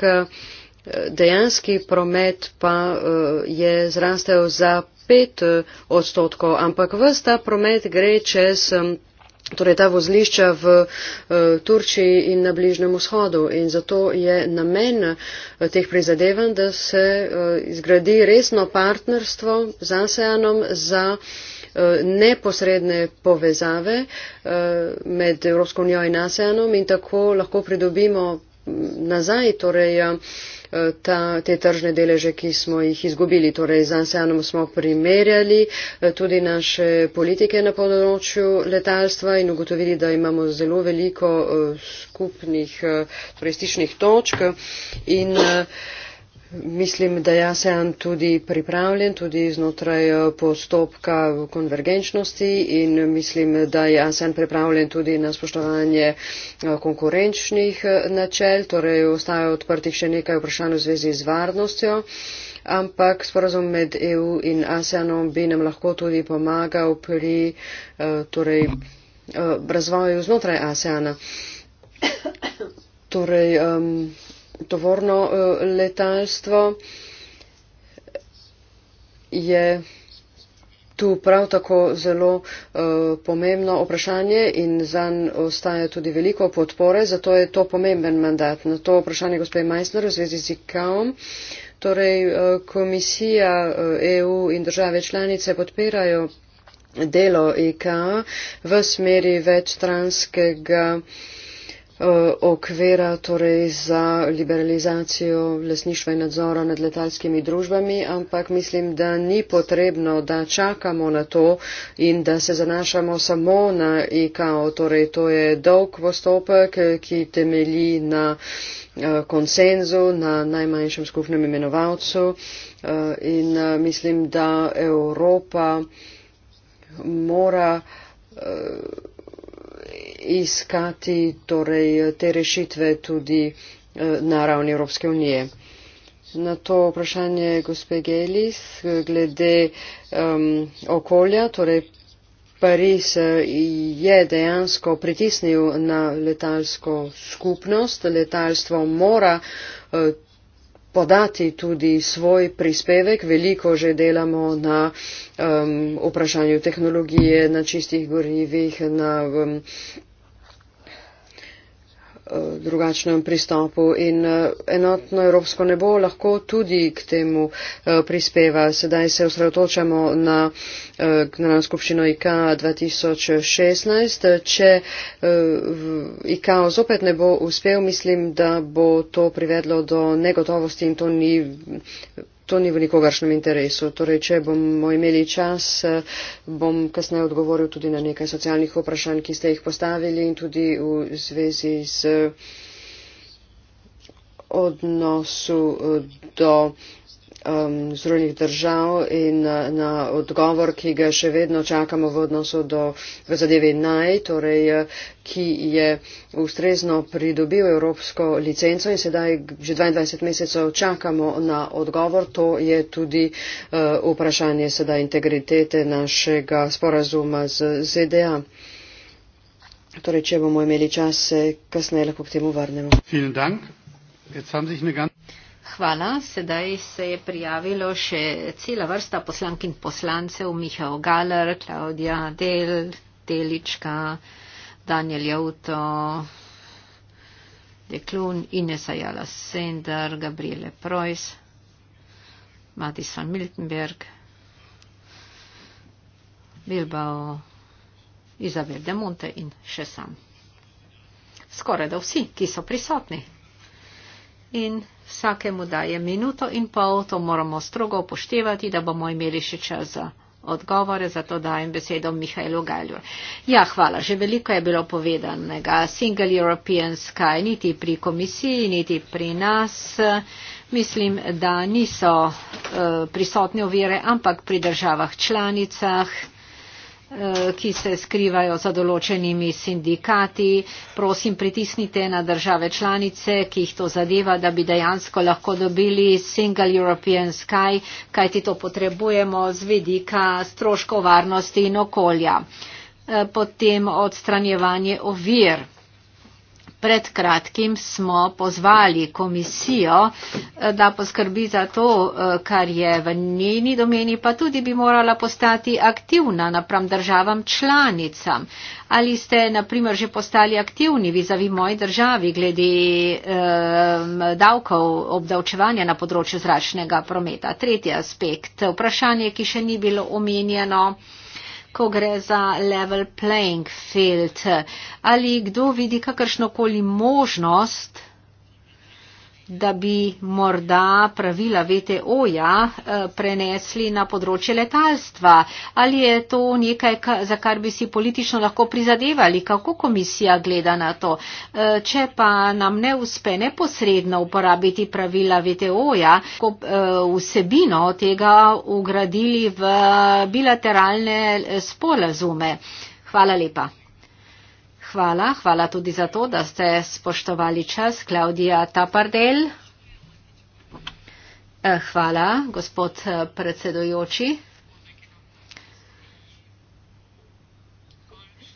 dejanski promet pa eh, je zrastel za 5 eh, odstotkov, ampak vsta promet gre čez torej ta vozlišča v eh, Turčiji in na Bližnem vzhodu. In zato je namen teh prizadevanj, da se zgradi resno partnerstvo z ASEANom za Eh, neposredne povezave eh, med Evropsko unijo in ASEANom in tako lahko pridobimo nazaj torej, eh, ta, te tržne deleže, ki smo jih izgubili. Torej, z ASEANom smo primerjali tudi naše politike na področju letalstva in ugotovili, da imamo zelo veliko skupnih turističnih točk. In, mislim, da jaz sem tudi pripravljen, tudi znotraj eh, postopka konvergenčnosti in mislim, da jaz sem pripravljen tudi na spoštovanje eh, konkurenčnih eh, načel, torej ostaje odprtih še nekaj vprašanj v zvezi z varnostjo. Ampak sporazum med EU in ASEANom bi nam lahko tudi pomagal pri torej, razvoju znotraj ASEANa. Torej, um, tovorno e, letalstvo je tu prav tako zelo e, pomembno vprašanje in zanj ostaja tudi veliko podpore, zato je to pomemben mandat. Na to vprašanje gospe Meissner v zvezi z IKAOM. Torej, e, komisija EU in države članice podpirajo delo IKA v smeri večtranskega Eh, okvira torej za liberalizacijo lesništva in nadzora nad letalskimi družbami, ampak mislim, da ni potrebno, da čakamo na to in da se zanašamo samo na IKO. Torej, to je dolg postopek, ki temelji na eh, konsenzu, na najmanjšem skupnem imenovalcu eh, in mislim, da Evropa mora iskati torej, te rešitve tudi eh, na ravni Evropske unije. Na to vprašanje gospe Gelis glede um, okolja, torej Pariz eh, je dejansko pritisnil na letalsko skupnost, letalstvo mora uh, podati tudi svoj prispevek, veliko že delamo na um, vprašanju tehnologije, na čistih gorivih, na. Um, Eh, drugačnem pristopu in eh, enotno evropsko nebo lahko tudi k temu eh, prispeva. Sedaj se osredotočamo na Generalno skupščino IK 2016. Če IK zopet ne bo uspel, mislim, da bo to privedlo do negotovosti in to ni to ni v nikogaršnem interesu. Torej, če bomo imeli čas, bom kasneje odgovoril tudi na nekaj socialnih vprašanj, ki ste jih postavili in tudi v zvezi z odnosu eh, do um, zrunih držav in na, uh, na odgovor, ki ga še vedno čakamo v odnosu do v zadevi naj, torej, uh, ki je ustrezno pridobil evropsko licenco in sedaj že 22 mesecev čakamo na odgovor. To je tudi uh, vprašanje sedaj integritete našega sporazuma z ZDA. Torej, če bomo imeli čas, se kasneje lahko k temu vrnemo. Jetzt haben sich eine ganze. Hvala. Sedaj se je prijavilo še cela vrsta poslank in poslancev. Mihael Galer, Klaudija Del, Delička, Daniel Jauto, Deklun, Ines Ayala Sender, Gabriele Preuss, Madison Miltenberg, Bilbao, Izabel Demonte in še sam. Skoraj da vsi, ki so prisotni in vsakemu daje minuto in pol, to moramo strogo upoštevati, da bomo imeli še čas za odgovore, zato dajem besedo Mihajlu Galju. Ja, hvala, že veliko je bilo povedanega. Single European Sky niti pri komisiji, niti pri nas. Mislim, da niso uh, prisotne ovire, ampak pri državah članicah Eh, ki se skrivajo za določenimi sindikati. Prosim, pritisnite na države članice, ki jih to zadeva, da bi dejansko lahko dobili Single European Sky, kajti to potrebujemo z vedika stroškov varnosti in okolja. Eh, potem odstranjevanje ovir. Pred kratkim smo pozvali komisijo, eh, da poskrbi za to, eh, kar je v njeni domeni, pa tudi bi morala postati aktivna napram državam članicam. Ali ste, na primer, že postali aktivni vizavi moji državi glede um, davkov obdavčevanja na področju zračnega prometa? Tretji aspekt, vprašanje, ki še ni bilo omenjeno ko gre za level playing field. Ali kdo vidi kakršnokoli možnost da bi morda pravila VTO-ja eh, prenesli na področje letalstva. Ali je to nekaj, za kar bi si politično lahko prizadevali? Kako komisija gleda na to? Eh, če pa nam ne uspe neposredno uporabiti pravila VTO-ja, ko eh, vsebino tega ugradili v bilateralne sporazume. Hvala lepa. Hvala, hvala tudi za to, da ste spoštovali čas. Klaudija Tapardel. Eh, hvala, gospod eh, predsedojoči.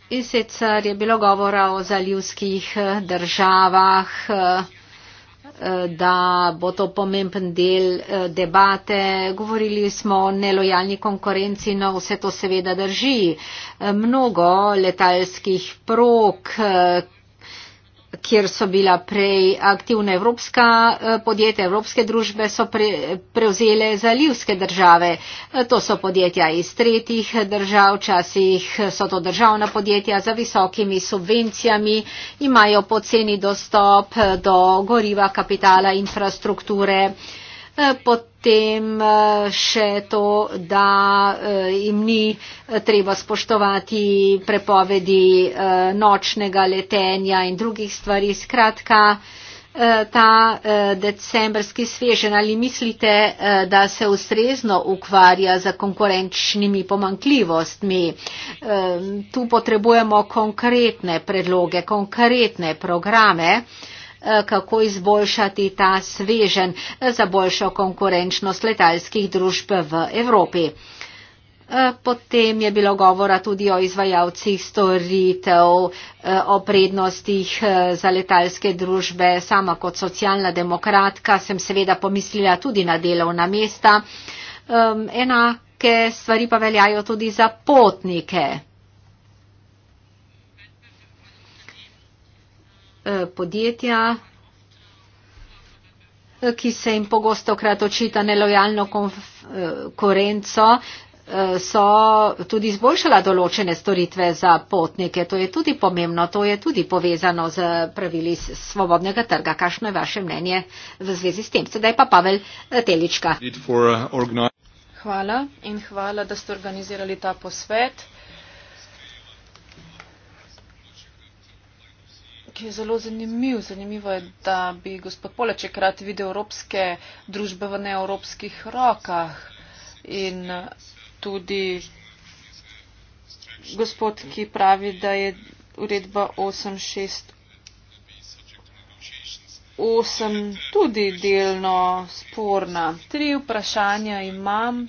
In sicer je bilo govora o zaljivskih eh, državah da bo to pomemben del eh, debate. Govorili smo o nelojalni konkurenci, no vse to seveda drži. Eh, Mnogo letalskih prog, eh, kjer so bila prej aktivna evropska eh, podjetja, evropske družbe so pre, prevzele zalivske države. Eh, to so podjetja iz tretjih držav, včasih eh, so to državna podjetja za visokimi subvencijami, imajo poceni dostop do goriva, kapitala, infrastrukture. Pot potem eh, še to, da eh, jim ni eh, treba spoštovati prepovedi nočnega letenja in drugih stvari. Skratka, ta decembrski svežen ali mislite, da se ustrezno ukvarja za konkurenčnimi pomankljivostmi? Tu potrebujemo konkretne predloge, konkretne programe. Eh, kako izboljšati ta svežen eh, za boljšo konkurenčnost letalskih družb v Evropi. Eh, potem je bilo govora tudi o izvajalcih storitev, o prednostih za letalske družbe. Sama kot socialna demokratka sem seveda pomislila tudi na delovna mesta. Enake stvari pa veljajo tudi za potnike. Eh, podjetja, eh, ki se jim pogosto krat očita nelojalno konkurenco, eh, so tudi izboljšala določene storitve za potnike. To je tudi pomembno, to je tudi povezano z pravili svobodnega trga. Kakšno je vaše mnenje v zvezi s tem? Sedaj pa Pavel Telička. Uh, hvala in hvala, da ste organizirali ta posvet. ki je zelo zanimiv. Zanimivo je, da bi gospod Poleček rad videl evropske družbe v neevropskih rokah. In eh, tudi gospod, ki pravi, da je uredba 868 tudi delno sporna. Tri vprašanja imam.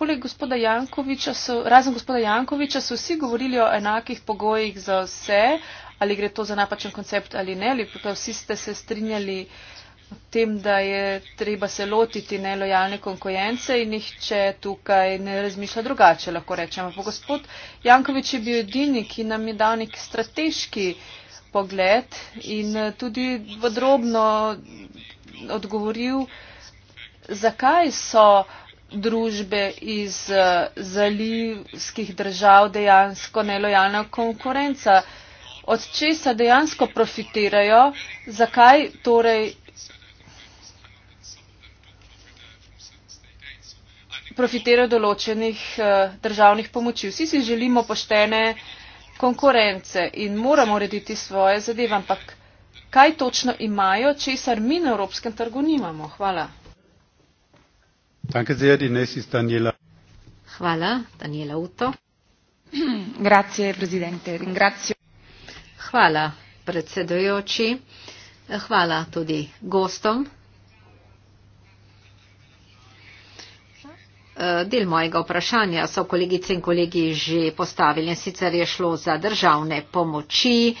Poleg gospoda Jankoviča so, razen gospoda Jankoviča so vsi govorili o enakih pogojih za vse, ali gre to za napačen koncept ali ne, ali pa vsi ste se strinjali o tem, da je treba se lotiti nelojalne konkurence in nihče tukaj ne razmišlja drugače, lahko rečemo. Pa gospod Jankovič je bil edini, ki nam je dal nek strateški pogled in tudi podrobno odgovoril, zakaj so družbe iz eh, zalivskih držav dejansko nelojalna konkurenca. Od česa dejansko profitirajo? Zakaj torej profitirajo določenih eh, državnih pomoči? Vsi si želimo poštene konkurence in moramo urediti svoje zadeve, ampak kaj točno imajo, česar mi na evropskem trgu nimamo? Hvala. Danke sehr, die nächste ist Daniela. Hvala, Daniela Uto. (clears throat) Grazie, presidente. Ringrazio. Hvala, predsedujoči. Hvala tudi gostom. Eh, del mojega vprašanja so kolegice in kolegi že postavili in sicer je šlo za državne pomoči.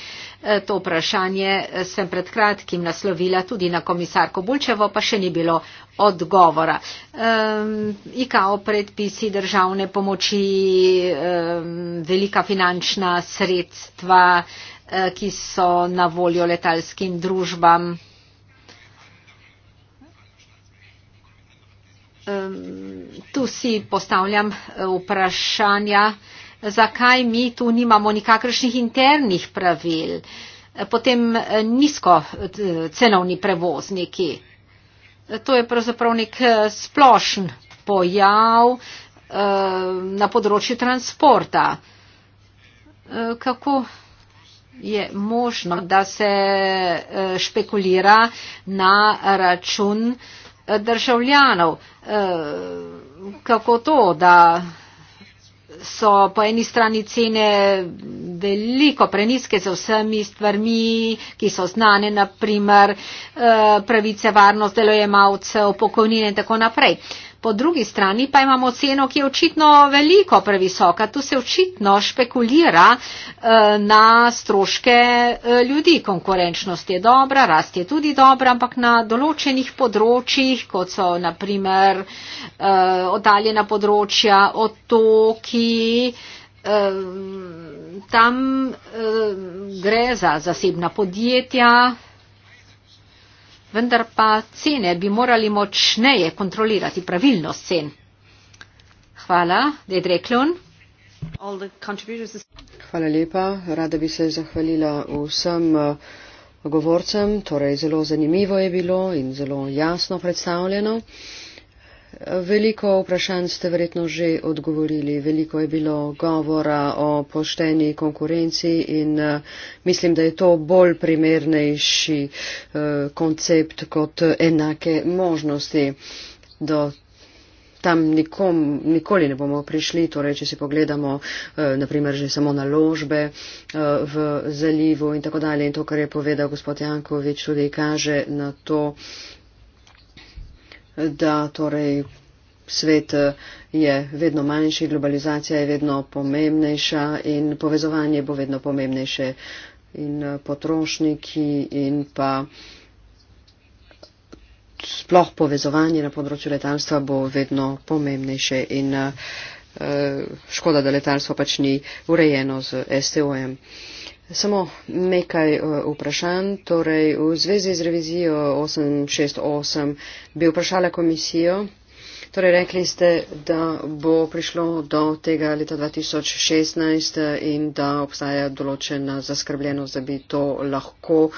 Eh, to vprašanje eh, sem pred kratkim naslovila tudi na komisarko Bulčevo, pa še ni bilo odgovora. Um, IKO predpisi državne pomoči, um, velika finančna sredstva, ki so na voljo letalskim družbam. tu si postavljam eh, vprašanja, zakaj mi tu nimamo nikakršnih internih pravil, potem eh, nizko eh, cenovni prevozniki. To je pravzaprav nek splošen pojav na področju transporta. Kako je možno, da se špekulira na račun državljanov, eh, kako to, da so po eni strani cene veliko preniske za vsemi stvarmi, ki so znane, naprimer eh, pravice, varnost delojemalcev, pokojnine in tako naprej. Po drugi strani pa imamo ceno, ki je očitno veliko previsoka. Tu se očitno špekulira eh, na stroške eh, ljudi. Konkurenčnost je dobra, rast je tudi dobra, ampak na določenih področjih, kot so naprimer eh, oddaljena področja, otoki, tam gre za zasebna podjetja vendar pa cene bi morali močneje kontrolirati pravilnost cen. Hvala, Dedrek Lun. Hvala lepa. Rada bi se zahvalila vsem eh, govorcem. Torej, zelo zanimivo je bilo in zelo jasno predstavljeno. Veliko vprašanj ste verjetno že odgovorili. Veliko je bilo govora o pošteni konkurenci in eh, mislim, da je to bolj primernejši eh, koncept kot enake možnosti. Do tam nikom, nikoli ne bomo prišli, torej če si pogledamo eh, naprimer že samo naložbe v zalivu in tako dalje. In to, kar je povedal gospod Jankovič, tudi kaže na to, da torej svet eh, je vedno manjši, globalizacija je vedno pomembnejša in povezovanje bo vedno pomembnejše in eh, potrošniki in pa sploh povezovanje na področju letalstva bo vedno pomembnejše in eh, škoda, da letalstvo pač ni urejeno z STO-jem. Samo nekaj eh, vprašanj. Torej, v zvezi z revizijo 868 bi vprašala komisijo. Torej, rekli ste, da bo prišlo do tega leta 2016 in da obstaja določena zaskrbljenost, da bi to lahko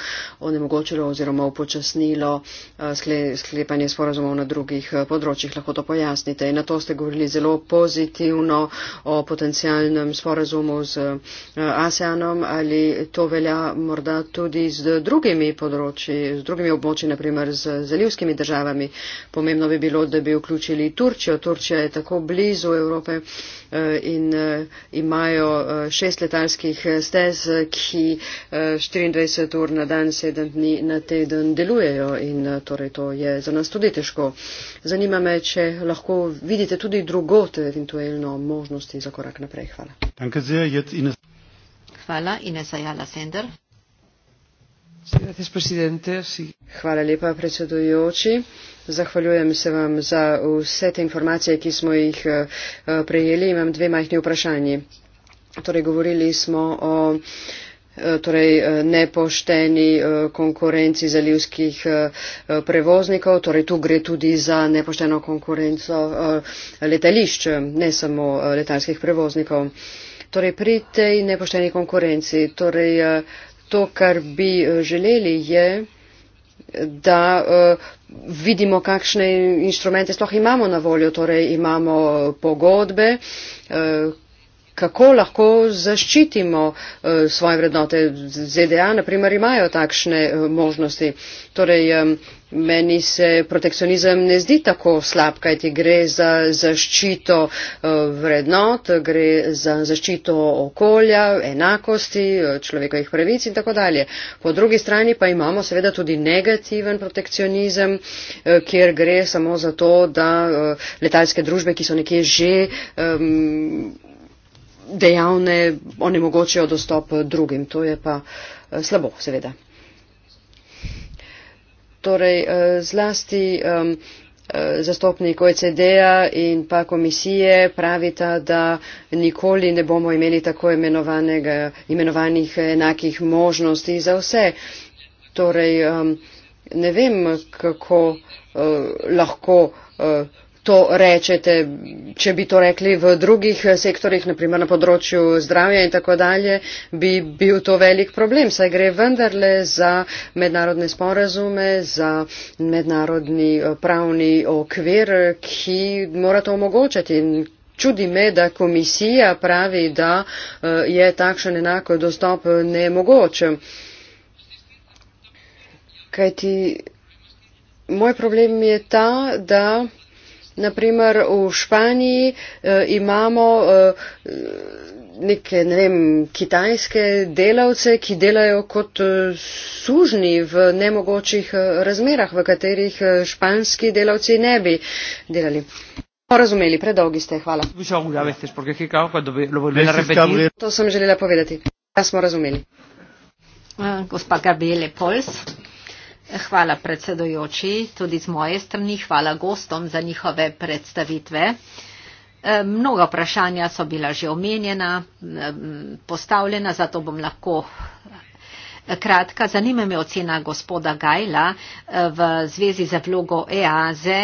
onemogočilo oziroma upočasnilo eh, sklepanje sporazumov na drugih eh, področjih. Lahko to pojasnite. In na to ste govorili zelo pozitivno o potencijalnem sporazumu z eh, ASEANom. Ali to velja morda tudi z drugimi področji, z drugimi območji, naprimer z zalivskimi državami? Pomembno bi bilo, da bi vključili imeli Turčijo. Turčija je tako blizu Evrope eh, in eh, imajo eh, šest letalskih stez, ki 24 ur na dan, sedem dni na teden delujejo in torej to je za nas tudi težko. Zanima me, če lahko vidite tudi drugote eventualno možnosti za korak naprej. Hvala. Hvala, Ines Ajala Sender. Hvala lepa, predsedujoči. Zahvaljujem se vam za vse te informacije, ki smo jih eh, eh, prejeli. Imam dve majhni vprašanji. Torej, govorili smo o eh, torej, nepošteni konkurenci zalivskih prevoznikov, torej tu gre tudi za nepošteno konkurenco letališč, ne samo letalskih prevoznikov. Torej, pri tej nepošteni konkurenci, torej, to, kar bi želeli, je, da vidimo, kakšne inštrumente sploh imamo na voljo, torej imamo pogodbe, eh, kako lahko zaščitimo eh, svoje vrednote. ZDA, naprimer, imajo takšne eh, možnosti. Torej, Meni se protekcionizem ne zdi tako slab, kaj ti gre za zaščito eh, vrednot, gre za zaščito okolja, enakosti, eh, človekovih pravic in tako dalje. Po drugi strani pa imamo seveda tudi negativen protekcionizem, eh, kjer gre samo za to, da letalske družbe, ki so nekje že. Um, dejavne onemogočajo dostop drugim. To je pa slabo, seveda torej eh, zlasti um, zastopnik OECD-a in pa komisije pravita, da nikoli ne bomo imeli tako imenovanih enakih možnosti za vse. Torej, um, ne vem, kako uh, lahko uh, to rečete, če bi to rekli v drugih sektorjih, naprimer na področju zdravja in tako dalje, bi bil to velik problem, saj gre vendarle za mednarodne sporazume, za mednarodni eh, pravni okvir, ki mora to omogočati. Čudi me, da komisija pravi, da eh, je takšen enako dostop nemogoč. Kajti, moj problem je ta, da Naprimer v Španiji eh, imamo eh, neke ne vem, kitajske delavce, ki delajo kot eh, sužni v nemogočih eh, razmerah, v katerih eh, španski delavci ne bi delali. Razumeli, predolgi ste, hvala. To sem želela povedati. Ja, smo razumeli. Eh, gospa Gabriele Pols. Hvala predsedojoči, tudi z moje strani hvala gostom za njihove predstavitve. E, mnoga vprašanja so bila že omenjena, e, postavljena, zato bom lahko Kratka, zanima me ocena gospoda Gajla eh, v zvezi z vlogo EAZE,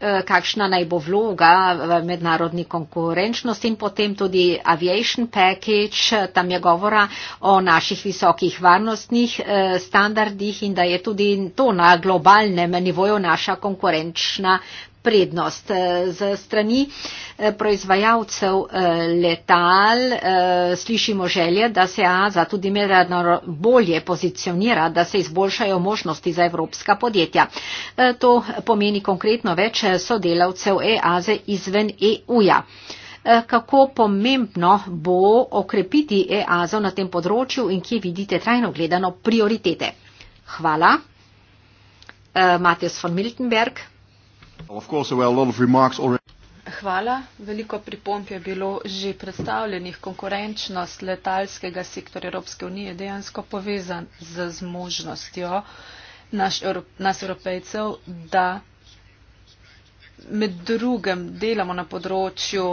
eh, kakšna naj bo vloga v eh, mednarodni konkurenčnosti in potem tudi aviation package, tam je govora o naših visokih varnostnih standardih in da je tudi to na globalnem nivoju naša konkurenčna prednost eh, z strani eh, proizvajalcev eh, letal. Slišimo želje, da se AZA tudi merano bolje pozicionira, da se izboljšajo možnosti za evropska podjetja. To pomeni konkretno več sodelavcev EAZE izven EU-ja. Kako pomembno bo okrepiti EAZO na tem področju in kje vidite trajno gledano prioritete? Hvala. Matjas von Miltenberg. Hvala. Veliko pripomp je bilo že predstavljenih. Konkurenčnost letalskega sektorja Evropske unije je dejansko povezan z zmožnostjo naš, nas evropejcev, da med drugem delamo na področju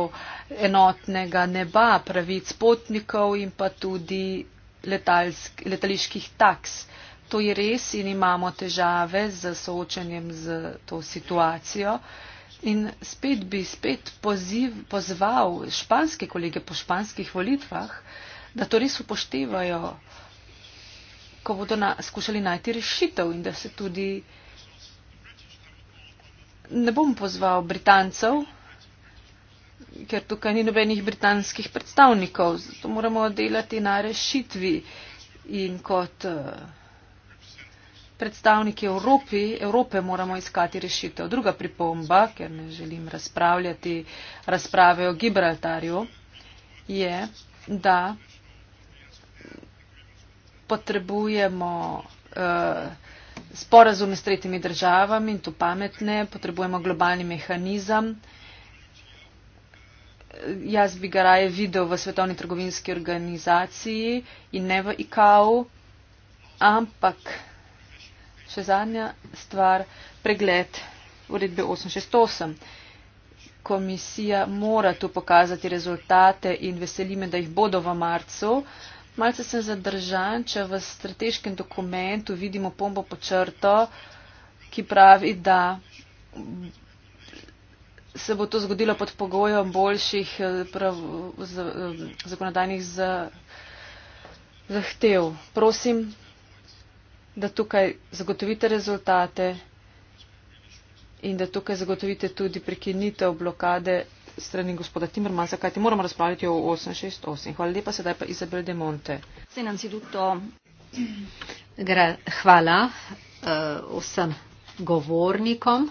enotnega neba, pravic potnikov in pa tudi letalsk, letaliških taks to je res in imamo težave z soočanjem z to situacijo. In spet bi spet poziv, pozval španske kolege po španskih volitvah, da to res upoštevajo, ko bodo na, skušali najti rešitev in da se tudi. Ne bom pozval Britancev, ker tukaj ni nobenih britanskih predstavnikov, zato moramo delati na rešitvi in kot. Uh, predstavniki Evropi, Evrope moramo iskati rešitev. Druga pripomba, ker ne želim razpravljati razprave o Gibraltarju, je, da potrebujemo eh, sporazume s tretjimi državami in to pametne, potrebujemo globalni mehanizem. Jaz bi ga raje videl v svetovni trgovinski organizaciji in ne v IKAV, ampak še zadnja stvar, pregled uredbe 868. Komisija mora tu pokazati rezultate in veseli me, da jih bodo v marcu. Malce sem zadržan, če v strateškem dokumentu vidimo pombo po črto, ki pravi, da se bo to zgodilo pod pogojem boljših eh, prav, z, eh, zakonodajnih z, zahtev. Prosim, da tukaj zagotovite rezultate in da tukaj zagotovite tudi prekinitev blokade strani gospoda Timrmaza, kajti moramo razpravljati o 868. Hvala lepa, sedaj pa Izabel de Monte. Hvala eh, vsem govornikom.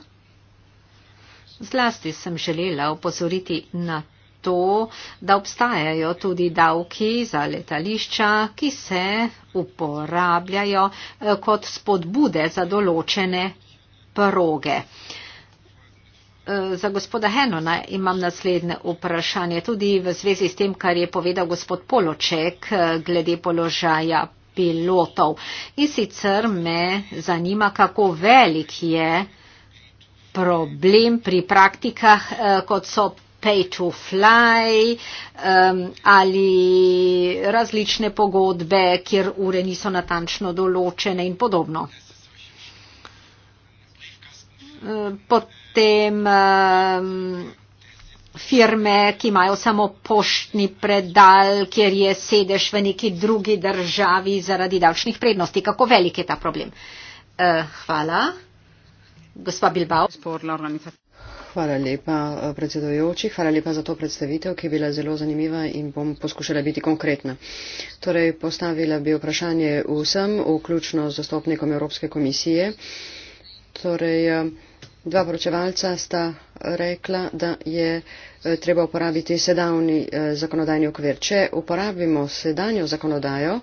Zlasti sem želela upozoriti na to, da obstajajo tudi davki za letališča, ki se uporabljajo eh, kot spodbude za določene proge. Eh, za gospoda Henona imam naslednje vprašanje tudi v zvezi s tem, kar je povedal gospod Poloček eh, glede položaja pilotov. In sicer me zanima, kako velik je problem pri praktikah, kot so pay to fly um, ali različne pogodbe, kjer ure niso natančno določene in podobno. Uh, potem um, firme, ki imajo samo poštni predal, kjer je sedež v neki drugi državi zaradi davčnih prednosti. Kako velik je ta problem? Uh, hvala. Gospa Bilbao. Hvala lepa, eh, predsedojoči. Hvala lepa za to predstavitev, ki je bila zelo zanimiva in bom poskušala biti konkretna. Torej, postavila bi vprašanje vsem, vključno z zastopnikom Evropske komisije. Torej, eh, dva poročevalca sta rekla, da je eh, treba uporabiti sedavni zakonodajni okvir. Če uporabimo sedanjo zakonodajo,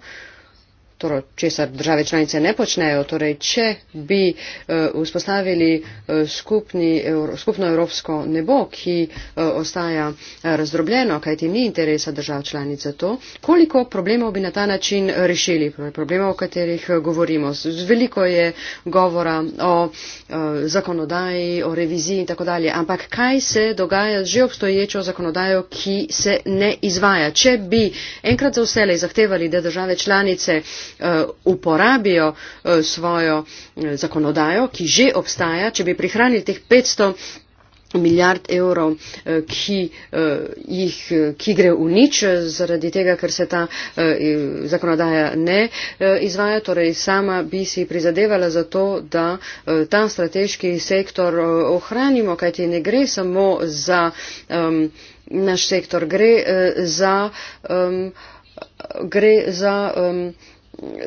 torej, česar države članice ne počnejo, torej, če bi uh, vzpostavili uh, skupni, evro, skupno evropsko nebo, ki uh, ostaja uh, razdrobljeno, kaj ti ni interesa držav članice to, koliko problemov bi na ta način rešili, torej, problemov, o katerih govorimo. Z, veliko je govora o uh, zakonodaji, o reviziji in tako dalje, ampak kaj se dogaja z že obstoječo zakonodajo, ki se ne izvaja. Če bi enkrat za vselej zahtevali, da države članice Eh, uporabijo eh, svojo eh, zakonodajo, ki že obstaja, če bi prihranili teh 500 milijard evrov, ki, jih, ki gre v nič zaradi tega, ker se ta zakonodaja ne izvaja. Torej, sama bi si prizadevala za to, da ta strateški sektor ohranimo, kajti ne gre samo za um, naš sektor, gre za. Um, gre za um,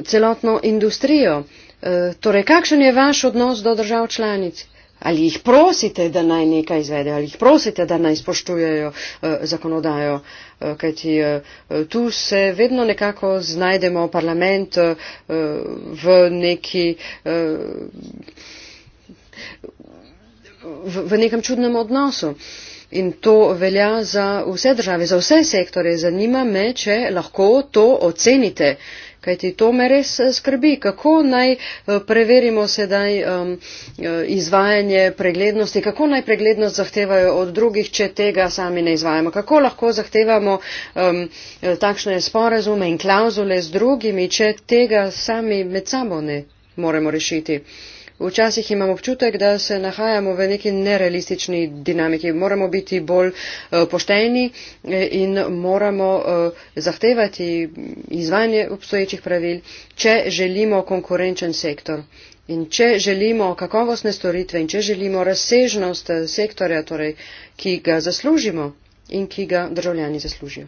celotno industrijo. E, torej, kakšen je vaš odnos do držav članic? Ali jih prosite, da naj nekaj izvede, ali jih prosite, da naj spoštujejo e, zakonodajo? E, kajti tu se vedno nekako znajdemo parlament v neki. V nekem čudnem odnosu. In to velja za vse države, za vse sektore. Zanima me, če lahko to ocenite. Uh, kajti to me res eh, skrbi, kako naj eh, preverimo sedaj um, izvajanje preglednosti, kako naj preglednost zahtevajo od drugih, če tega sami ne izvajamo, kako lahko zahtevamo um, takšne sporazume in klauzule z drugimi, če tega sami med sabo ne moremo rešiti. Včasih imam občutek, da se nahajamo v neki nerealistični dinamiki. Moramo biti bolj eh, pošteni eh, in moramo eh, zahtevati izvajanje obstoječih pravil, če želimo konkurenčen sektor. In če želimo kakovostne storitve in če želimo razsežnost sektorja, torej, ki ga zaslužimo in ki ga državljani zaslužijo.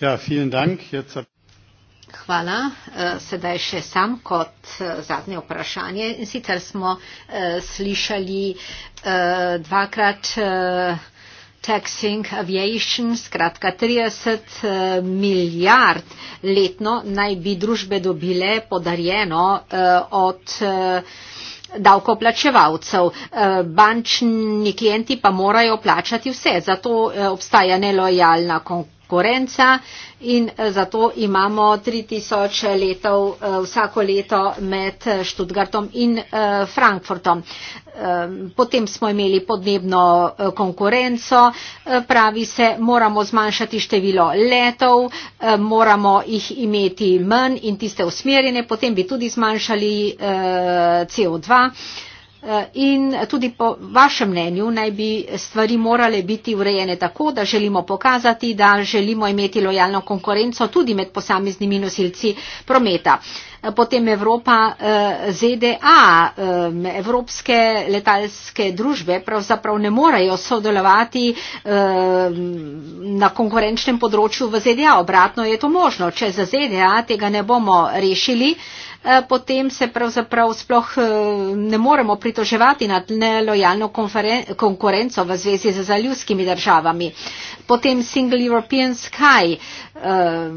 Ja, vielen Dank. Jetzt... Hvala. E, sedaj še sam kot e, zadnje vprašanje. In sicer smo e, slišali dvakrat taxing aviation, skratka 30 milijard letno naj bi družbe dobile podarjeno od davkoplačevalcev. Bančni klienti pa morajo plačati vse, zato obstaja nelojalna konkurenca konkurenca in eh, zato imamo 3000 letov eh, vsako leto med Študgartom in eh, Frankfurtom. Ehm, potem smo imeli podnebno konkurenco, pravi se, moramo zmanjšati število letov, moramo jih imeti manj in tiste usmerjene, potem bi tudi zmanjšali CO2. Eh, in tudi po vašem mnenju naj bi stvari morale biti urejene tako, da želimo pokazati, da želimo imeti lojalno konkurenco tudi med posameznimi nosilci prometa. Eh, potem Evropa, eh, ZDA, evropske letalske družbe pravzaprav ne morejo sodelovati na konkurenčnem področju v ZDA. Obratno je to možno. Če za ZDA tega ne bomo rešili, Eh, potem se pravzaprav sploh eh, ne moremo pritoževati nad nelojalno konkurenco v zvezi z zaljuskimi državami potem Single European Sky. Ehm,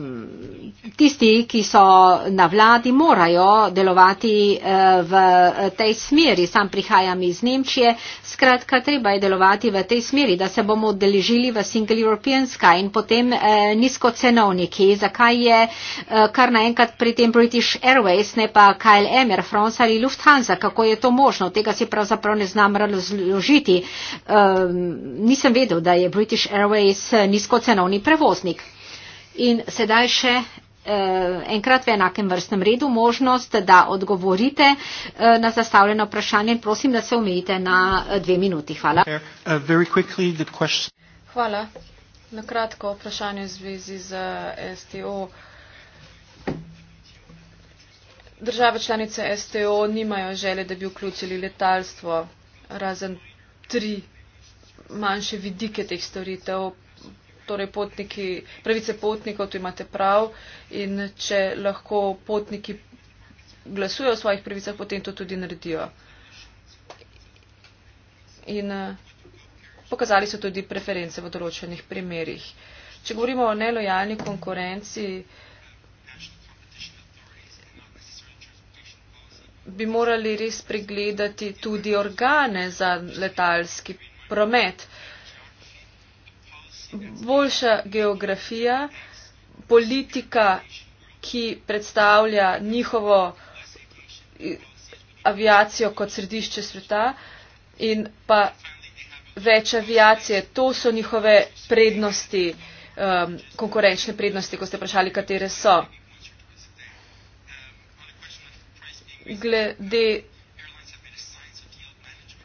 tisti, ki so na vladi, morajo delovati eh, v eh, tej smeri. Sam prihajam iz Nemčije. Skratka, treba je delovati v tej smeri, da se bomo odeležili v Single European Sky in potem eh, nizkocenovniki. Zakaj je kar naenkrat pri tem British Airways, ne pa KLM, Air France ali Lufthansa? Kako je to možno? Tega si pravzaprav ne znam razložiti. Ehm, nisem vedel, da je British Airways res nizkocenovni prevoznik. In sedaj še eh, enkrat v enakem vrstnem redu možnost, da odgovorite eh, na zastavljeno vprašanje in prosim, da se omejite na eh, dve minuti. Hvala. Uh, Hvala. Na kratko vprašanje v zvezi z STO. Države članice STO nimajo žele, da bi vključili letalstvo razen tri manjše vidike teh storitev, torej potniki, pravice potnikov, tu imate prav in če lahko potniki glasujejo o svojih pravicah, potem to tudi naredijo. In eh, pokazali so tudi preference v določenih primerjih. Če govorimo o nelojalni konkurenci, bi morali res pregledati tudi organe za letalski promet boljša geografija, politika, ki predstavlja njihovo aviacijo kot središče sveta in pa več aviacije. To so njihove prednosti, um, konkurenčne prednosti, ko ste vprašali, katere so. Glede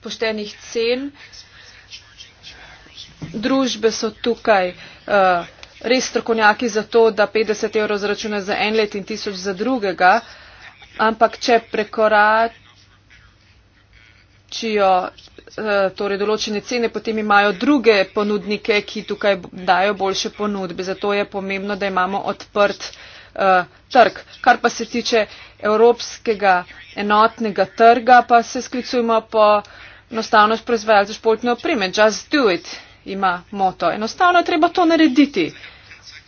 poštenih cen, uh, družbe so tukaj uh, res strokovnjaki za to, da 50 evrov zračuna za en let in tisoč za drugega, ampak če prekoračijo eh, torej določene cene, potem imajo druge ponudnike, ki tukaj dajo boljše ponudbe. Zato je pomembno, da imamo odprt uh, trg. Kar pa se tiče evropskega enotnega trga, pa se sklicujemo po enostavnost proizvajalcev športne opreme. Just do it. Uh, ima moto. Enostavno je treba to narediti.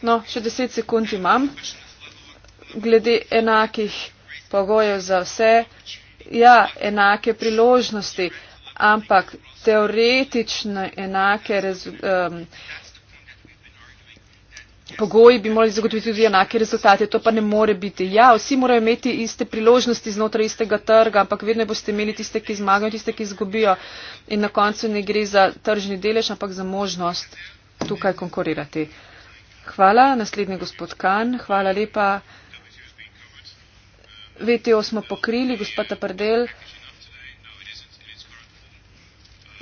No, še deset sekund imam. Glede enakih pogojev za vse, ja, enake priložnosti, ampak teoretično enake rezultate. Um, pogoji bi morali zagotoviti tudi enake rezultate. To pa ne more biti. Ja, vsi morajo imeti iste priložnosti znotraj istega trga, ampak vedno boste imeli tiste, ki zmagajo, tiste, ki izgubijo. In na koncu ne gre za tržni delež, ampak za možnost tukaj konkurirati. Hvala. Naslednji gospod Kan. Hvala lepa. VTO smo pokrili, gospod Taprdel.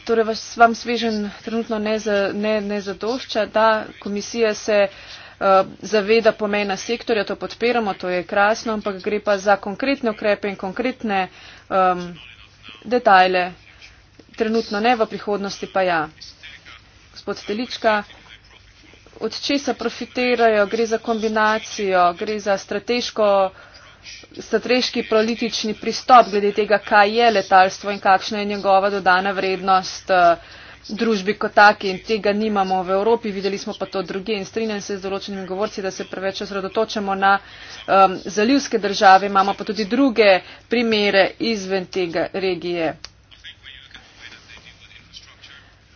Torej, vas, vam svežen trenutno ne, za, ne, ne zadošča, da komisija se. Uh, Eh, zaveda pomena sektorja, to podpiramo, to je krasno, ampak gre pa za konkretne ukrepe in konkretne um, detajle. Trenutno ne, v prihodnosti pa ja. Gospod Stelička, od česa profitirajo, gre za kombinacijo, gre za strateško. Strateški politični pristop glede tega, kaj je letalstvo in kakšna je njegova dodana vrednost. Uh, družbi kot taki in tega nimamo v Evropi, videli smo pa to druge in strinjam se z določenimi govorci, da se preveč osredotočamo na um, zalivske države, imamo pa tudi druge primere izven tega regije.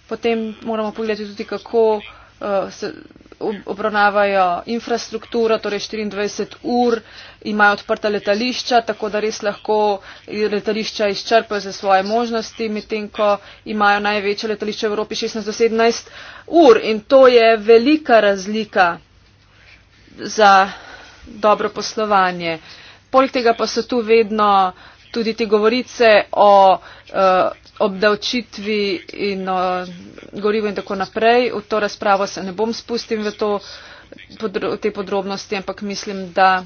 Potem moramo pogledati tudi, kako Eh, se obravnavajo infrastrukturo, torej 24 ur imajo odprta letališča, tako da res lahko letališča izčrpajo za svoje možnosti, medtem ko imajo največje letališče v Evropi 16 do 17 ur. In to je velika razlika za dobro poslovanje. Poleg tega pa so tu vedno tudi te govorice o uh, obdavčitvi in o, gorivu in tako naprej. V to razpravo se ne bom spustil v, to, v te podrobnosti, ampak mislim, da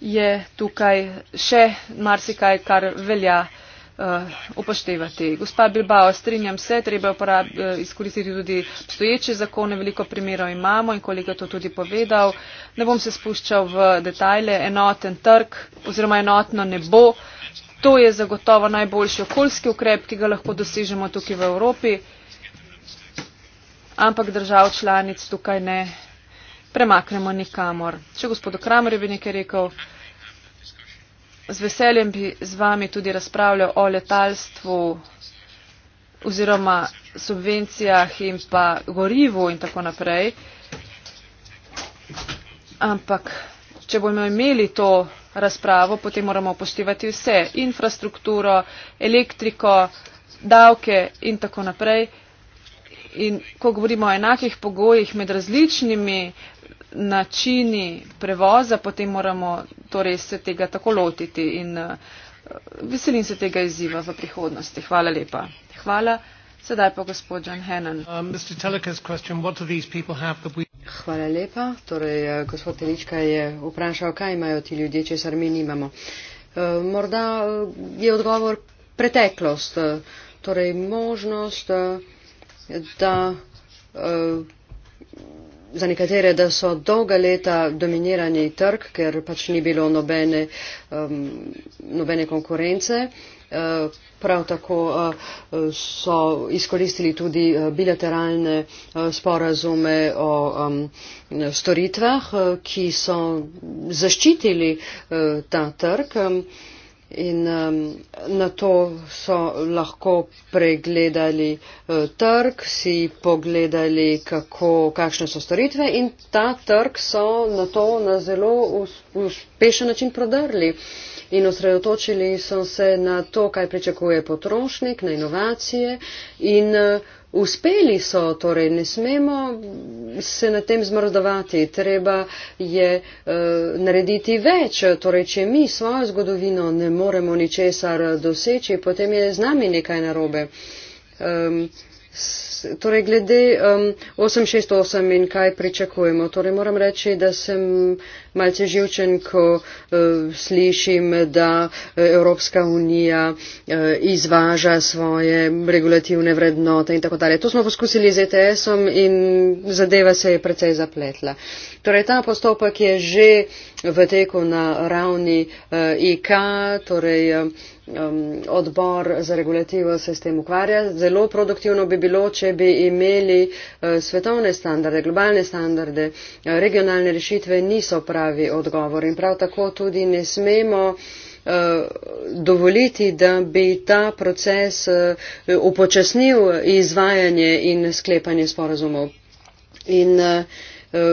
je tukaj še marsikaj, kar velja upoštevati. Gospa Bilbao, strinjam se, treba uporab, e, izkoristiti tudi obstoječe zakone, veliko primerov imamo in kolega to tudi povedal. Ne bom se spuščal v detajle, enoten trg oziroma enotno ne bo. To je zagotovo najboljši okoljski ukrep, ki ga lahko dosežemo tukaj v Evropi, ampak držav članic tukaj ne premaknemo nikamor. Če gospod Kramer bi nekaj rekel, z veseljem bi z vami tudi razpravljal o letalstvu oziroma subvencijah in pa gorivu in tako naprej. Ampak, če bomo imeli to razpravo, potem moramo upoštevati vse infrastrukturo, elektriko, davke in tako naprej. In ko govorimo o enakih pogojih med različnimi načini prevoza, potem moramo torej se tega tako lotiti in eh, veselim se tega izziva v prihodnosti. Hvala lepa. Hvala. Sedaj pa gospod John Hennan. Um, uh, Hvala lepa. Torej, eh, gospod Telička je vprašal, kaj imajo ti ljudje, če sar mi nimamo. Eh, morda eh, je odgovor preteklost, torej možnost, da za nekatere, da so dolga leta dominirani trg, ker pač ni bilo nobene, nobene konkurence. Eh, prav tako eh, so izkoristili tudi eh, bilateralne sporazume o storitvah, ki so zaščitili ta trg in na to so lahko pregledali trg, si pogledali, kako, kakšne so storitve in ta trg so na to na zelo uspešen način prodrli in osredotočili so se na to, kaj pričakuje potrošnik, na inovacije in eh, uspeli so, torej ne smemo se na tem zmrzdovati, treba je uh, narediti več, torej če mi svojo zgodovino ne moremo ničesar doseči, potem je z nami nekaj narobe. Um, Torej, glede um, 868 in kaj pričakujemo. Torej, moram reči, da sem uh, malce živčen, ko uh, eh, slišim, da eh, Evropska unija uh, izvaža svoje regulativne vrednote in tako dalje. To smo poskusili z ETS-om in zadeva se je precej zapletla. Torej, ta postopek je že v teku na ravni uh, IK, torej um, odbor za regulativo se s tem ukvarja. Zelo produktivno bi bilo, če bi imeli uh, svetovne standarde, globalne standarde, uh, regionalne rešitve niso prave pravi odgovor. In prav tako tudi ne smemo eh, dovoliti, da bi ta proces eh, upočasnil izvajanje in sklepanje sporazumov. In eh,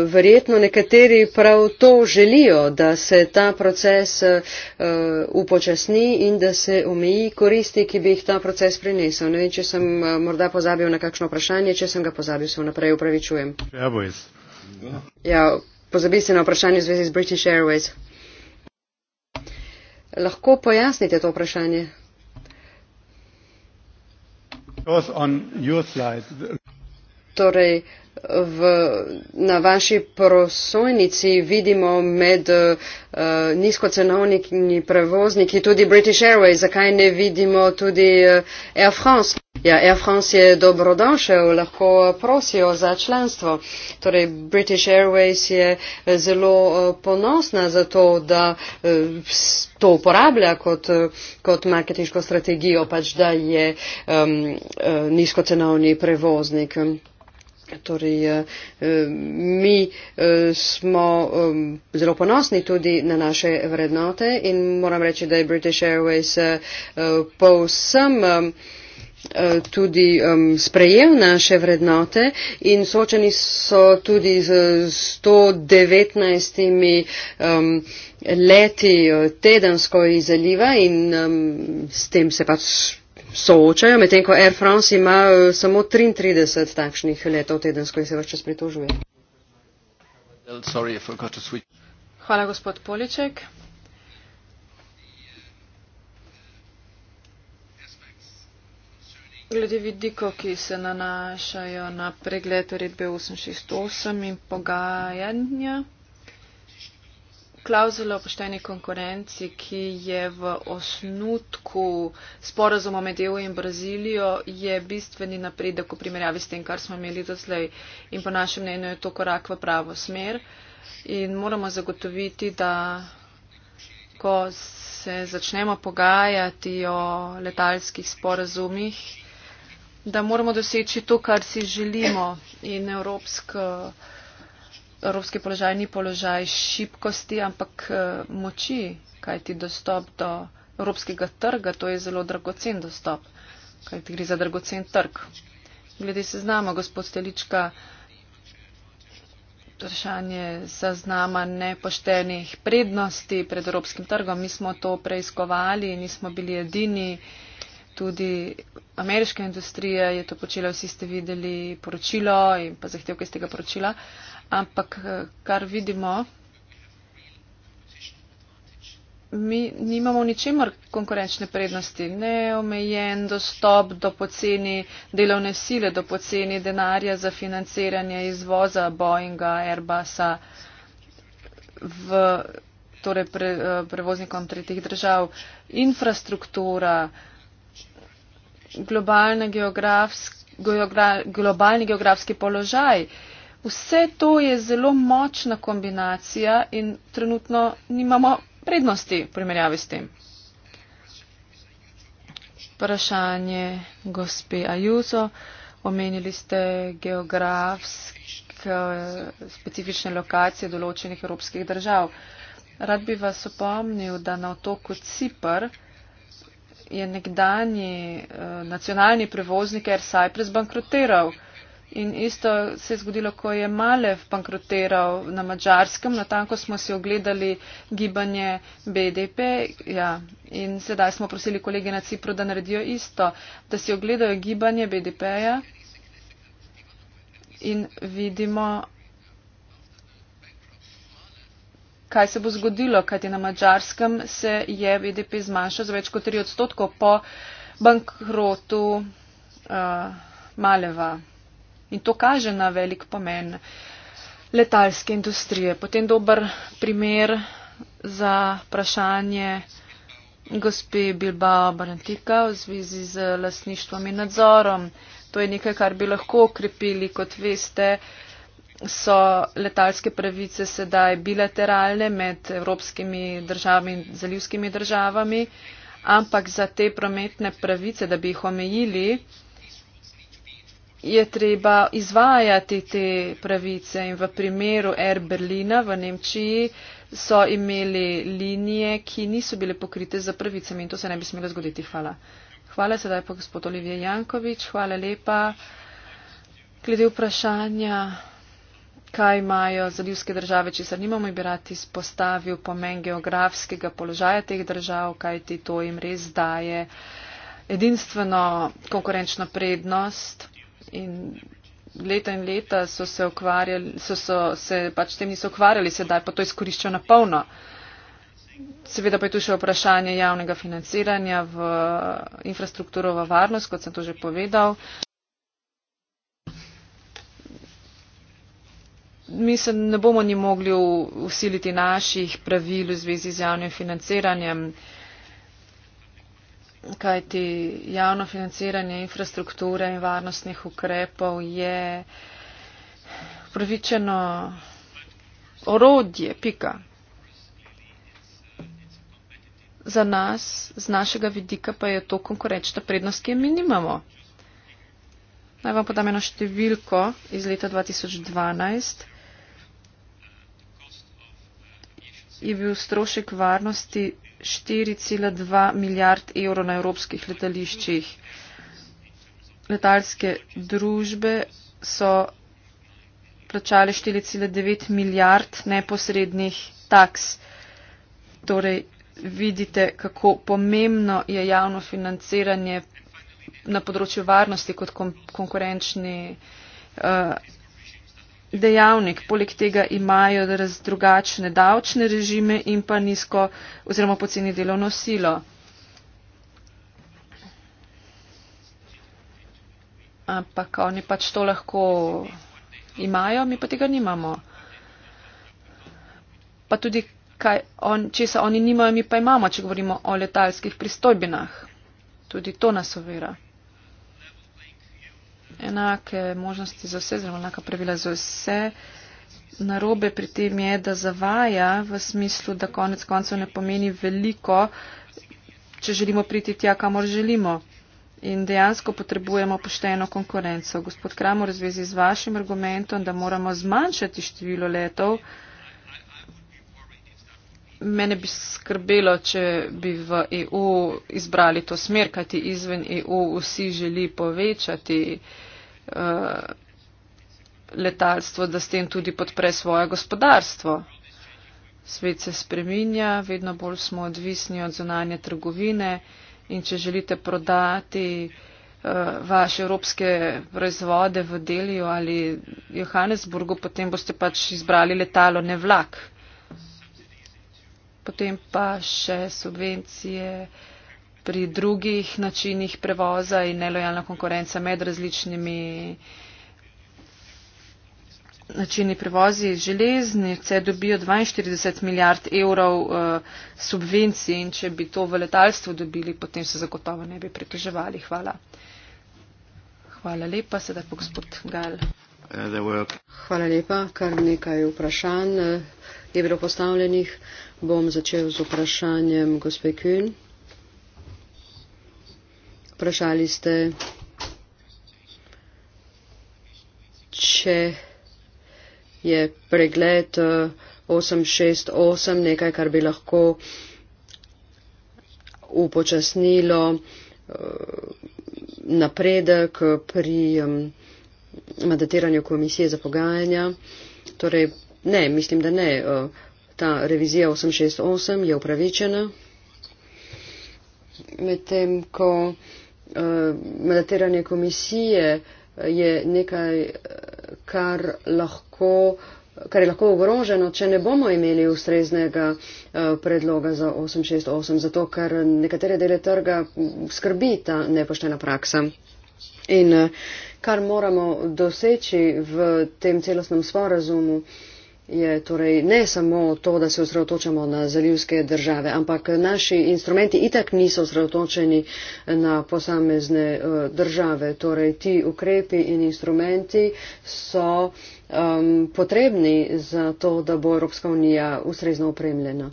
verjetno nekateri prav to želijo, da se ta proces upočasni in da se omeji koristi, ki bi jih ta proces prinesel. Ne vem, če sem morda pozabil na kakšno vprašanje, če sem ga pozabil, se vnaprej upravičujem. Ja, pozabi se na vprašanje v zvezi z British Airways. Lahko pojasnite to vprašanje? Slide, the... Torej, v, na vaši prosojnici vidimo med uh, eh, nizkocenovnimi prevozniki tudi British Airways, zakaj ne vidimo tudi uh, Air France? Ja, Air France je dobrodošel, lahko prosijo za članstvo. Torej, British Airways je eh, zelo eh, ponosna za to, da eh, to uporablja kot, kot marketinško strategijo, pač da je um, nizkocenovni prevoznik. Torej, mi smo zelo ponosni tudi na naše vrednote in moram reči, da je British Airways povsem. Um, Eh, tudi um, sprejel naše vrednote in soočeni so tudi z 119 um, leti eh, tedensko izaliva in um, s tem se pač soočajo, medtem ko Air France ima eh, samo 33 takšnih letov tedensko in se vrčas pritožuje. Hvala, gospod Poliček. glede vidikov, ki se nanašajo na pregled uredbe 868 in pogajanja. Klauzula o pošteni konkurenci, ki je v osnutku sporazuma med EU in Brazilijo, je bistveni napredek v primerjavi s tem, kar smo imeli doslej in po našem mnenju je to korak v pravo smer. In moramo zagotoviti, da ko se začnemo pogajati o letalskih sporazumih, da moramo doseči to, kar si želimo in evropsko. Evropski položaj ni položaj šibkosti, ampak moči, kajti dostop do evropskega trga, to je zelo dragocen dostop, kajti gre za dragocen trg. Glede seznama, gospod Stelička, vprašanje seznama nepoštenih prednosti pred evropskim trgom, mi smo to preiskovali in nismo bili edini tudi ameriška industrija je to počela, vsi ste videli poročilo in pa zahtevke iz tega poročila, ampak eh, kar vidimo, mi nimamo ničemer konkurenčne prednosti, neomejen dostop do poceni delovne sile, do poceni denarja za financiranje izvoza Boeinga, Airbusa v torej pre, eh, prevoznikom tretjih držav, infrastruktura, globalna geografska, globalni geografski položaj. Vse to je zelo močna kombinacija in trenutno nimamo prednosti v primerjavi s tem. Vprašanje gospe Ajuzo. Omenili ste geografske specifične lokacije določenih evropskih držav. Rad bi vas opomnil, da na otoku Cipr je nekdani uh, nacionalni prevoznik Air Cyprus bankrotiral. In isto se je zgodilo, ko je Malev bankrotiral na Mačarskem, na tanko smo si ogledali gibanje BDP. Ja. In sedaj smo prosili kolege na Cipru, da naredijo isto, da si ogledajo gibanje BDP-ja in vidimo, kaj se bo zgodilo, kajti na Mačarskem se je BDP zmanjšal za več kot 3 odstotkov po bankrotu uh, Maleva. In to kaže na velik pomen letalske industrije. Potem dober primer za vprašanje gospe Bilbao Barantika v zvezi z lastništvom in nadzorom. To je nekaj, kar bi lahko okrepili, kot veste. Uh, so letalske pravice sedaj bilateralne med evropskimi državami in zalivskimi državami, ampak za te prometne pravice, da bi jih omejili, je treba izvajati te pravice in v primeru Air Berlina v Nemčiji so imeli linije, ki niso bile pokrite za pravicami in to se ne bi smelo zgoditi. Hvala. Hvala sedaj pa gospod Olivije Jankovič. Hvala lepa. Glede vprašanja kaj imajo zalivske države, če se nimamo, bi rad izpostavil pomen geografskega položaja teh držav, kaj ti to jim res daje edinstveno konkurenčno prednost. In leta in leta so se ukvarjali, so, so se pač tem niso ukvarjali, sedaj pa to izkoriščajo na polno. Seveda pa je tu še vprašanje javnega financiranja v infrastrukturo, v varnost, kot sem to že povedal. mi se ne bomo ni mogli usiliti naših pravil v zvezi z javnim financiranjem, kajti javno financiranje infrastrukture in varnostnih ukrepov je pravičeno orodje, pika. Za nas, z našega vidika, pa je to konkurenčna prednost, ki jo mi nimamo. Naj vam podam eno številko iz leta 2012. je bil strošek varnosti 4,2 milijard evrov na evropskih letališčih. Letalske družbe so plačale 4,9 milijard neposrednih taks. Torej, vidite, kako pomembno je javno financiranje na področju varnosti kot konkurenčni uh, dejavnik. Poleg tega imajo drugačne davčne režime in pa nizko oziroma poceni delovno silo. Ampak oni pač to lahko imajo, mi pa tega nimamo. Pa tudi, on, česa oni nimajo, mi pa imamo, če govorimo o letalskih pristojbinah. Tudi to nas overa enake možnosti za vse, zelo enaka pravila za vse. Narobe pri tem je, da zavaja v smislu, da konec koncev ne pomeni veliko, če želimo priti tja, kamor želimo. In dejansko potrebujemo pošteno konkurenco. Gospod Kramor, v zvezi z vašim argumentom, da moramo zmanjšati število letov, mene bi skrbelo, če bi v EU izbrali to smer, kajti izven EU vsi želi povečati uh, Eh, letalstvo, da s tem tudi podpre svoje gospodarstvo. Svet se spreminja, vedno bolj smo odvisni od zunanje trgovine in če želite prodati eh, vaše evropske proizvode v Deliju ali Johannesburgu, potem boste pač izbrali letalo, ne vlak. Potem pa še subvencije. Uh, pri drugih načinih prevoza in nelojalna konkurenca med različnimi načini prevozi železnice dobijo 42 milijard evrov uh, subvencij in če bi to v letalstvu dobili, potem se zagotovo ne bi pritoževali. Hvala. Hvala lepa, sedaj pa gospod Gal. Hvala lepa, kar nekaj vprašanj eh, je bilo postavljenih. Bom začel z vprašanjem gospe Kühn vprašali ste, če je pregled 868 eh, nekaj, kar bi lahko upočasnilo eh, napredek pri mandatiranju komisije za pogajanja. Torej, ne, mislim, da ne. Eh, ta revizija 868 je upravičena. Medtem ko Eh, mediteranje komisije eh, je nekaj, eh, kar lahko kar je lahko ogroženo, če ne bomo imeli ustreznega predloga za 868, zato ker nekatere dele trga skrbi ta nepoštena praksa. In kar moramo doseči v tem celostnem sporazumu, je torej ne samo to, da se osredotočamo na zalivske države, ampak naši instrumenti itak niso osredotočeni na posamezne eh, države. Torej ti ukrepi in instrumenti so um, potrebni za to, da bo Evropska unija ustrezno opremljena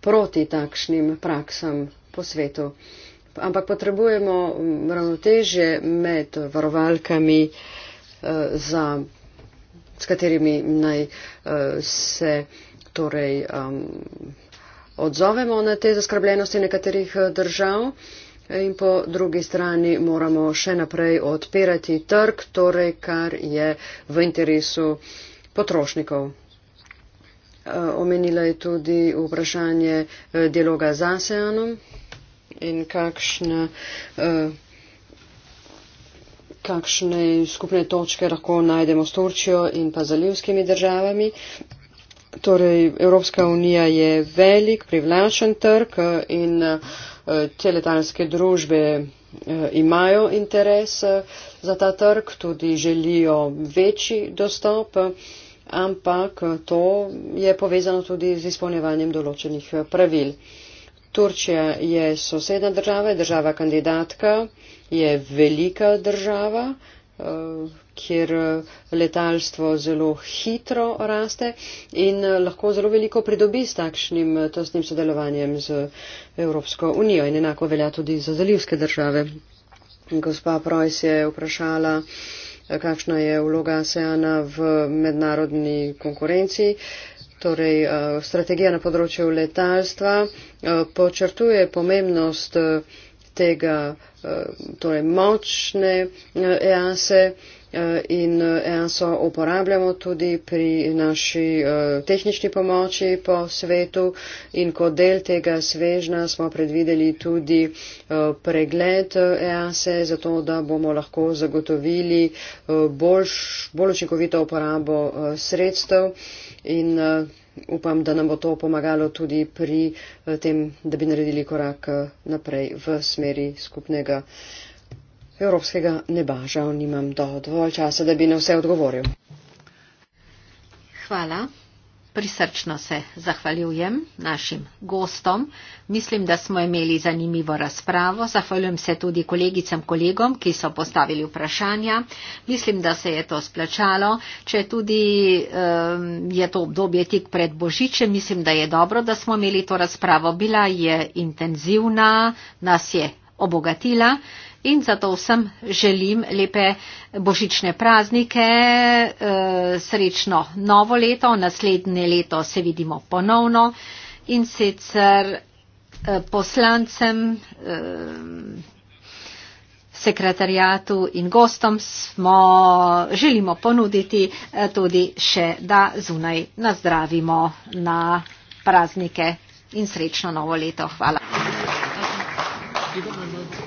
proti takšnim praksam po svetu. Ampak potrebujemo ravnotežje med varovalkami uh, za s katerimi naj eh, se torej, um, odzovemo na te zaskrbljenosti nekaterih eh, držav. In po drugi strani moramo še naprej odpirati trg, torej kar je v interesu potrošnikov. Eh, omenila je tudi vprašanje dialoga z ASEANom in kakšna. Uh, kakšne skupne točke lahko najdemo s Turčijo in pa zalivskimi državami. Torej, Evropska unija je velik, privlačen trg in eh, te letalske družbe eh, imajo interes eh, za ta trg, tudi želijo večji dostop, ampak to je povezano tudi z izpolnjevanjem določenih pravil. Turčija je soseda države, država kandidatka je velika država, eh, kjer eh, letalstvo zelo hitro raste in eh, lahko zelo veliko pridobi s takšnim tesnim sodelovanjem z Evropsko unijo in enako velja tudi za zalivske države. Gospa Preuss je vprašala, kakšna je vloga ASEANA v mednarodni konkurenci. Torej, strategija na področju letalstva počrtuje pomembnost tega eh, torej močne eh, EASE eh, in EASO uporabljamo tudi pri naši tehnični pomoči po svetu in kot del tega svežna smo predvideli tudi pregled EASE, zato da bomo lahko zagotovili bolj, bolj učinkovito uporabo sredstev in upam, da nam bo to pomagalo tudi pri eh, tem, da bi naredili korak eh, naprej v smeri skupnega evropskega neba. Žal nimam dovolj časa, da bi na vse odgovoril. Hvala. Prisrčno se zahvaljujem našim gostom. Mislim, da smo imeli zanimivo razpravo. Zahvaljujem se tudi kolegicam, kolegom, ki so postavili vprašanja. Mislim, da se je to splačalo. Če tudi um, je to obdobje tik pred Božičem, mislim, da je dobro, da smo imeli to razpravo. Bila je intenzivna, nas je obogatila in zato vsem želim lepe božične praznike, eh, srečno novo leto, naslednje leto se vidimo ponovno in sicer eh, poslancem, eh, sekretarijatu in gostom smo, želimo ponuditi tudi še, da zunaj nazdravimo na praznike in srečno novo leto. Hvala. Thank you.